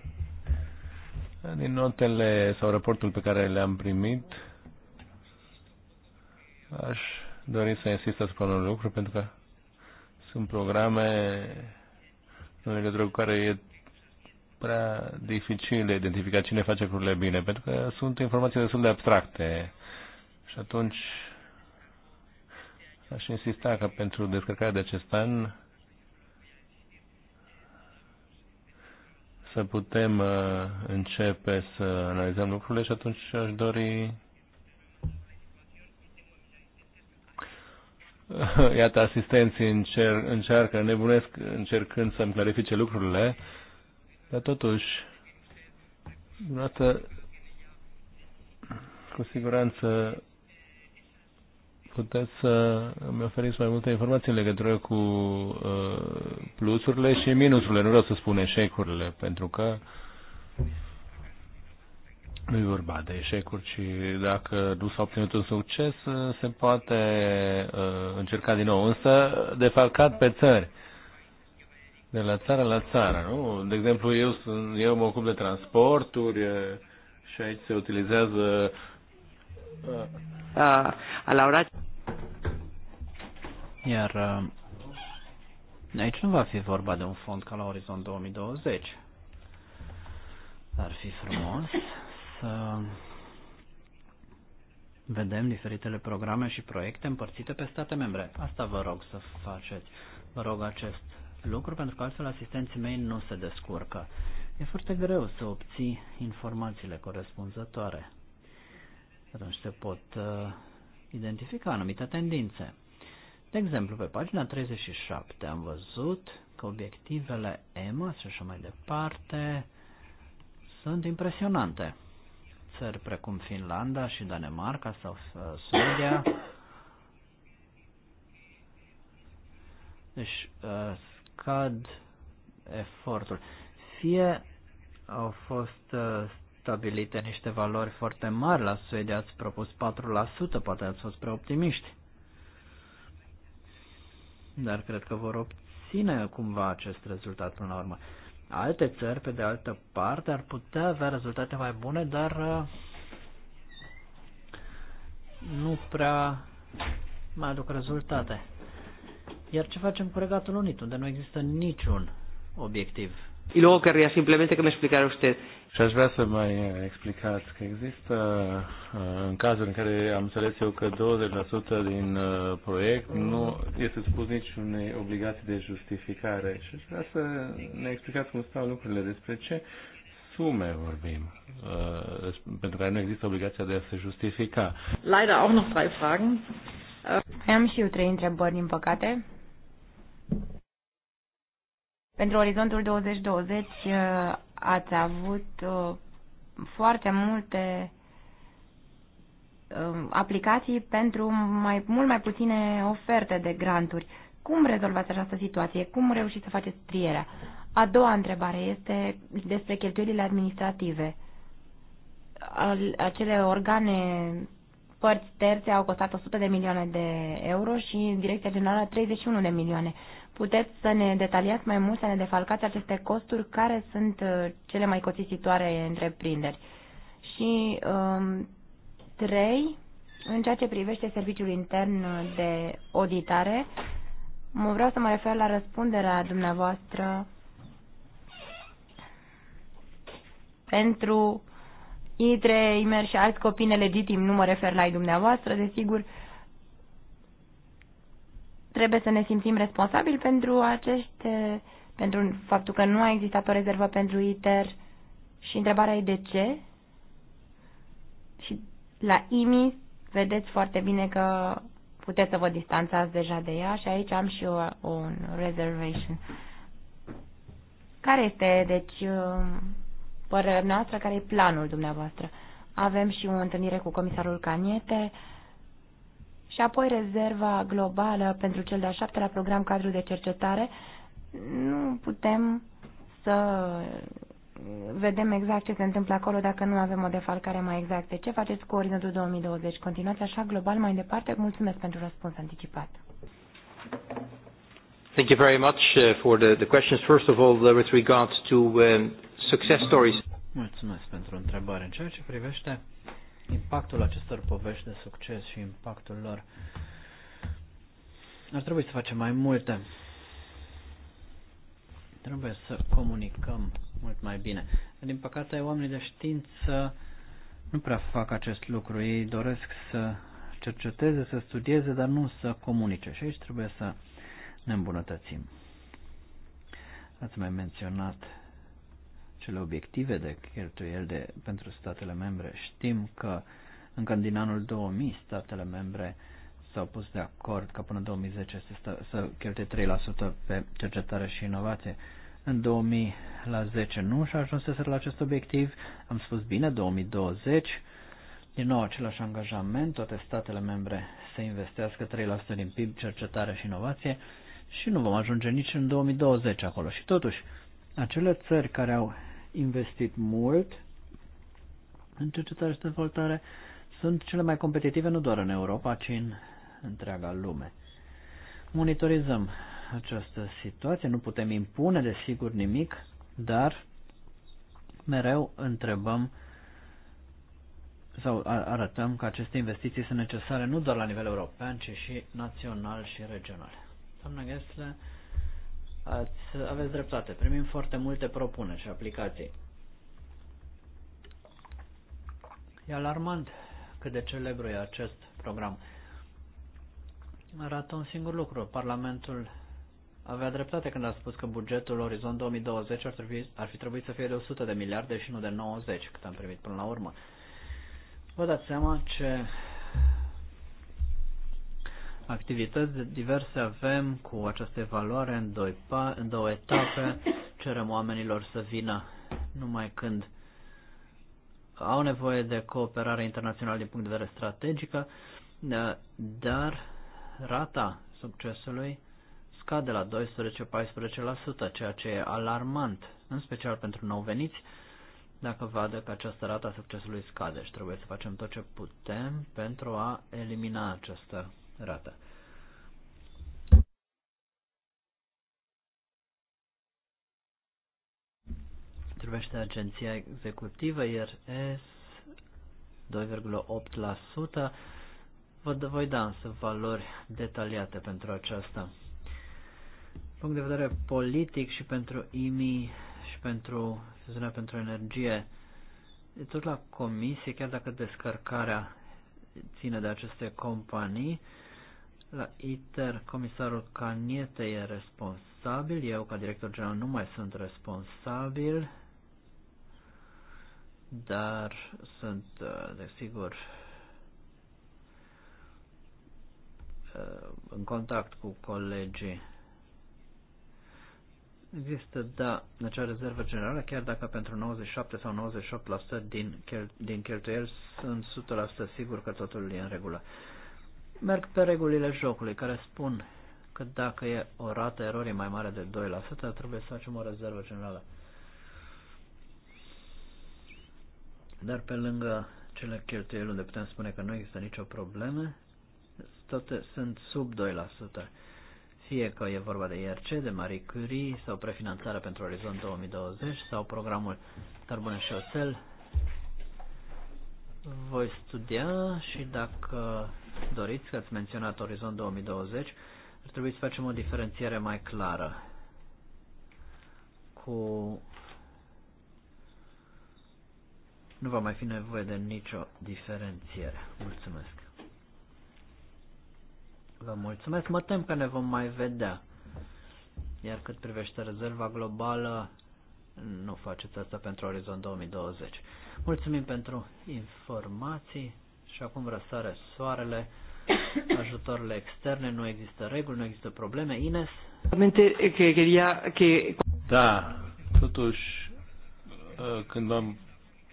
Din notele sau raportul pe care le-am primit, aș dori să insist asupra unui lucru, pentru că sunt programe în legătură cu care e prea dificil de identificat cine face lucrurile bine, pentru că sunt informații destul de abstracte. Și atunci aș insista că pentru descărcarea de acest an să putem uh, începe să analizăm lucrurile și atunci aș dori iată asistenții încer- încearcă, nebunesc încercând să-mi clarifice lucrurile dar totuși, dumneavoastră, cu siguranță puteți să mi oferiți mai multe informații în legătură cu uh, plusurile și minusurile, nu vreau să spun eșecurile, pentru că nu e vorba de eșecuri, ci dacă nu s-a obținut un succes, uh, se poate uh, încerca din nou. Însă, defalcat pe țări. Uh, de la țară la țară, nu? De exemplu, eu, sunt, eu mă ocup de transporturi și aici se utilizează... A, a la ora... Iar aici nu va fi vorba de un fond ca la Orizont 2020. Ar fi frumos să vedem diferitele programe și proiecte împărțite pe state membre. Asta vă rog să faceți. Vă rog acest lucru pentru că altfel asistenții mei nu se descurcă. E foarte greu să obții informațiile corespunzătoare. Atunci se pot uh, identifica anumite tendințe. De exemplu, pe pagina 37 am văzut că obiectivele EMA și așa mai departe sunt impresionante. Țări precum Finlanda și Danemarca sau uh, Suedia Deci uh, scad efortul. Fie au fost uh, stabilite niște valori foarte mari la Suedia, ați propus 4%, poate ați fost prea optimiști. Dar cred că vor obține cumva acest rezultat până la urmă. Alte țări, pe de altă parte, ar putea avea rezultate mai bune, dar uh, nu prea mai aduc rezultate. Iar ce facem cu Regatul Unit, unde nu există niciun obiectiv? Și luego querría simplemente que me explicara usted. Și aș vrea să mai explicați că există uh, în cazul în care am înțeles eu că 20% din uh, proiect nu este spus niciunei obligații de justificare și aș vrea să ne explicați cum stau lucrurile, despre ce sume vorbim, uh, pentru care nu există obligația de a se justifica. Leider auch noch drei Fragen. Păi am și eu trei întrebări, din păcate. Pentru orizontul 2020 uh, ați avut uh, foarte multe uh, aplicații pentru mai, mult mai puține oferte de granturi. Cum rezolvați această situație? Cum reușiți să faceți trierea? A doua întrebare este despre cheltuielile administrative. Acele organe părți terțe au costat 100 de milioane de euro și în Direcția Generală 31 de milioane. Puteți să ne detaliați mai mult, să ne defalcați aceste costuri, care sunt uh, cele mai costisitoare întreprinderi. Și um, trei, în ceea ce privește serviciul intern de auditare, mă vreau să mă refer la răspunderea dumneavoastră pentru Chitre, Imer și alți copii nelegitimi, nu mă refer la ei dumneavoastră, desigur, trebuie să ne simțim responsabili pentru acești, pentru faptul că nu a existat o rezervă pentru ITER și întrebarea e de ce. Și la IMI vedeți foarte bine că puteți să vă distanțați deja de ea și aici am și eu un reservation. Care este, deci, um, părerea noastră, care e planul dumneavoastră. Avem și o întâlnire cu comisarul Caniete și apoi rezerva globală pentru cel de-al șaptelea program cadru de cercetare. Nu putem să vedem exact ce se întâmplă acolo dacă nu avem o defalcare mai exactă. Ce faceți cu orizontul 2020? Continuați așa global mai departe? Mulțumesc pentru răspuns anticipat. Thank you very much uh, for the, the questions. First of all, uh, with regard to um, success stories. Mulțumesc pentru întrebare. În ceea ce privește impactul acestor povești de succes și impactul lor, ar trebui să facem mai multe. Trebuie să comunicăm mult mai bine. Din păcate, oamenii de știință nu prea fac acest lucru. Ei doresc să cerceteze, să studieze, dar nu să comunice. Și aici trebuie să ne îmbunătățim. Ați mai menționat cele obiective de cheltuieli de, pentru statele membre. Știm că încă din anul 2000 statele membre s-au pus de acord ca până 2010 să, sta, să cheltuie 3% pe cercetare și inovație. În 2010 nu și-a ajuns să la acest obiectiv. Am spus bine, 2020. Din nou același angajament, toate statele membre să investească 3% din PIB, cercetare și inovație și nu vom ajunge nici în 2020 acolo. Și totuși, acele țări care au investit mult în cercetare și dezvoltare, sunt cele mai competitive nu doar în Europa, ci în întreaga lume. Monitorizăm această situație, nu putem impune desigur nimic, dar mereu întrebăm sau arătăm că aceste investiții sunt necesare nu doar la nivel european, ci și național și regional. Doamna Gessler, Ați, aveți dreptate, primim foarte multe propuneri și aplicații. E alarmant cât de celebru e acest program. Arată un singur lucru. Parlamentul avea dreptate când a spus că bugetul Orizont 2020 ar, trebui, ar fi trebuit să fie de 100 de miliarde și nu de 90, cât am primit până la urmă. Vă dați seama ce activități diverse avem cu această evaluare în, doi pa, în două etape. Cerem oamenilor să vină numai când au nevoie de cooperare internațională din punct de vedere strategică, da, dar rata succesului scade la 12-14%, ceea ce e alarmant, în special pentru nou veniți, dacă vadă că această rata succesului scade și trebuie să facem tot ce putem pentru a elimina această rata. Privește agenția executivă, IRS 2,8%. Vă voi da însă valori detaliate pentru aceasta. Punct de vedere politic și pentru IMI și pentru fuziunea pentru energie, e tot la comisie, chiar dacă descărcarea ține de aceste companii, la ITER, comisarul Caniete e responsabil, eu ca director general nu mai sunt responsabil, dar sunt, uh, desigur, uh, în contact cu colegii. Există, da, acea rezervă generală, chiar dacă pentru 97 sau 98% din, chel din cheltuieli sunt 100% sigur că totul e în regulă merg pe regulile jocului, care spun că dacă e o rată erorii mai mare de 2%, trebuie să facem o rezervă generală. Dar pe lângă cele cheltuieli unde putem spune că nu există nicio problemă, toate sunt sub 2%. Fie că e vorba de IRC, de Marie Curie sau prefinanțarea pentru Orizont 2020 sau programul Carbon și Oțel. Voi studia și dacă doriți, că ați menționat Orizont 2020, ar trebui să facem o diferențiere mai clară cu nu va mai fi nevoie de nicio diferențiere. Mulțumesc. Vă mulțumesc. Mă tem că ne vom mai vedea. Iar cât privește rezerva globală, nu faceți asta pentru Orizont 2020. Mulțumim pentru informații. Și acum răsare soarele, ajutorile externe, nu există reguli, nu există probleme. Ines? Eh, da, totuși, eh, când am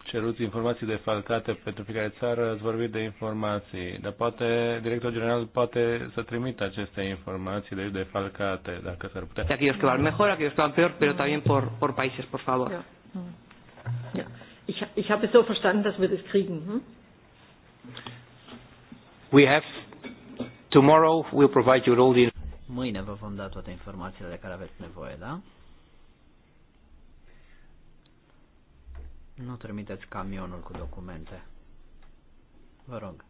cerut informații de falcate pentru fiecare țară, ați vorbit de informații, dar poate directorul general poate să trimită aceste informații de deci, falcate, dacă s-ar putea. Aquellos que van mejor, aquellos que van peor, pero también por, por países, por favor. Ja. Ja. Ich, ich habe es so verstanden, dass wir das kriegen. Hm? We have tomorrow we'll provide you all the Mâine vă vom da toate informațiile de care aveți nevoie, da? Nu trimiteți camionul cu documente. Vă rog.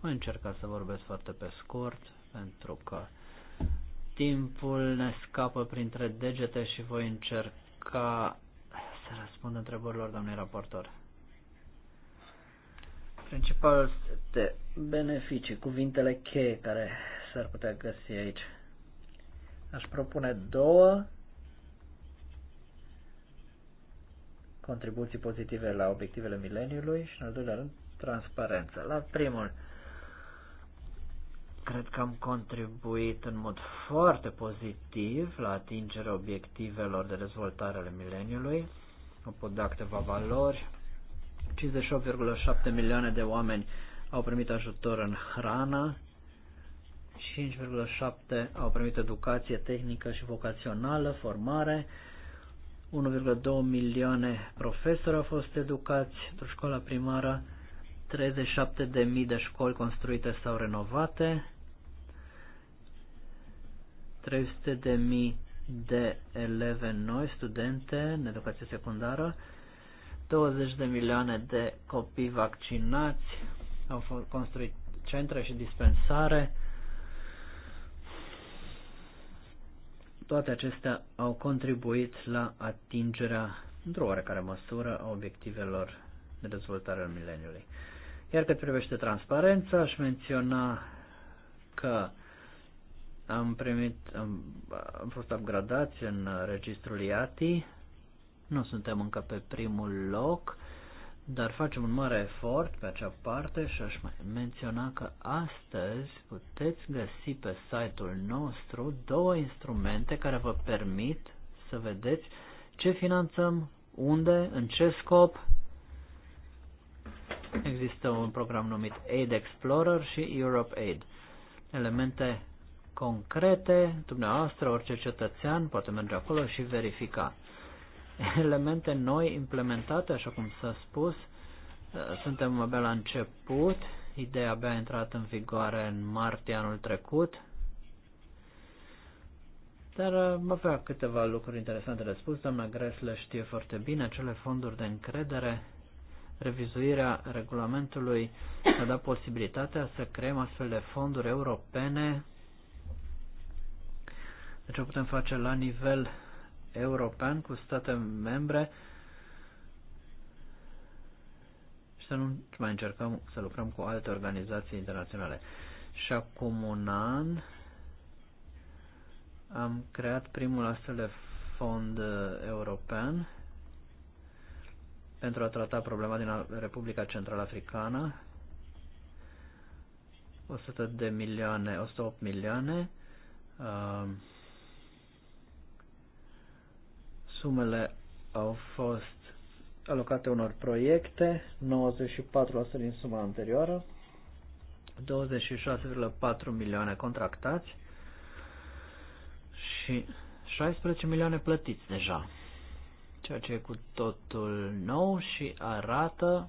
Voi încerca să vorbesc foarte pe scurt, pentru că timpul ne scapă printre degete și voi încerca să răspund întrebărilor domnului raportor. Principalul de beneficii, cuvintele cheie care s-ar putea găsi aici. Aș propune două contribuții pozitive la obiectivele mileniului și, în al doilea rând, transparență. La primul, uh, Cred că am contribuit în mod foarte pozitiv la atingerea obiectivelor de dezvoltare ale mileniului. Mă pot da câteva valori. 58,7 milioane de oameni au primit ajutor în hrană, 5,7 au primit educație tehnică și vocațională, formare, 1,2 milioane profesori au fost educați într-o școală primară, 37.000 de școli construite sau renovate, 300 de mii de eleve noi, studente în educație secundară, 20 de milioane de copii vaccinați, au fost construit centre și dispensare. Toate acestea au contribuit la atingerea, într-o oarecare măsură, a obiectivelor de dezvoltare al mileniului. Iar cât privește transparența, aș menționa că am primit, am, am fost upgradați în registrul IATI, nu suntem încă pe primul loc, dar facem un mare efort pe acea parte și aș mai menționa că astăzi puteți găsi pe site-ul nostru două instrumente care vă permit să vedeți ce finanțăm, unde, în ce scop. Există un program numit Aid Explorer și Europe Aid, elemente concrete, dumneavoastră, orice cetățean poate merge acolo și verifica. Elemente noi implementate, așa cum s-a spus, eh, suntem abia la început, ideea abia a intrat în vigoare în martie anul trecut, dar mă eh, avea câteva lucruri interesante de spus. Doamna Gresle știe foarte bine acele fonduri de încredere. Revizuirea regulamentului a dat posibilitatea să creăm astfel de fonduri europene ce deci putem face la nivel european cu state membre și să nu mai încercăm să lucrăm cu alte organizații internaționale. Și acum un an am creat primul astfel de fond european pentru a trata problema din Republica Central Africană. 100 de milioane, 108 milioane. Uh, Sumele au fost alocate unor proiecte, 94% din suma anterioară, 26,4 milioane contractați și 16 milioane plătiți deja, ceea ce e cu totul nou și arată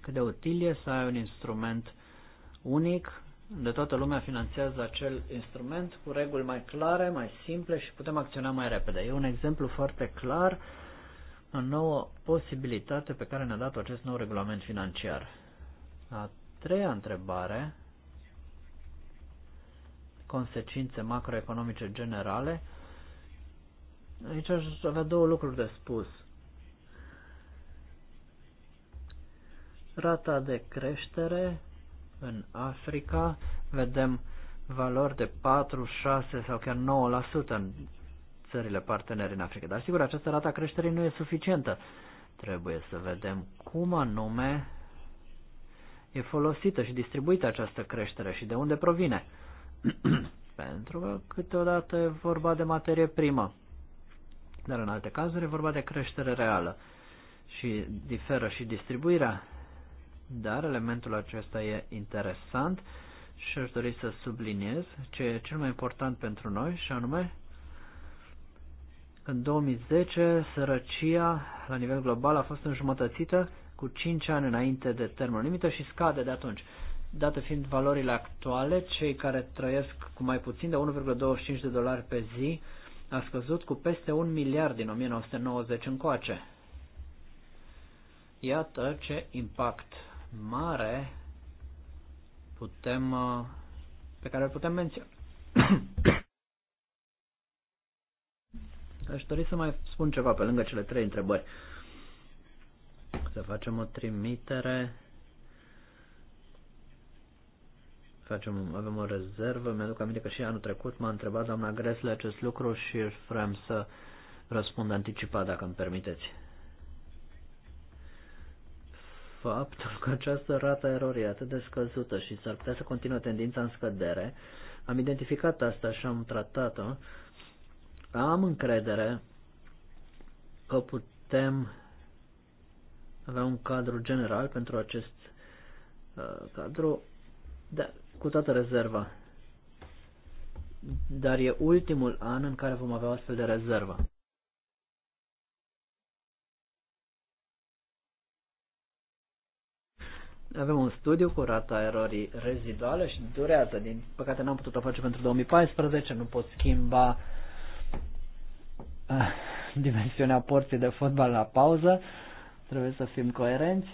cât de util e să ai un instrument unic unde toată lumea finanțează acel instrument cu reguli mai clare, mai simple și putem acționa mai repede. E un exemplu foarte clar, o nouă posibilitate pe care ne-a dat acest nou regulament financiar. A treia întrebare, consecințe macroeconomice generale, aici aș avea două lucruri de spus. Rata de creștere în Africa, vedem valori de 4, 6 sau chiar 9% în țările partenere în Africa. Dar sigur, această rată a creșterii nu e suficientă. Trebuie să vedem cum anume e folosită și distribuită această creștere și de unde provine. Pentru că câteodată e vorba de materie primă, dar în alte cazuri e vorba de creștere reală și diferă și distribuirea dar elementul acesta e interesant și aș dori să subliniez ce e cel mai important pentru noi și anume în 2010 sărăcia la nivel global a fost înjumătățită cu 5 ani înainte de termenul limită și scade de atunci. Dată fiind valorile actuale, cei care trăiesc cu mai puțin de 1,25 de dolari pe zi a scăzut cu peste un miliard din 1990 încoace. Iată ce impact mare putem, uh, pe care îl putem menționa. Aș dori să mai spun ceva pe lângă cele trei întrebări. Să facem o trimitere. Facem, avem o rezervă. Mi-aduc aminte că și anul trecut m-a întrebat doamna Gresle acest lucru și vrem să răspund anticipat, dacă îmi permiteți faptul că această rată a erorii e atât de scăzută și s-ar putea să continue tendința în scădere. Am identificat asta și am tratat-o. Am încredere că putem avea un cadru general pentru acest uh, cadru, de, da, cu toată rezerva. Dar e ultimul an în care vom avea astfel de rezervă. avem un studiu cu rata erorii reziduale și durează. Din păcate n-am putut o face pentru 2014, nu pot schimba ah, dimensiunea porții de fotbal la pauză, trebuie să fim coerenți,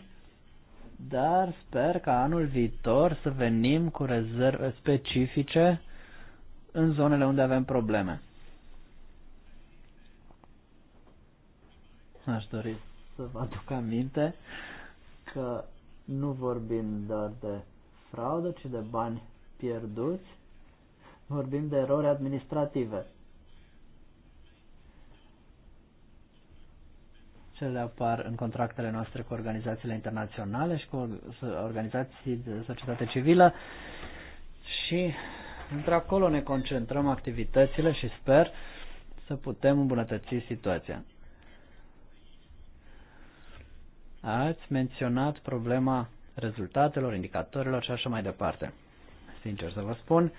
dar sper ca anul viitor să venim cu rezerve specifice în zonele unde avem probleme. Aș dori să vă aduc aminte că nu vorbim doar de fraudă, ci de bani pierduți. Vorbim de erori administrative. Cele apar în contractele noastre cu organizațiile internaționale și cu organizații de societate civilă și într-acolo ne concentrăm activitățile și sper să putem îmbunătăți situația. Ați menționat problema rezultatelor, indicatorilor și așa mai departe. Sincer să vă spun,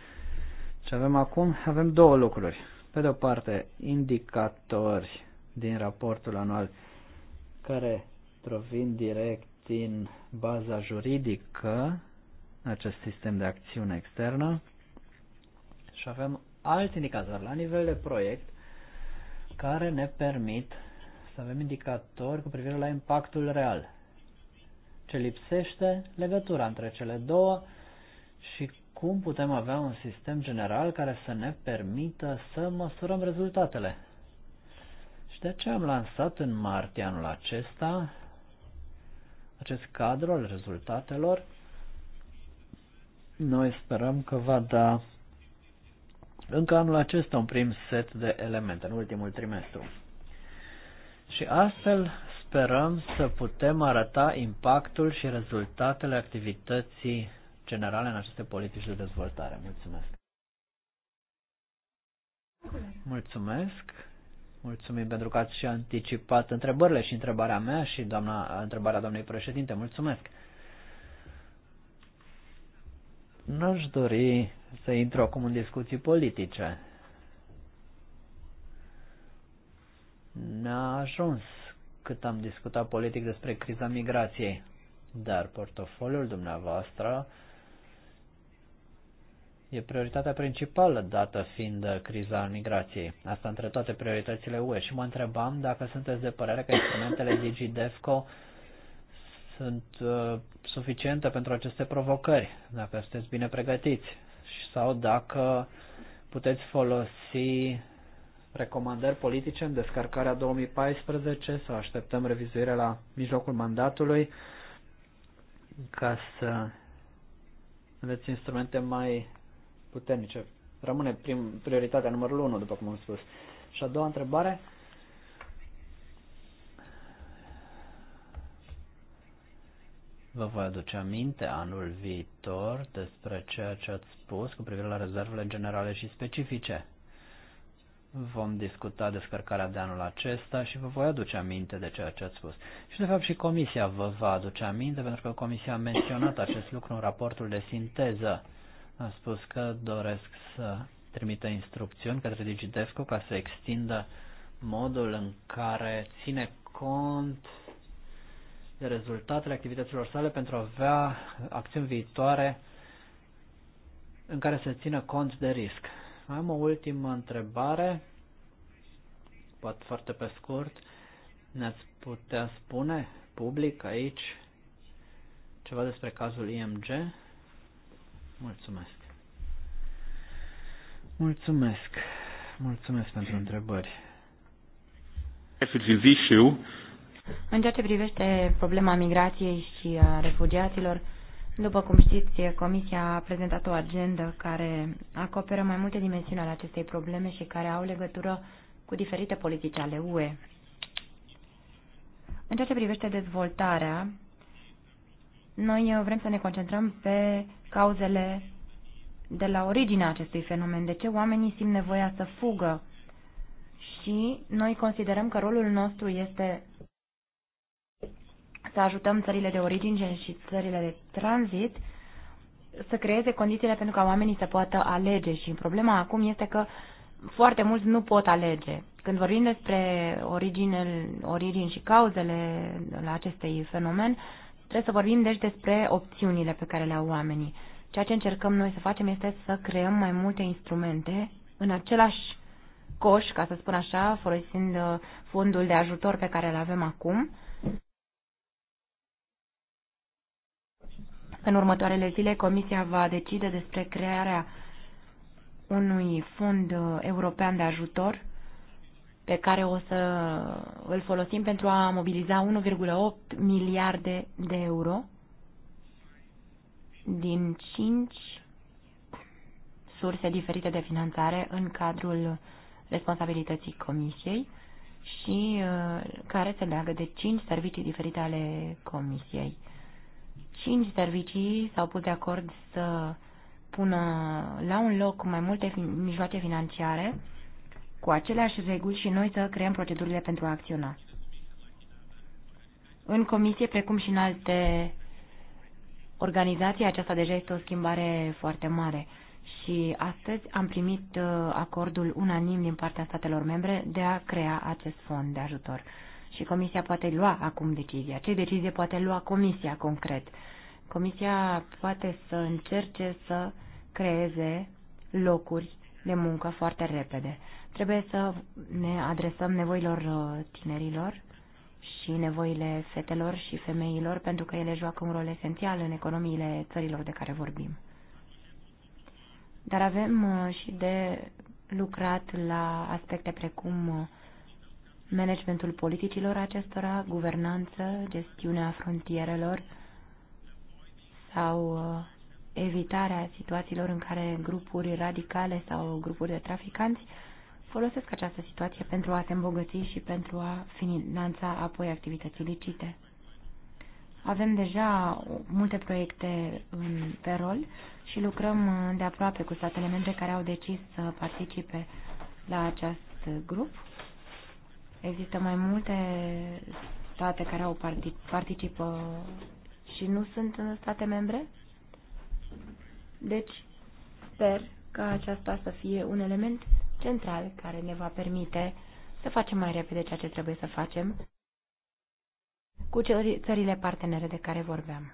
ce avem acum? Avem două lucruri. Pe de o parte, indicatori din raportul anual care provin direct din baza juridică, acest sistem de acțiune externă, și avem alți indicatori la nivel de proiect care ne permit să avem indicatori cu privire la impactul real. Ce lipsește legătura între cele două și cum putem avea un sistem general care să ne permită să măsurăm rezultatele. Și de aceea am lansat în martie anul acesta acest cadru al rezultatelor. Noi sperăm că va da încă anul acesta un prim set de elemente în ultimul trimestru. Și astfel sperăm să putem arăta impactul și rezultatele activității generale în aceste politici de dezvoltare. Mulțumesc! Mulțumesc! Mulțumim pentru că ați și anticipat întrebările și întrebarea mea și doamna, întrebarea doamnei președinte. Mulțumesc! N-aș dori să intru acum în discuții politice. n-a ajuns cât am discutat politic despre criza migrației, dar portofoliul dumneavoastră e prioritatea principală dată fiind criza migrației, asta între toate prioritățile UE și mă întrebam dacă sunteți de părere că instrumentele DigiDefco sunt uh, suficiente pentru aceste provocări, dacă sunteți bine pregătiți sau dacă puteți folosi recomandări politice în descărcarea 2014, să așteptăm revizuirea la mijlocul mandatului ca să aveți instrumente mai puternice. Rămâne prim, prioritatea numărul 1, după cum am spus. Și a doua întrebare. Vă voi aduce aminte anul viitor despre ceea ce ați spus cu privire la rezervele generale și specifice vom discuta descărcarea de anul acesta și vă voi aduce aminte de ceea ce ați spus. Și de fapt și comisia vă va aduce aminte, pentru că comisia a menționat acest lucru în raportul de sinteză. A spus că doresc să trimită instrucțiuni către Digidescu ca să extindă modul în care ține cont de rezultatele activităților sale pentru a avea acțiuni viitoare în care să țină cont de risc. Am o ultimă întrebare, poate foarte pe scurt. Ne-ați putea spune public aici ceva despre cazul IMG? Mulțumesc. Mulțumesc. Mulțumesc pentru întrebări. În ceea ce privește problema migrației și a refugiaților, după cum știți, Comisia a prezentat o agendă care acoperă mai multe dimensiuni ale acestei probleme și care au legătură cu diferite politici ale UE. În ceea ce privește dezvoltarea, noi vrem să ne concentrăm pe cauzele de la originea acestui fenomen, de ce oamenii simt nevoia să fugă și noi considerăm că rolul nostru este să ajutăm țările de origine și țările de tranzit să creeze condițiile pentru ca oamenii să poată alege și problema acum este că foarte mulți nu pot alege. Când vorbim despre origine, origini și cauzele la acestei fenomen, trebuie să vorbim deci despre opțiunile pe care le au oamenii. Ceea ce încercăm noi să facem este să creăm mai multe instrumente în același coș, ca să spun așa, folosind uh, fondul de ajutor pe care îl avem acum, În următoarele zile, Comisia va decide despre crearea unui fond uh, european de ajutor pe care o să îl folosim pentru a mobiliza 1,8 miliarde de euro din 5 surse diferite de finanțare în cadrul responsabilității Comisiei și uh, care se leagă de 5 servicii diferite ale Comisiei cinci servicii s-au pus de acord să pună la un loc mai multe mijloace financiare cu aceleași reguli și noi să creăm procedurile pentru a acționa. În comisie, precum și în alte organizații, aceasta deja este o schimbare foarte mare și astăzi am primit uh, acordul unanim din partea statelor membre de a crea acest fond de ajutor și Comisia poate lua acum decizia. Ce decizie poate lua Comisia concret? Comisia poate să încerce să creeze locuri de muncă foarte repede. Trebuie să ne adresăm nevoilor uh, tinerilor și nevoile fetelor și femeilor, pentru că ele joacă un rol esențial în economiile țărilor de care vorbim. Dar avem uh, și de lucrat la aspecte precum uh, managementul politicilor acestora, guvernanță, gestiunea frontierelor sau uh, evitarea situațiilor în care grupuri radicale sau grupuri de traficanți folosesc această situație pentru a se îmbogăți și pentru a finanța apoi activități ilicite. Avem deja multe proiecte în Perol și lucrăm uh, de aproape cu statele membre care au decis să participe la acest grup Există mai multe state care au participă și nu sunt state membre? Deci, sper ca aceasta să fie un element central care ne va permite să facem mai repede ceea ce trebuie să facem cu țările partenere de care vorbeam.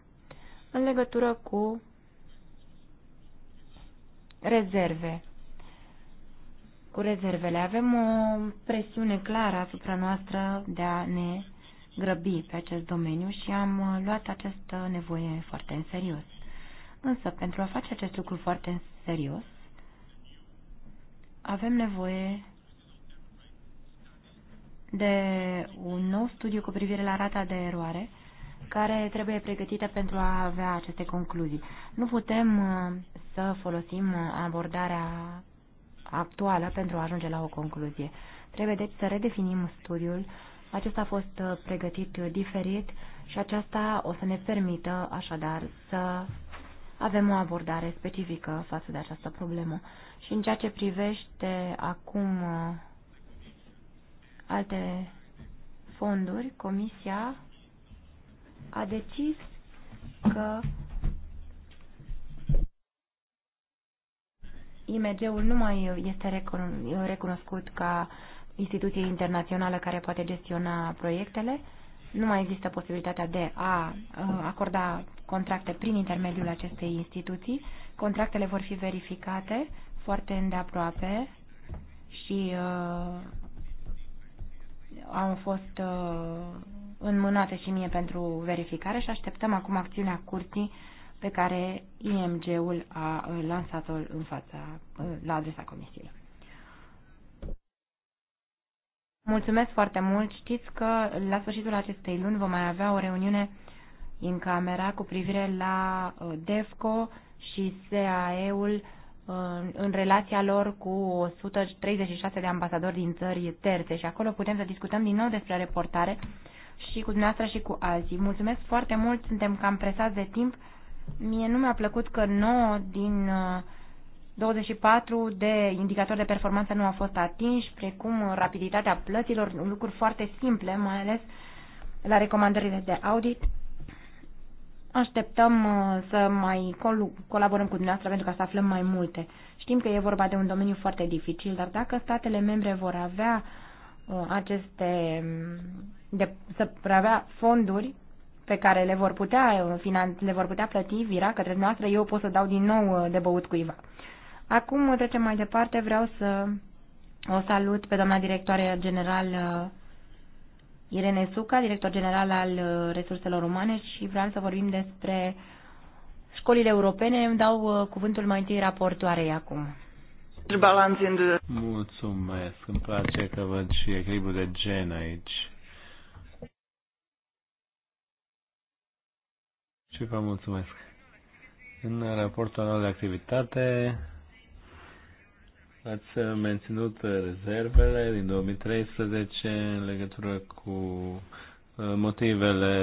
În legătură cu rezerve cu rezervele. Avem o presiune clară asupra noastră de a ne grăbi pe acest domeniu și am luat această nevoie foarte în serios. Însă, pentru a face acest lucru foarte în serios, avem nevoie de un nou studiu cu privire la rata de eroare care trebuie pregătită pentru a avea aceste concluzii. Nu putem uh, să folosim uh, abordarea actuală pentru a ajunge la o concluzie. Trebuie deci să redefinim studiul. Acesta a fost uh, pregătit uh, diferit și aceasta o să ne permită așadar să avem o abordare specifică față de această problemă. Și în ceea ce privește acum uh, alte fonduri, Comisia a decis că IMG-ul nu mai este recunoscut ca instituție internațională care poate gestiona proiectele, nu mai există posibilitatea de a uh, acorda contracte prin intermediul acestei instituții. Contractele vor fi verificate foarte îndeaproape și uh, au fost uh, înmânate și mie pentru verificare și așteptăm acum acțiunea curții uh, pe care IMG-ul a uh, lansat-o în fața, uh, la adresa Comisiei. Mulțumesc foarte mult. Știți că la sfârșitul acestei luni vom mai avea o reuniune în camera cu privire la uh, DEFCO și SAE-ul în relația lor cu 136 de ambasadori din țări terțe și acolo putem să discutăm din nou despre reportare și cu dumneavoastră și cu alții. Mulțumesc foarte mult, suntem cam presați de timp. Mie nu mi-a plăcut că 9 din 24 uh, de indicatori de performanță nu au fost atinși, precum rapiditatea plăților, lucruri foarte simple, mai ales la recomandările de audit. Așteptăm uh, să mai colaborăm cu dumneavoastră pentru ca să aflăm mai multe. Știm că e vorba de un domeniu foarte dificil, dar dacă statele membre vor avea uh, aceste de, să avea fonduri pe care le vor putea, uh, le vor putea plăti vira către noastră, eu pot să dau din nou uh, de băut cuiva. Acum uh, trecem mai departe, vreau să o salut pe doamna directoare general Irene Suca, director general al resurselor umane și vreau să vorbim despre școlile europene. Îmi dau cuvântul mai întâi raportoarei acum. Mulțumesc, îmi place că văd și echilibru de gen aici și vă mulțumesc. În raportul anual de activitate ați menținut rezervele din 2013 în legătură cu uh, motivele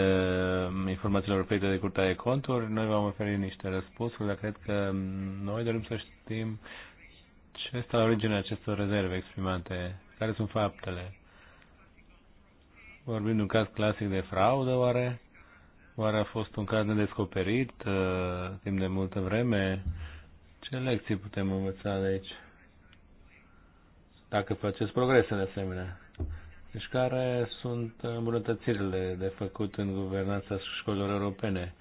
informațiilor oferite de Curtea de Conturi. Noi v-am oferit niște răspunsuri, dar cred că noi dorim să știm ce este la originea acestor rezerve exprimate, care sunt faptele. Vorbim de un caz clasic de fraudă, oare? Oare a fost un caz nedescoperit uh, timp de multă vreme? Ce lecții putem învăța de aici? Dacă faceți progrese de asemenea. Deci care sunt îmbunătățirile de făcut în guvernanța școlilor europene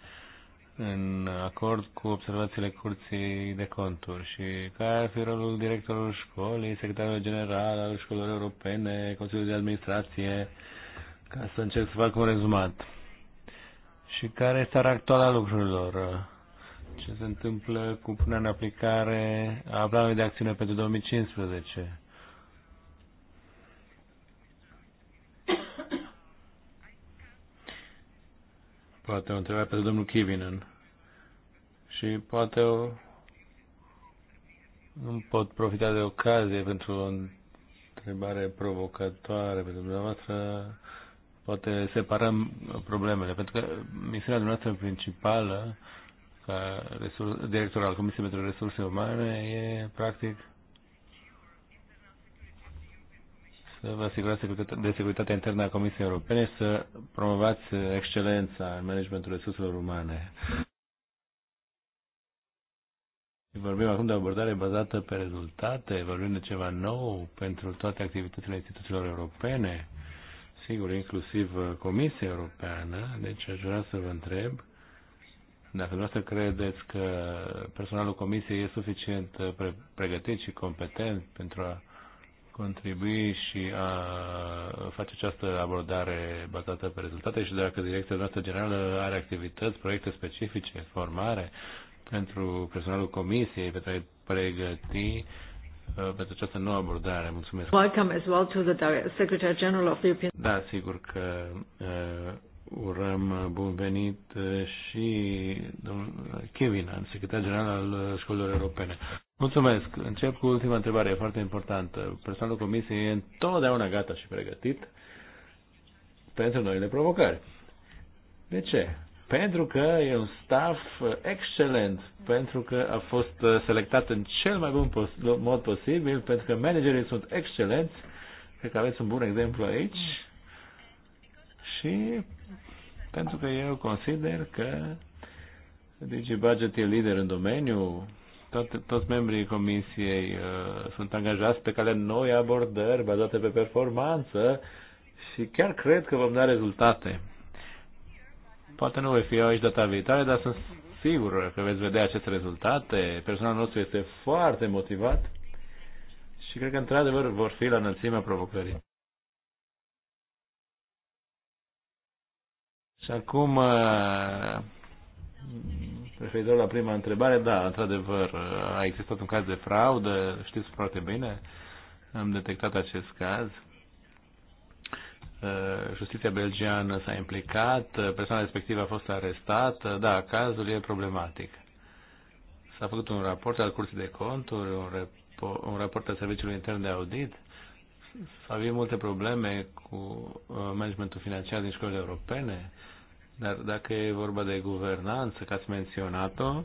în acord cu observațiile Curții de Conturi și care ar fi rolul directorului școlii, secretarul general al școlilor europene, Consiliul de Administrație, ca să încerc să fac un rezumat și care este a lucrurilor. Ce se întâmplă cu punerea în aplicare a planului de acțiune pentru 2015? Poate o întrebare pentru domnul Kivinen. Și poate o... nu pot profita de ocazie pentru o întrebare provocatoare pentru dumneavoastră poate separăm problemele, pentru că misiunea noastră principală ca director al Comisiei pentru Resurse Umane e practic să vă asigurați de securitatea internă a Comisiei Europene, să promovați excelența în managementul resurselor umane. Vorbim acum de abordare bazată pe rezultate, vorbim de ceva nou pentru toate activitățile instituțiilor europene sigur, inclusiv uh, Comisia Europeană, deci aș vrea să vă întreb dacă dumneavoastră credeți că personalul Comisiei e suficient uh, pregătit și competent pentru a contribui și a face această abordare bazată pe rezultate și dacă direcția noastră generală are activități, proiecte specifice, formare pentru personalul Comisiei pentru a pregăti uh, Uh, pentru această nouă abordare. Mulțumesc. Welcome as well to the Secretary General of the European Da, sigur că uh, urăm uh, bun venit uh, și domnul Kevin, secretar general al școlilor europene. Mulțumesc. Încep cu ultima întrebare, e foarte importantă. Personalul comisiei e întotdeauna gata și pregătit pentru noile provocări. De ce? pentru că e un staff excelent, pentru că a fost uh, selectat în cel mai bun pos- mod posibil, pentru că managerii sunt excelenți, cred că aveți un bun exemplu aici, și pentru că eu consider că DigiBudget e lider în domeniu, tot, toți membrii comisiei uh, sunt angajați pe calea noi abordări bazate pe performanță și chiar cred că vom da rezultate. Poate nu voi fi eu aici data viitoare, dar sunt sigur că veți vedea aceste rezultate. Personalul nostru este foarte motivat și cred că într-adevăr vor fi la înălțimea provocării. Și acum, uh, referitor la prima întrebare, da, într-adevăr, uh, a existat un caz de fraudă, știți foarte bine, am detectat acest caz Eh, justiția belgiană s-a implicat, eh, persoana respectivă a fost arestată, da, cazul e problematic. S-a făcut un raport al Curții de Conturi, un, repo, un raport al Serviciului Intern de Audit, s-au avut multe probleme cu eh, managementul financiar din școlile europene, dar dacă e vorba de guvernanță, că ați menționat-o,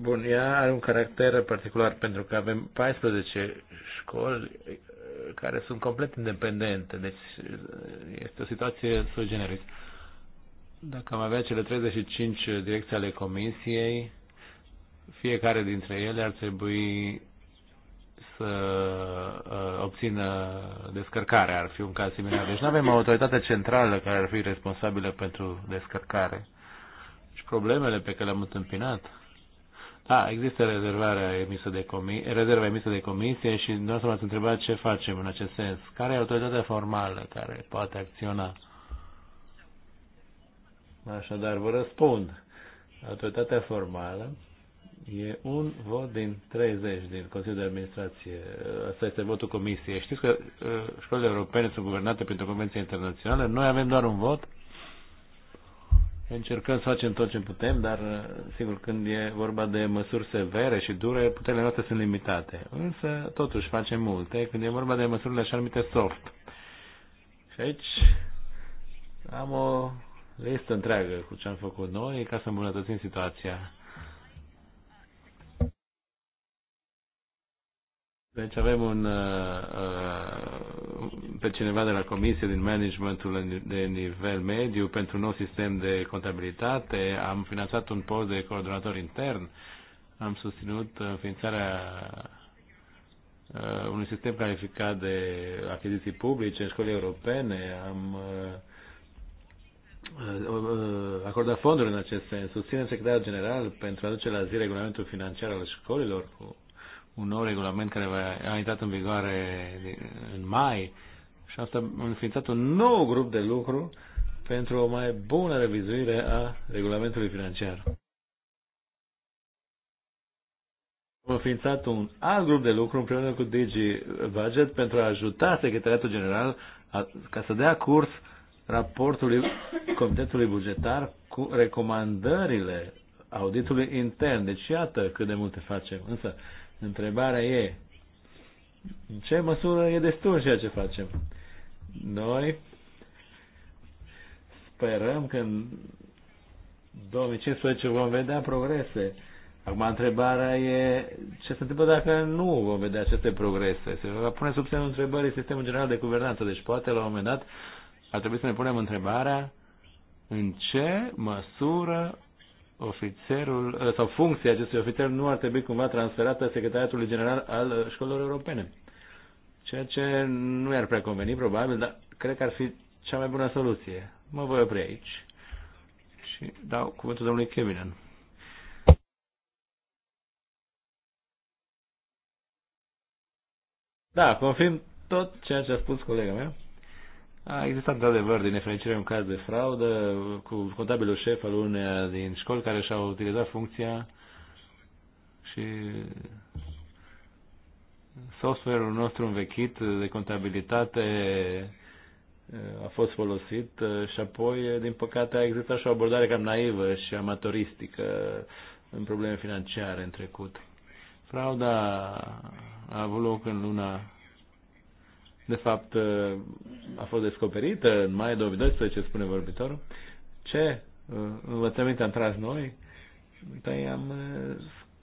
Bun, ea are un caracter particular pentru că avem 14 școli care sunt complet independente. Deci este o situație sui generis. Dacă am avea cele 35 direcții ale comisiei, fiecare dintre ele ar trebui să uh, obțină descărcare. Ar fi un caz similar. Deci nu avem o autoritate centrală care ar fi responsabilă pentru descărcare. Și deci problemele pe care le-am întâmpinat da, există rezervarea emisă de comisie, rezerva emisă de comisie și noastră m-ați întrebat ce facem în acest sens. Care e autoritatea formală care poate acționa? Așadar, vă răspund. Autoritatea formală e un vot din 30 din Consiliul de Administrație. Asta este votul Comisiei. Știți că uh, școlile europene sunt guvernate printr-o convenție internațională. Noi avem doar un vot Încercăm să facem tot ce putem, dar sigur când e vorba de măsuri severe și dure, puterile noastre sunt limitate. Însă totuși facem multe când e vorba de măsurile așa numite soft. Și aici am o listă întreagă cu ce am făcut noi ca să îmbunătățim situația Deci avem un, uh, uh, pe cineva de la comisie din managementul de nivel mediu pentru un nou sistem de contabilitate. Am finanțat un post de coordonator intern. Am susținut înființarea uh, unui sistem calificat de achiziții publice în școli europene. Am uh, uh, uh, acordat fonduri în acest sens. Susținem secretarul general pentru a aduce la zi regulamentul financiar al școlilor cu un nou regulament care va, a intrat în vigoare în mai și asta a înființat un nou grup de lucru pentru o mai bună revizuire a regulamentului financiar. Am înființat un alt grup de lucru împreună cu Digi Budget pentru a ajuta Secretariatul General a, ca să dea curs raportului Comitetului Bugetar cu recomandările auditului intern. Deci iată cât de multe facem. Însă, Întrebarea e, în ce măsură e destul ceea ce facem? Noi sperăm că în 2015 vom vedea progrese. Acum, întrebarea e ce se întâmplă dacă nu vom vedea aceste progrese. Se va pune sub semnul întrebării sistemul general de guvernanță. Deci, poate, la un moment dat, ar trebui să ne punem întrebarea în ce măsură ofițerul ă, sau funcția acestui ofițer nu ar trebui cumva transferată Secretariatului General al ă, Școlilor Europene. Ceea ce nu i-ar prea conveni, probabil, dar cred că ar fi cea mai bună soluție. Mă voi opri aici și dau cuvântul domnului Kevinan. Da, confirm tot ceea ce a spus colega mea. A existat într-adevăr, din nefericire, un caz de fraudă cu contabilul șef al unei din școli care și au utilizat funcția și software-ul nostru învechit de contabilitate uh, a fost folosit uh, și apoi, uh, din păcate, a existat și o abordare cam naivă și amatoristică în probleme financiare în trecut. Frauda a avut loc în luna de fapt ă, a fost descoperită în mai 2012, ce spune vorbitorul, ce ă, învățăminte am tras noi, noi păi am ă,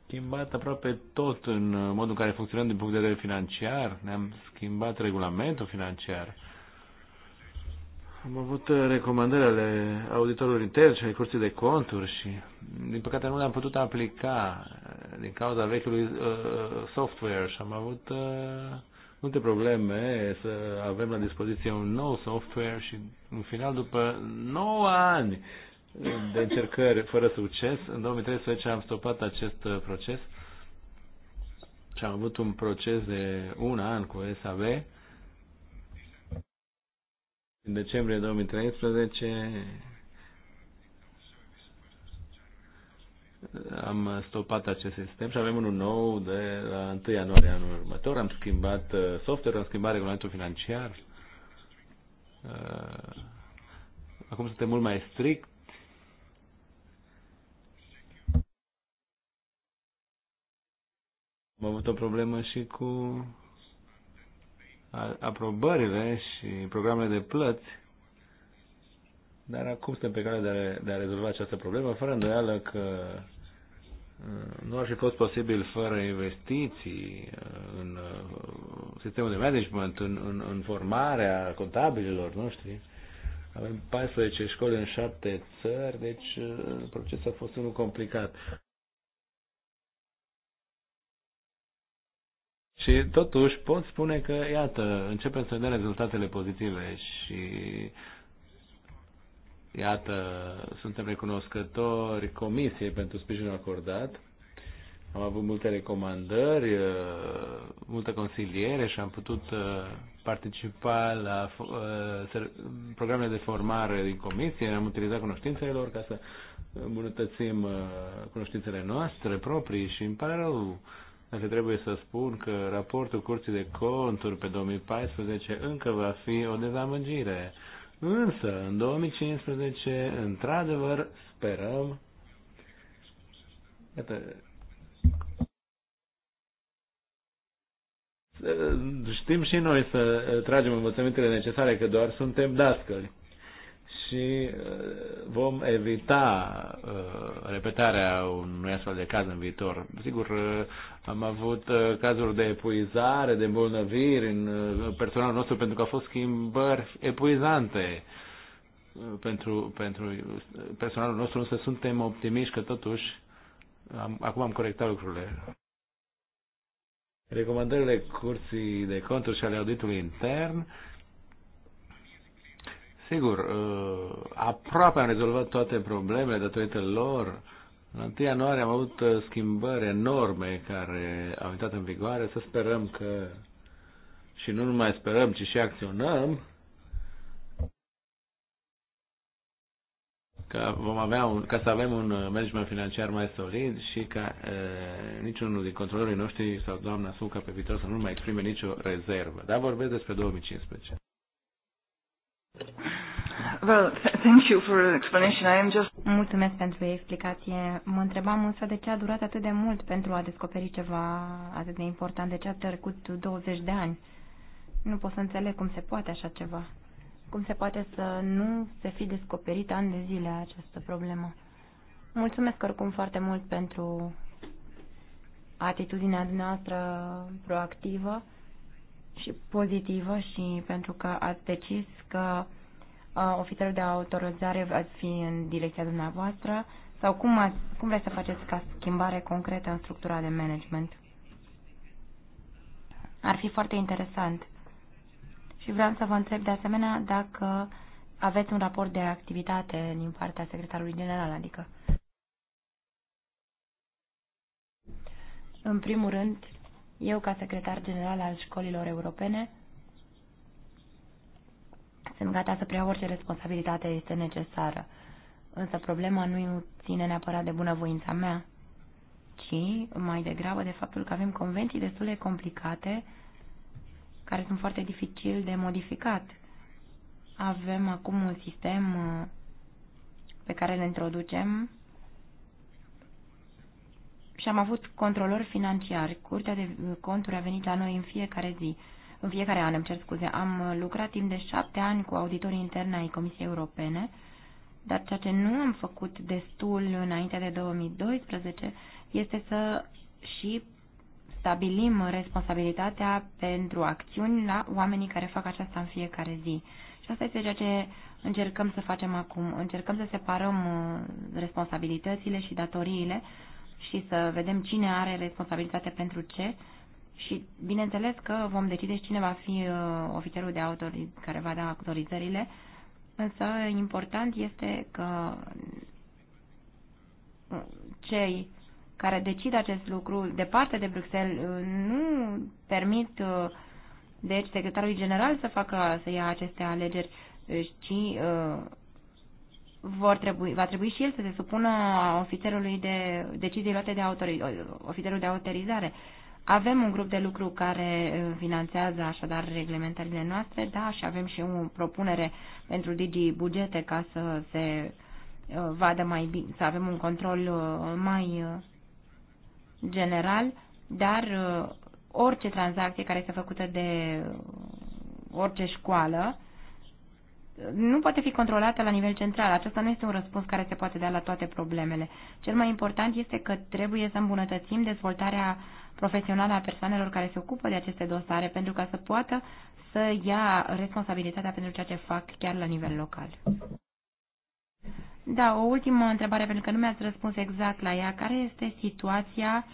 schimbat aproape tot în modul în care funcționăm din punct de vedere financiar, ne-am schimbat regulamentul financiar, am avut recomandări ale auditorilor intern și ale curții de conturi și, din păcate, nu le-am putut aplica din cauza vechiului uh, software și am avut uh, multe probleme să avem la dispoziție un nou software și în final, după 9 ani de încercări fără succes, în 2013 am stopat acest uh, proces și am avut un proces de un an cu SAV. În decembrie 2013 am stopat acest sistem și avem unul nou de la 1 ianuarie anul următor. Am schimbat uh, software, am schimbat regulamentul financiar. Uh, acum suntem mult mai strict. Am avut o problemă și cu aprobările și programele de plăți dar acum suntem pe cale de a, re, de a rezolva această problemă, fără îndoială că uh, nu ar fi fost posibil fără investiții uh, în uh, sistemul de management, în, în, în formarea contabililor noștri. Avem 14 școli în 7 țări, deci procesul a fost unul complicat. Și totuși pot spune că, iată, începem să vedem rezultatele pozitive și Iată, suntem recunoscători Comisiei pentru sprijinul acordat. Am avut multe recomandări, uh, multă consiliere și am putut uh, participa la uh, programele de formare din comisie, am utilizat cunoștințele lor ca să îmbunătățim cunoștințele noastre proprii și îmi pare rău dacă trebuie să spun că raportul Curții de Conturi pe 2014 încă va fi o dezamăgire. Însă, în 2015, într-adevăr, sperăm Iată, știm și noi să tragem învățămintele necesare, că doar suntem dascăli și uh, vom evita uh, repetarea unui astfel de caz în viitor. Sigur, uh, am avut cazuri de epuizare, de îmbolnăviri în personalul nostru pentru că au fost schimbări epuizante pentru, pentru personalul nostru, însă suntem optimiști că totuși am, acum am corectat lucrurile. Recomandările Curții de Conturi și ale Auditului Intern Sigur, uh, aproape am rezolvat toate problemele datorită lor. În 1 ianuarie am avut uh, schimbări enorme care au intrat în vigoare. Să sperăm că și nu numai sperăm, ci și acționăm. Ca, vom avea un, ca să avem un uh, management financiar mai solid și ca e, niciunul din controlorii noștri sau doamna Suca pe viitor să nu mai exprime nicio rezervă. Dar vorbesc despre 2015. Well, thank you for the explanation. I am just... Mulțumesc pentru explicație. Mă întrebam însă de ce a durat atât de mult pentru a descoperi ceva atât de important, de ce a trecut 20 de ani. Nu pot să înțeleg cum se poate așa ceva. Cum se poate să nu se fi descoperit ani de zile această problemă. Mulțumesc oricum foarte mult pentru atitudinea noastră proactivă și pozitivă și pentru că ați decis că ofițerul de autorizare va fi în direcția dumneavoastră sau cum, ați, cum vreți să faceți ca schimbare concretă în structura de management? Ar fi foarte interesant. Și vreau să vă întreb de asemenea dacă aveți un raport de activitate din partea secretarului general, adică. În primul rând, eu ca secretar general al școlilor europene sunt gata să preia orice responsabilitate este necesară. Însă problema nu ține neapărat de bunăvoința mea, ci mai degrabă de faptul că avem convenții destul de complicate care sunt foarte dificil de modificat. Avem acum un sistem uh, pe care îl introducem și am avut controlori financiari. Curtea de conturi a venit la noi în fiecare zi în fiecare an, îmi cer scuze, am lucrat timp de șapte ani cu auditorii interni ai Comisiei Europene, dar ceea ce nu am făcut destul înainte de 2012 este să și stabilim responsabilitatea pentru acțiuni la oamenii care fac aceasta în fiecare zi. Și asta este ceea ce încercăm să facem acum. Încercăm să separăm uh, responsabilitățile și datoriile și să vedem cine are responsabilitate pentru ce și bineînțeles că vom decide cine va fi uh, ofițerul de autoriz care va da autorizările, însă important este că uh, cei care decid acest lucru departe de Bruxelles uh, nu permit deci secretarului general să facă să ia aceste alegeri, ci vor trebui, va trebui și el să se supună ofițerului de decizii luate de autori, ofițerul de autorizare. Avem un grup de lucru care uh, finanțează așadar reglementările noastre, da, și avem și o propunere pentru Digi Bugete ca să se uh, vadă mai bine, să avem un control uh, mai general, dar orice tranzacție care este făcută de orice școală nu poate fi controlată la nivel central. Acesta nu este un răspuns care se poate da la toate problemele. Cel mai important este că trebuie să îmbunătățim dezvoltarea uh, profesională a persoanelor care se ocupă de aceste dosare pentru ca să poată să ia responsabilitatea pentru ceea ce fac chiar la nivel local. Da, o ultimă întrebare, pentru că nu mi-ați răspuns exact la ea. Care este situația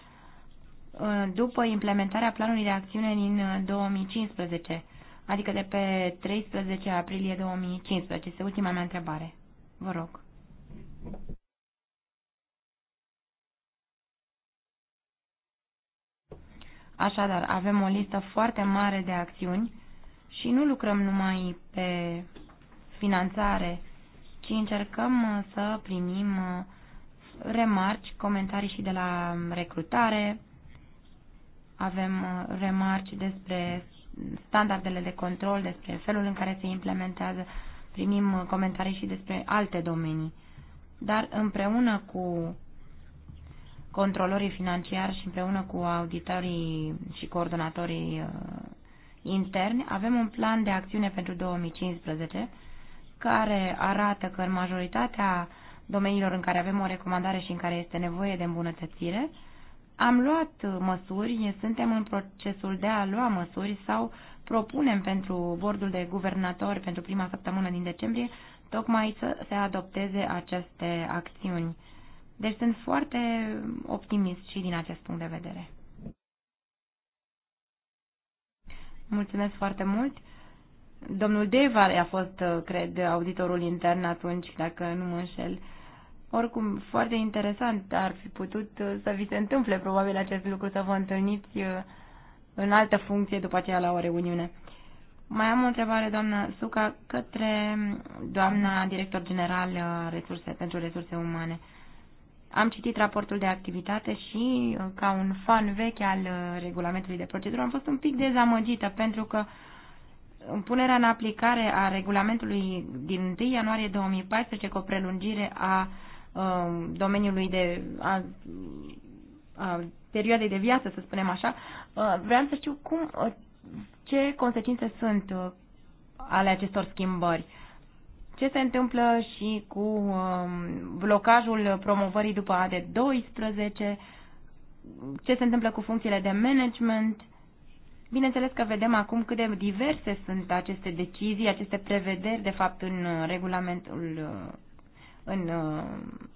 uh, după implementarea planului de acțiune din 2015, uh, adică de pe 13 aprilie 2015? Este ultima mea întrebare. Vă rog. Așadar, avem o listă foarte mare de acțiuni și nu lucrăm numai pe finanțare, ci încercăm uh, să primim uh, remarci, comentarii și de la recrutare. Avem uh, remarci despre standardele de control, despre felul în care se implementează, primim comentarii și despre alte domenii. Dar împreună cu controlorii financiari și împreună cu auditorii și coordonatorii uh, interni, avem un plan de acțiune pentru 2015 care arată că în majoritatea domeniilor în care avem o recomandare și în care este nevoie de îmbunătățire, am luat măsuri, suntem în procesul de a lua măsuri sau propunem pentru bordul de guvernatori pentru prima săptămână din decembrie tocmai să se adopteze aceste acțiuni deci sunt foarte optimist și din acest punct de vedere. Mulțumesc foarte mult. Domnul Deva a fost, cred, auditorul intern atunci, dacă nu mă înșel. Oricum, foarte interesant ar fi putut uh, să vi se întâmple probabil acest lucru, să vă întâlniți uh, în altă funcție după aceea la o reuniune. Mai am o întrebare, doamna Suca, către doamna director general uh, resurse, pentru resurse umane. Am citit raportul de activitate și, uh, ca un fan vechi al uh, regulamentului de procedură, am fost un pic dezamăgită pentru că uh, punerea în aplicare a regulamentului din 1 ianuarie 2014 cu o prelungire a domeniului de a, a perioadei de viață, să spunem așa, vreau să știu cum, ce consecințe sunt ale acestor schimbări. Ce se întâmplă și cu um, blocajul promovării după AD12? Ce se întâmplă cu funcțiile de management? Bineînțeles că vedem acum cât de diverse sunt aceste decizii, aceste prevederi, de fapt, în regulamentul, uh, în uh,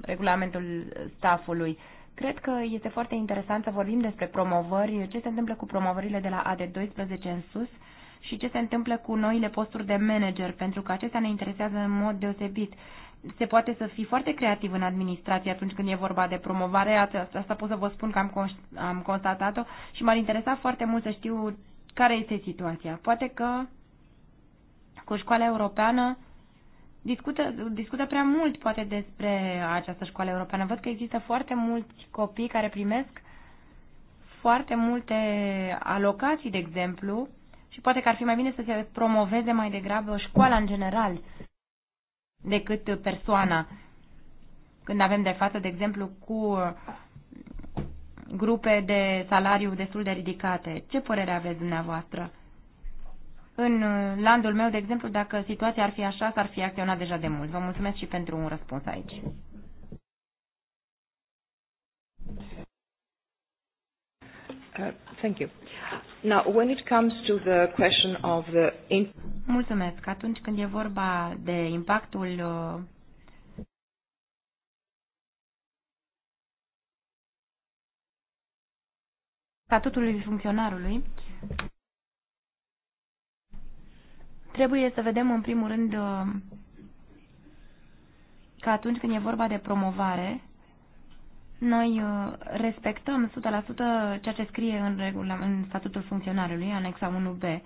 regulamentul staffului. Cred că este foarte interesant să vorbim despre promovări, ce se întâmplă cu promovările de la AD12 în sus, și ce se întâmplă cu noile posturi de manager, pentru că acestea ne interesează în mod deosebit. Se poate să fii foarte creativ în administrație atunci când e vorba de promovare, asta pot să vă spun că am, am constatat-o și m-ar interesa foarte mult să știu care este situația. Poate că cu școala europeană discută, discută prea mult poate despre această școală europeană. Văd că există foarte mulți copii care primesc foarte multe alocații, de exemplu, și poate că ar fi mai bine să se promoveze mai degrabă școala în general decât persoana. Când avem de față, de exemplu, cu grupe de salariu destul de ridicate. Ce părere aveți dumneavoastră? În landul meu, de exemplu, dacă situația ar fi așa, s-ar fi acționat deja de mult. Vă mulțumesc și pentru un răspuns aici. Uh, thank you. Now, when it comes to the question of the Mulțumesc. Atunci când e vorba de impactul uh, statutului funcționarului, trebuie să vedem în primul rând uh, că atunci când e vorba de promovare, noi uh, respectăm 100% ceea ce scrie în, regula, în statutul funcționarului, anexa 1B,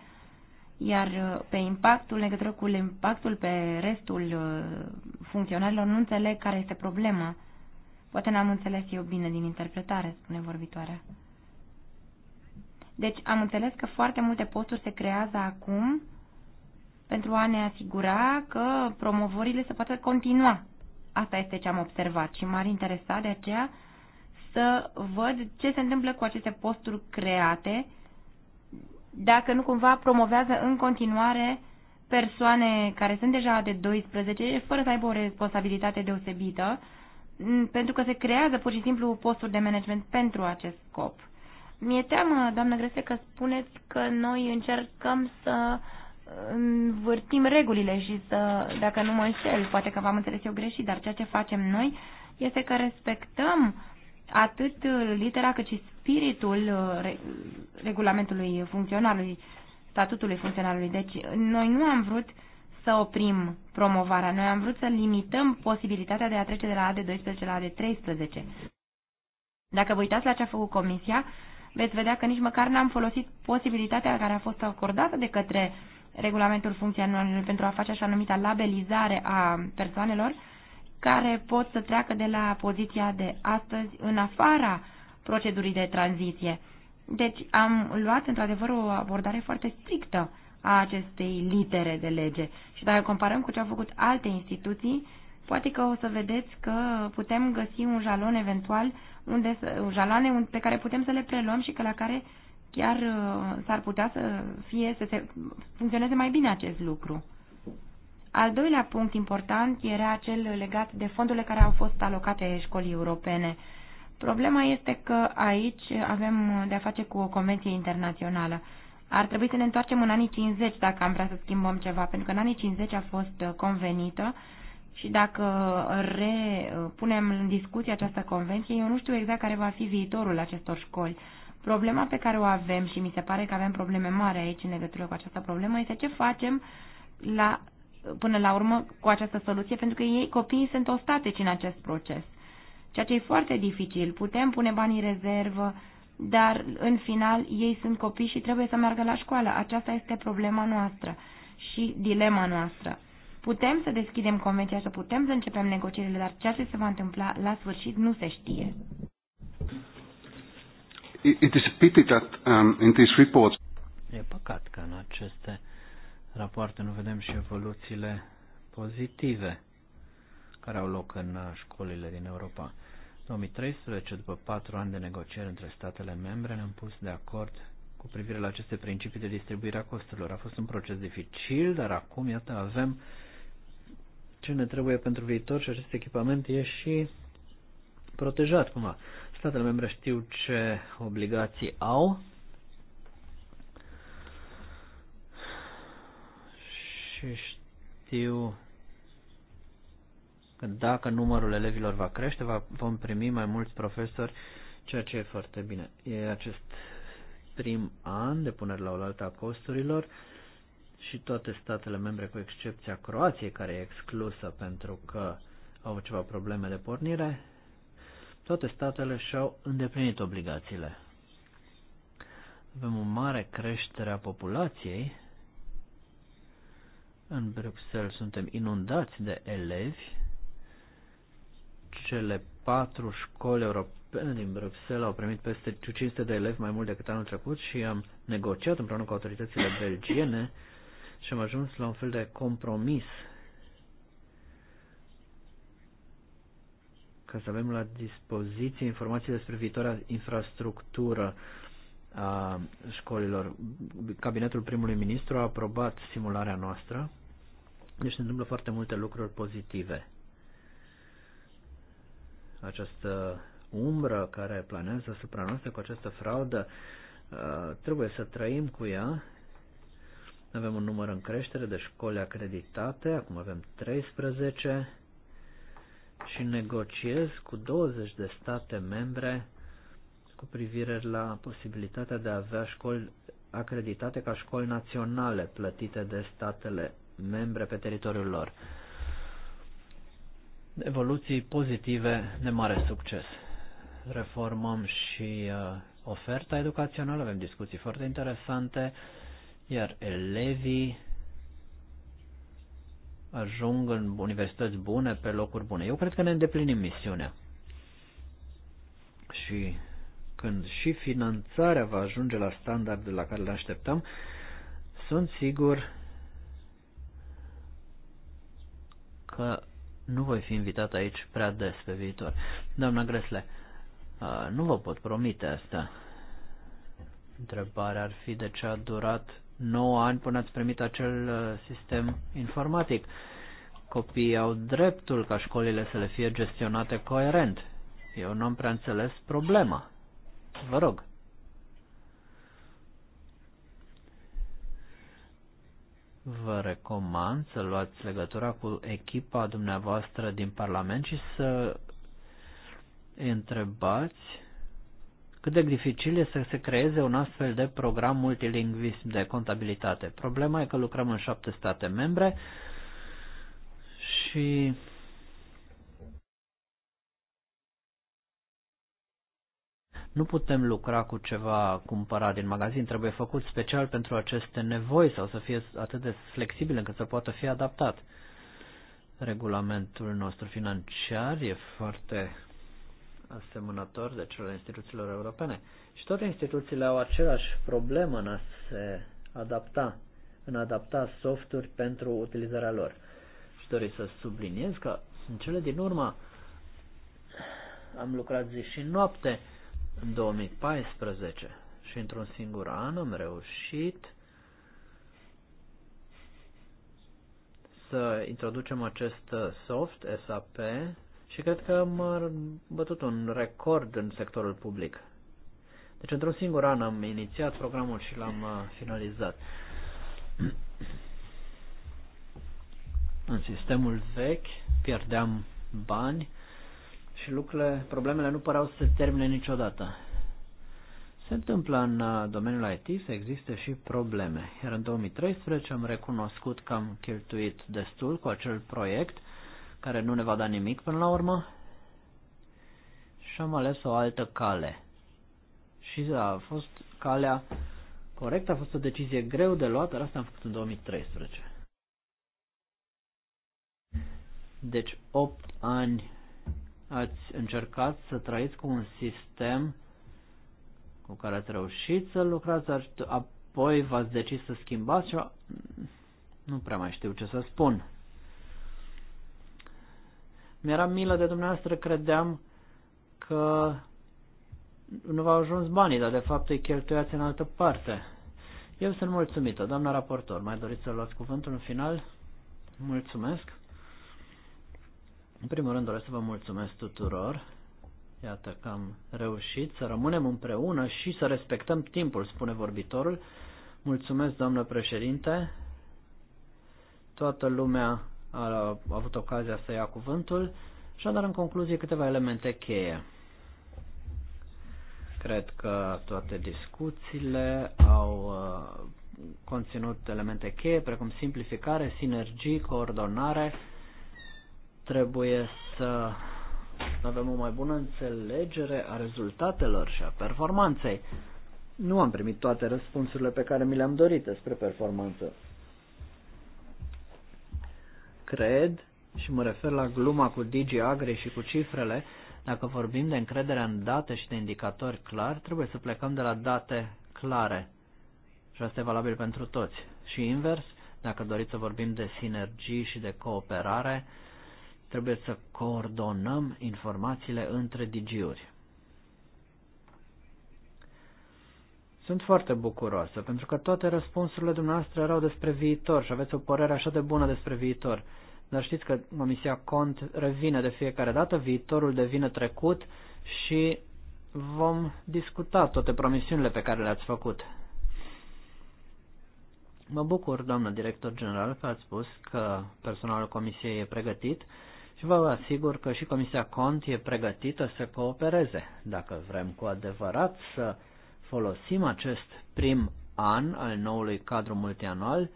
iar uh, pe impactul, legătură cu impactul pe restul uh, funcționarilor, nu înțeleg care este problema. Poate n-am înțeles eu bine din interpretare, spune vorbitoarea. Deci am înțeles că foarte multe posturi se creează acum pentru a ne asigura că promovările se poate continua. Asta este ce am observat și m-ar interesa de aceea să văd ce se întâmplă cu aceste posturi create, dacă nu cumva promovează în continuare persoane care sunt deja de 12, fără să aibă o responsabilitate deosebită, pentru că se creează pur și simplu posturi de management pentru acest scop. Mi-e teamă, doamnă Grese, că spuneți că noi încercăm să învârtim regulile și să, dacă nu mă înșel, poate că v-am înțeles eu greșit, dar ceea ce facem noi este că respectăm atât uh, litera cât și spiritul uh, regulamentului funcționalului, statutului funcționalului. Deci noi nu am vrut să oprim promovarea, noi am vrut să limităm posibilitatea de a trece de la AD12 la AD13. Dacă vă uitați la ce a făcut comisia, veți vedea că nici măcar n-am folosit posibilitatea care a fost acordată de către regulamentul funcționalului pentru a face așa numita labelizare a persoanelor, care pot să treacă de la poziția de astăzi în afara procedurii de tranziție. Deci am luat într-adevăr o abordare foarte strictă a acestei litere de lege. Și dacă comparăm cu ce au făcut alte instituții, poate că o să vedeți că putem găsi un jalon eventual, unde să, un jaloane pe care putem să le preluăm și că la care chiar uh, s-ar putea să fie să se funcționeze mai bine acest lucru. Al doilea punct important era cel legat de fondurile care au fost alocate școlii europene. Problema este că aici avem de-a face cu o convenție internațională. Ar trebui să ne întoarcem în anii 50 dacă am vrea să schimbăm ceva, pentru că în anii 50 a fost convenită și dacă repunem în discuție această convenție, eu nu știu exact care va fi viitorul acestor școli. Problema pe care o avem și mi se pare că avem probleme mari aici în legătură cu această problemă este ce facem la până la urmă cu această soluție, pentru că ei, copiii sunt ostateci în acest proces. Ceea ce e foarte dificil. Putem pune banii rezervă, dar în final ei sunt copii și trebuie să meargă la școală. Aceasta este problema noastră și dilema noastră. Putem să deschidem convenția, să putem să începem negocierile, dar ceea ce se va întâmpla la sfârșit nu se știe. It is pity that um, in these reports... E păcat că în aceste rapoarte nu vedem și evoluțiile pozitive care au loc în uh, școlile din Europa. 2013, după patru ani de negocieri între statele membre, ne-am pus de acord cu privire la aceste principii de distribuire a costurilor. A fost un proces dificil, dar acum, iată, avem ce ne trebuie pentru viitor și acest echipament e și protejat cumva. Statele membre știu ce obligații au și știu că dacă numărul elevilor va crește, va, vom primi mai mulți profesori, ceea ce e foarte bine. E acest prim an de punere la oaltă a costurilor și toate statele membre, cu excepția Croației, care e exclusă pentru că au ceva probleme de pornire, toate statele și-au îndeplinit obligațiile. Avem o mare creștere a populației, în Bruxelles suntem inundați de elevi. Cele patru școli europene din Bruxelles au primit peste 500 de elevi mai mult decât anul trecut și am negociat împreună cu autoritățile belgiene și am ajuns la un fel de compromis ca să avem la dispoziție informații despre viitoarea infrastructură a școlilor. Cabinetul primului ministru a aprobat simularea noastră, deci se întâmplă foarte multe lucruri pozitive. Această umbră care planează asupra noastră cu această fraudă, trebuie să trăim cu ea. Avem un număr în creștere de școli acreditate, acum avem 13 și negociez cu 20 de state membre cu privire la posibilitatea de a avea școli acreditate ca școli naționale plătite de statele membre pe teritoriul lor. Evoluții pozitive de mare succes. Reformăm și uh, oferta educațională, avem discuții foarte interesante, iar elevii ajung în universități bune, pe locuri bune. Eu cred că ne îndeplinim misiunea. Și când și finanțarea va ajunge la standardul la care le așteptăm, sunt sigur că nu voi fi invitat aici prea des pe viitor. Doamna Gresle, nu vă pot promite asta. Întrebarea ar fi de ce a durat 9 ani până ați primit acel sistem informatic. Copiii au dreptul ca școlile să le fie gestionate coerent. Eu nu am prea înțeles problema. Vă rog. Vă recomand să luați legătura cu echipa dumneavoastră din Parlament și să întrebați cât de dificil este să se creeze un astfel de program multilingvism de contabilitate. Problema e că lucrăm în șapte state membre și Nu putem lucra cu ceva cumpărat din magazin, trebuie făcut special pentru aceste nevoi sau să fie atât de flexibil încât să poată fi adaptat. Regulamentul nostru financiar e foarte asemănător de cel al instituțiilor europene și toate instituțiile au același problemă în a se adapta, în a adapta softuri pentru utilizarea lor. Și doresc să subliniez că în cele din urmă am lucrat zi și noapte în 2014 și într-un singur an am reușit să introducem acest uh, soft SAP și cred că am uh, bătut un record în sectorul public. Deci într-un singur an am inițiat programul și l-am uh, finalizat. În sistemul vechi pierdeam bani și lucrurile, problemele nu păreau să se termine niciodată. Se întâmplă în uh, domeniul IT să existe și probleme, iar în 2013 am recunoscut că am cheltuit destul cu acel proiect, care nu ne va da nimic până la urmă, și am ales o altă cale. Și a fost calea corectă, a fost o decizie greu de luat, dar asta am făcut în 2013. Deci 8 ani ați încercat să trăiți cu un sistem cu care ați reușit să lucrați, apoi v-ați decis să schimbați și nu prea mai știu ce să spun. Mi-era milă de dumneavoastră, credeam că nu v-au ajuns banii, dar de fapt îi cheltuiați în altă parte. Eu sunt mulțumită, doamna raportor. Mai doriți să luați cuvântul în final? Mulțumesc. În primul rând doresc să vă mulțumesc tuturor. Iată că am reușit să rămânem împreună și să respectăm timpul, spune vorbitorul. Mulțumesc, doamnă președinte. Toată lumea a avut ocazia să ia cuvântul. Și dar în concluzie câteva elemente cheie. Cred că toate discuțiile au conținut elemente cheie, precum simplificare, sinergii, coordonare, Trebuie să avem o mai bună înțelegere a rezultatelor și a performanței. Nu am primit toate răspunsurile pe care mi le-am dorit despre performanță. Cred, și mă refer la gluma cu Digi Agri și cu cifrele, dacă vorbim de încredere în date și de indicatori clari, trebuie să plecăm de la date clare. Și asta e valabil pentru toți. Și invers, dacă doriți să vorbim de sinergii și de cooperare, Trebuie să coordonăm informațiile între digiuri. Sunt foarte bucuroasă, pentru că toate răspunsurile dumneavoastră erau despre viitor și aveți o părere așa de bună despre viitor. Dar știți că Comisia Cont revine de fiecare dată, viitorul devine trecut și vom discuta toate promisiunile pe care le-ați făcut. Mă bucur, doamnă director general, că ați spus că personalul Comisiei e pregătit vă asigur că și Comisia Cont e pregătită să coopereze. Dacă vrem cu adevărat să folosim acest prim an al noului cadru multianual,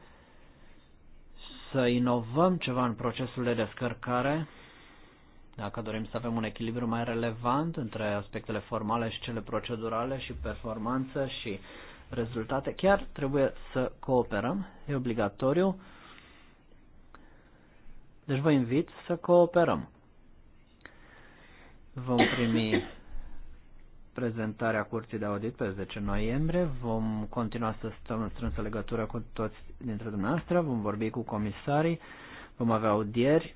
să inovăm ceva în procesul de descărcare, dacă dorim să avem un echilibru mai relevant între aspectele formale și cele procedurale și performanță și rezultate, chiar trebuie să cooperăm, e obligatoriu deci vă invit să cooperăm. Vom primi prezentarea curții de audit pe 10 noiembrie. Vom continua să stăm în strânsă legătură cu toți dintre dumneavoastră, vom vorbi cu comisarii, vom avea audieri.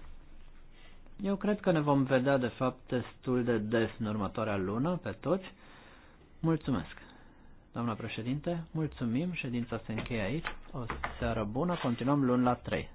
Eu cred că ne vom vedea, de fapt, destul de des în următoarea lună, pe toți. Mulțumesc! Doamna președinte, mulțumim, ședința se încheie aici. O seară bună, continuăm luni la 3.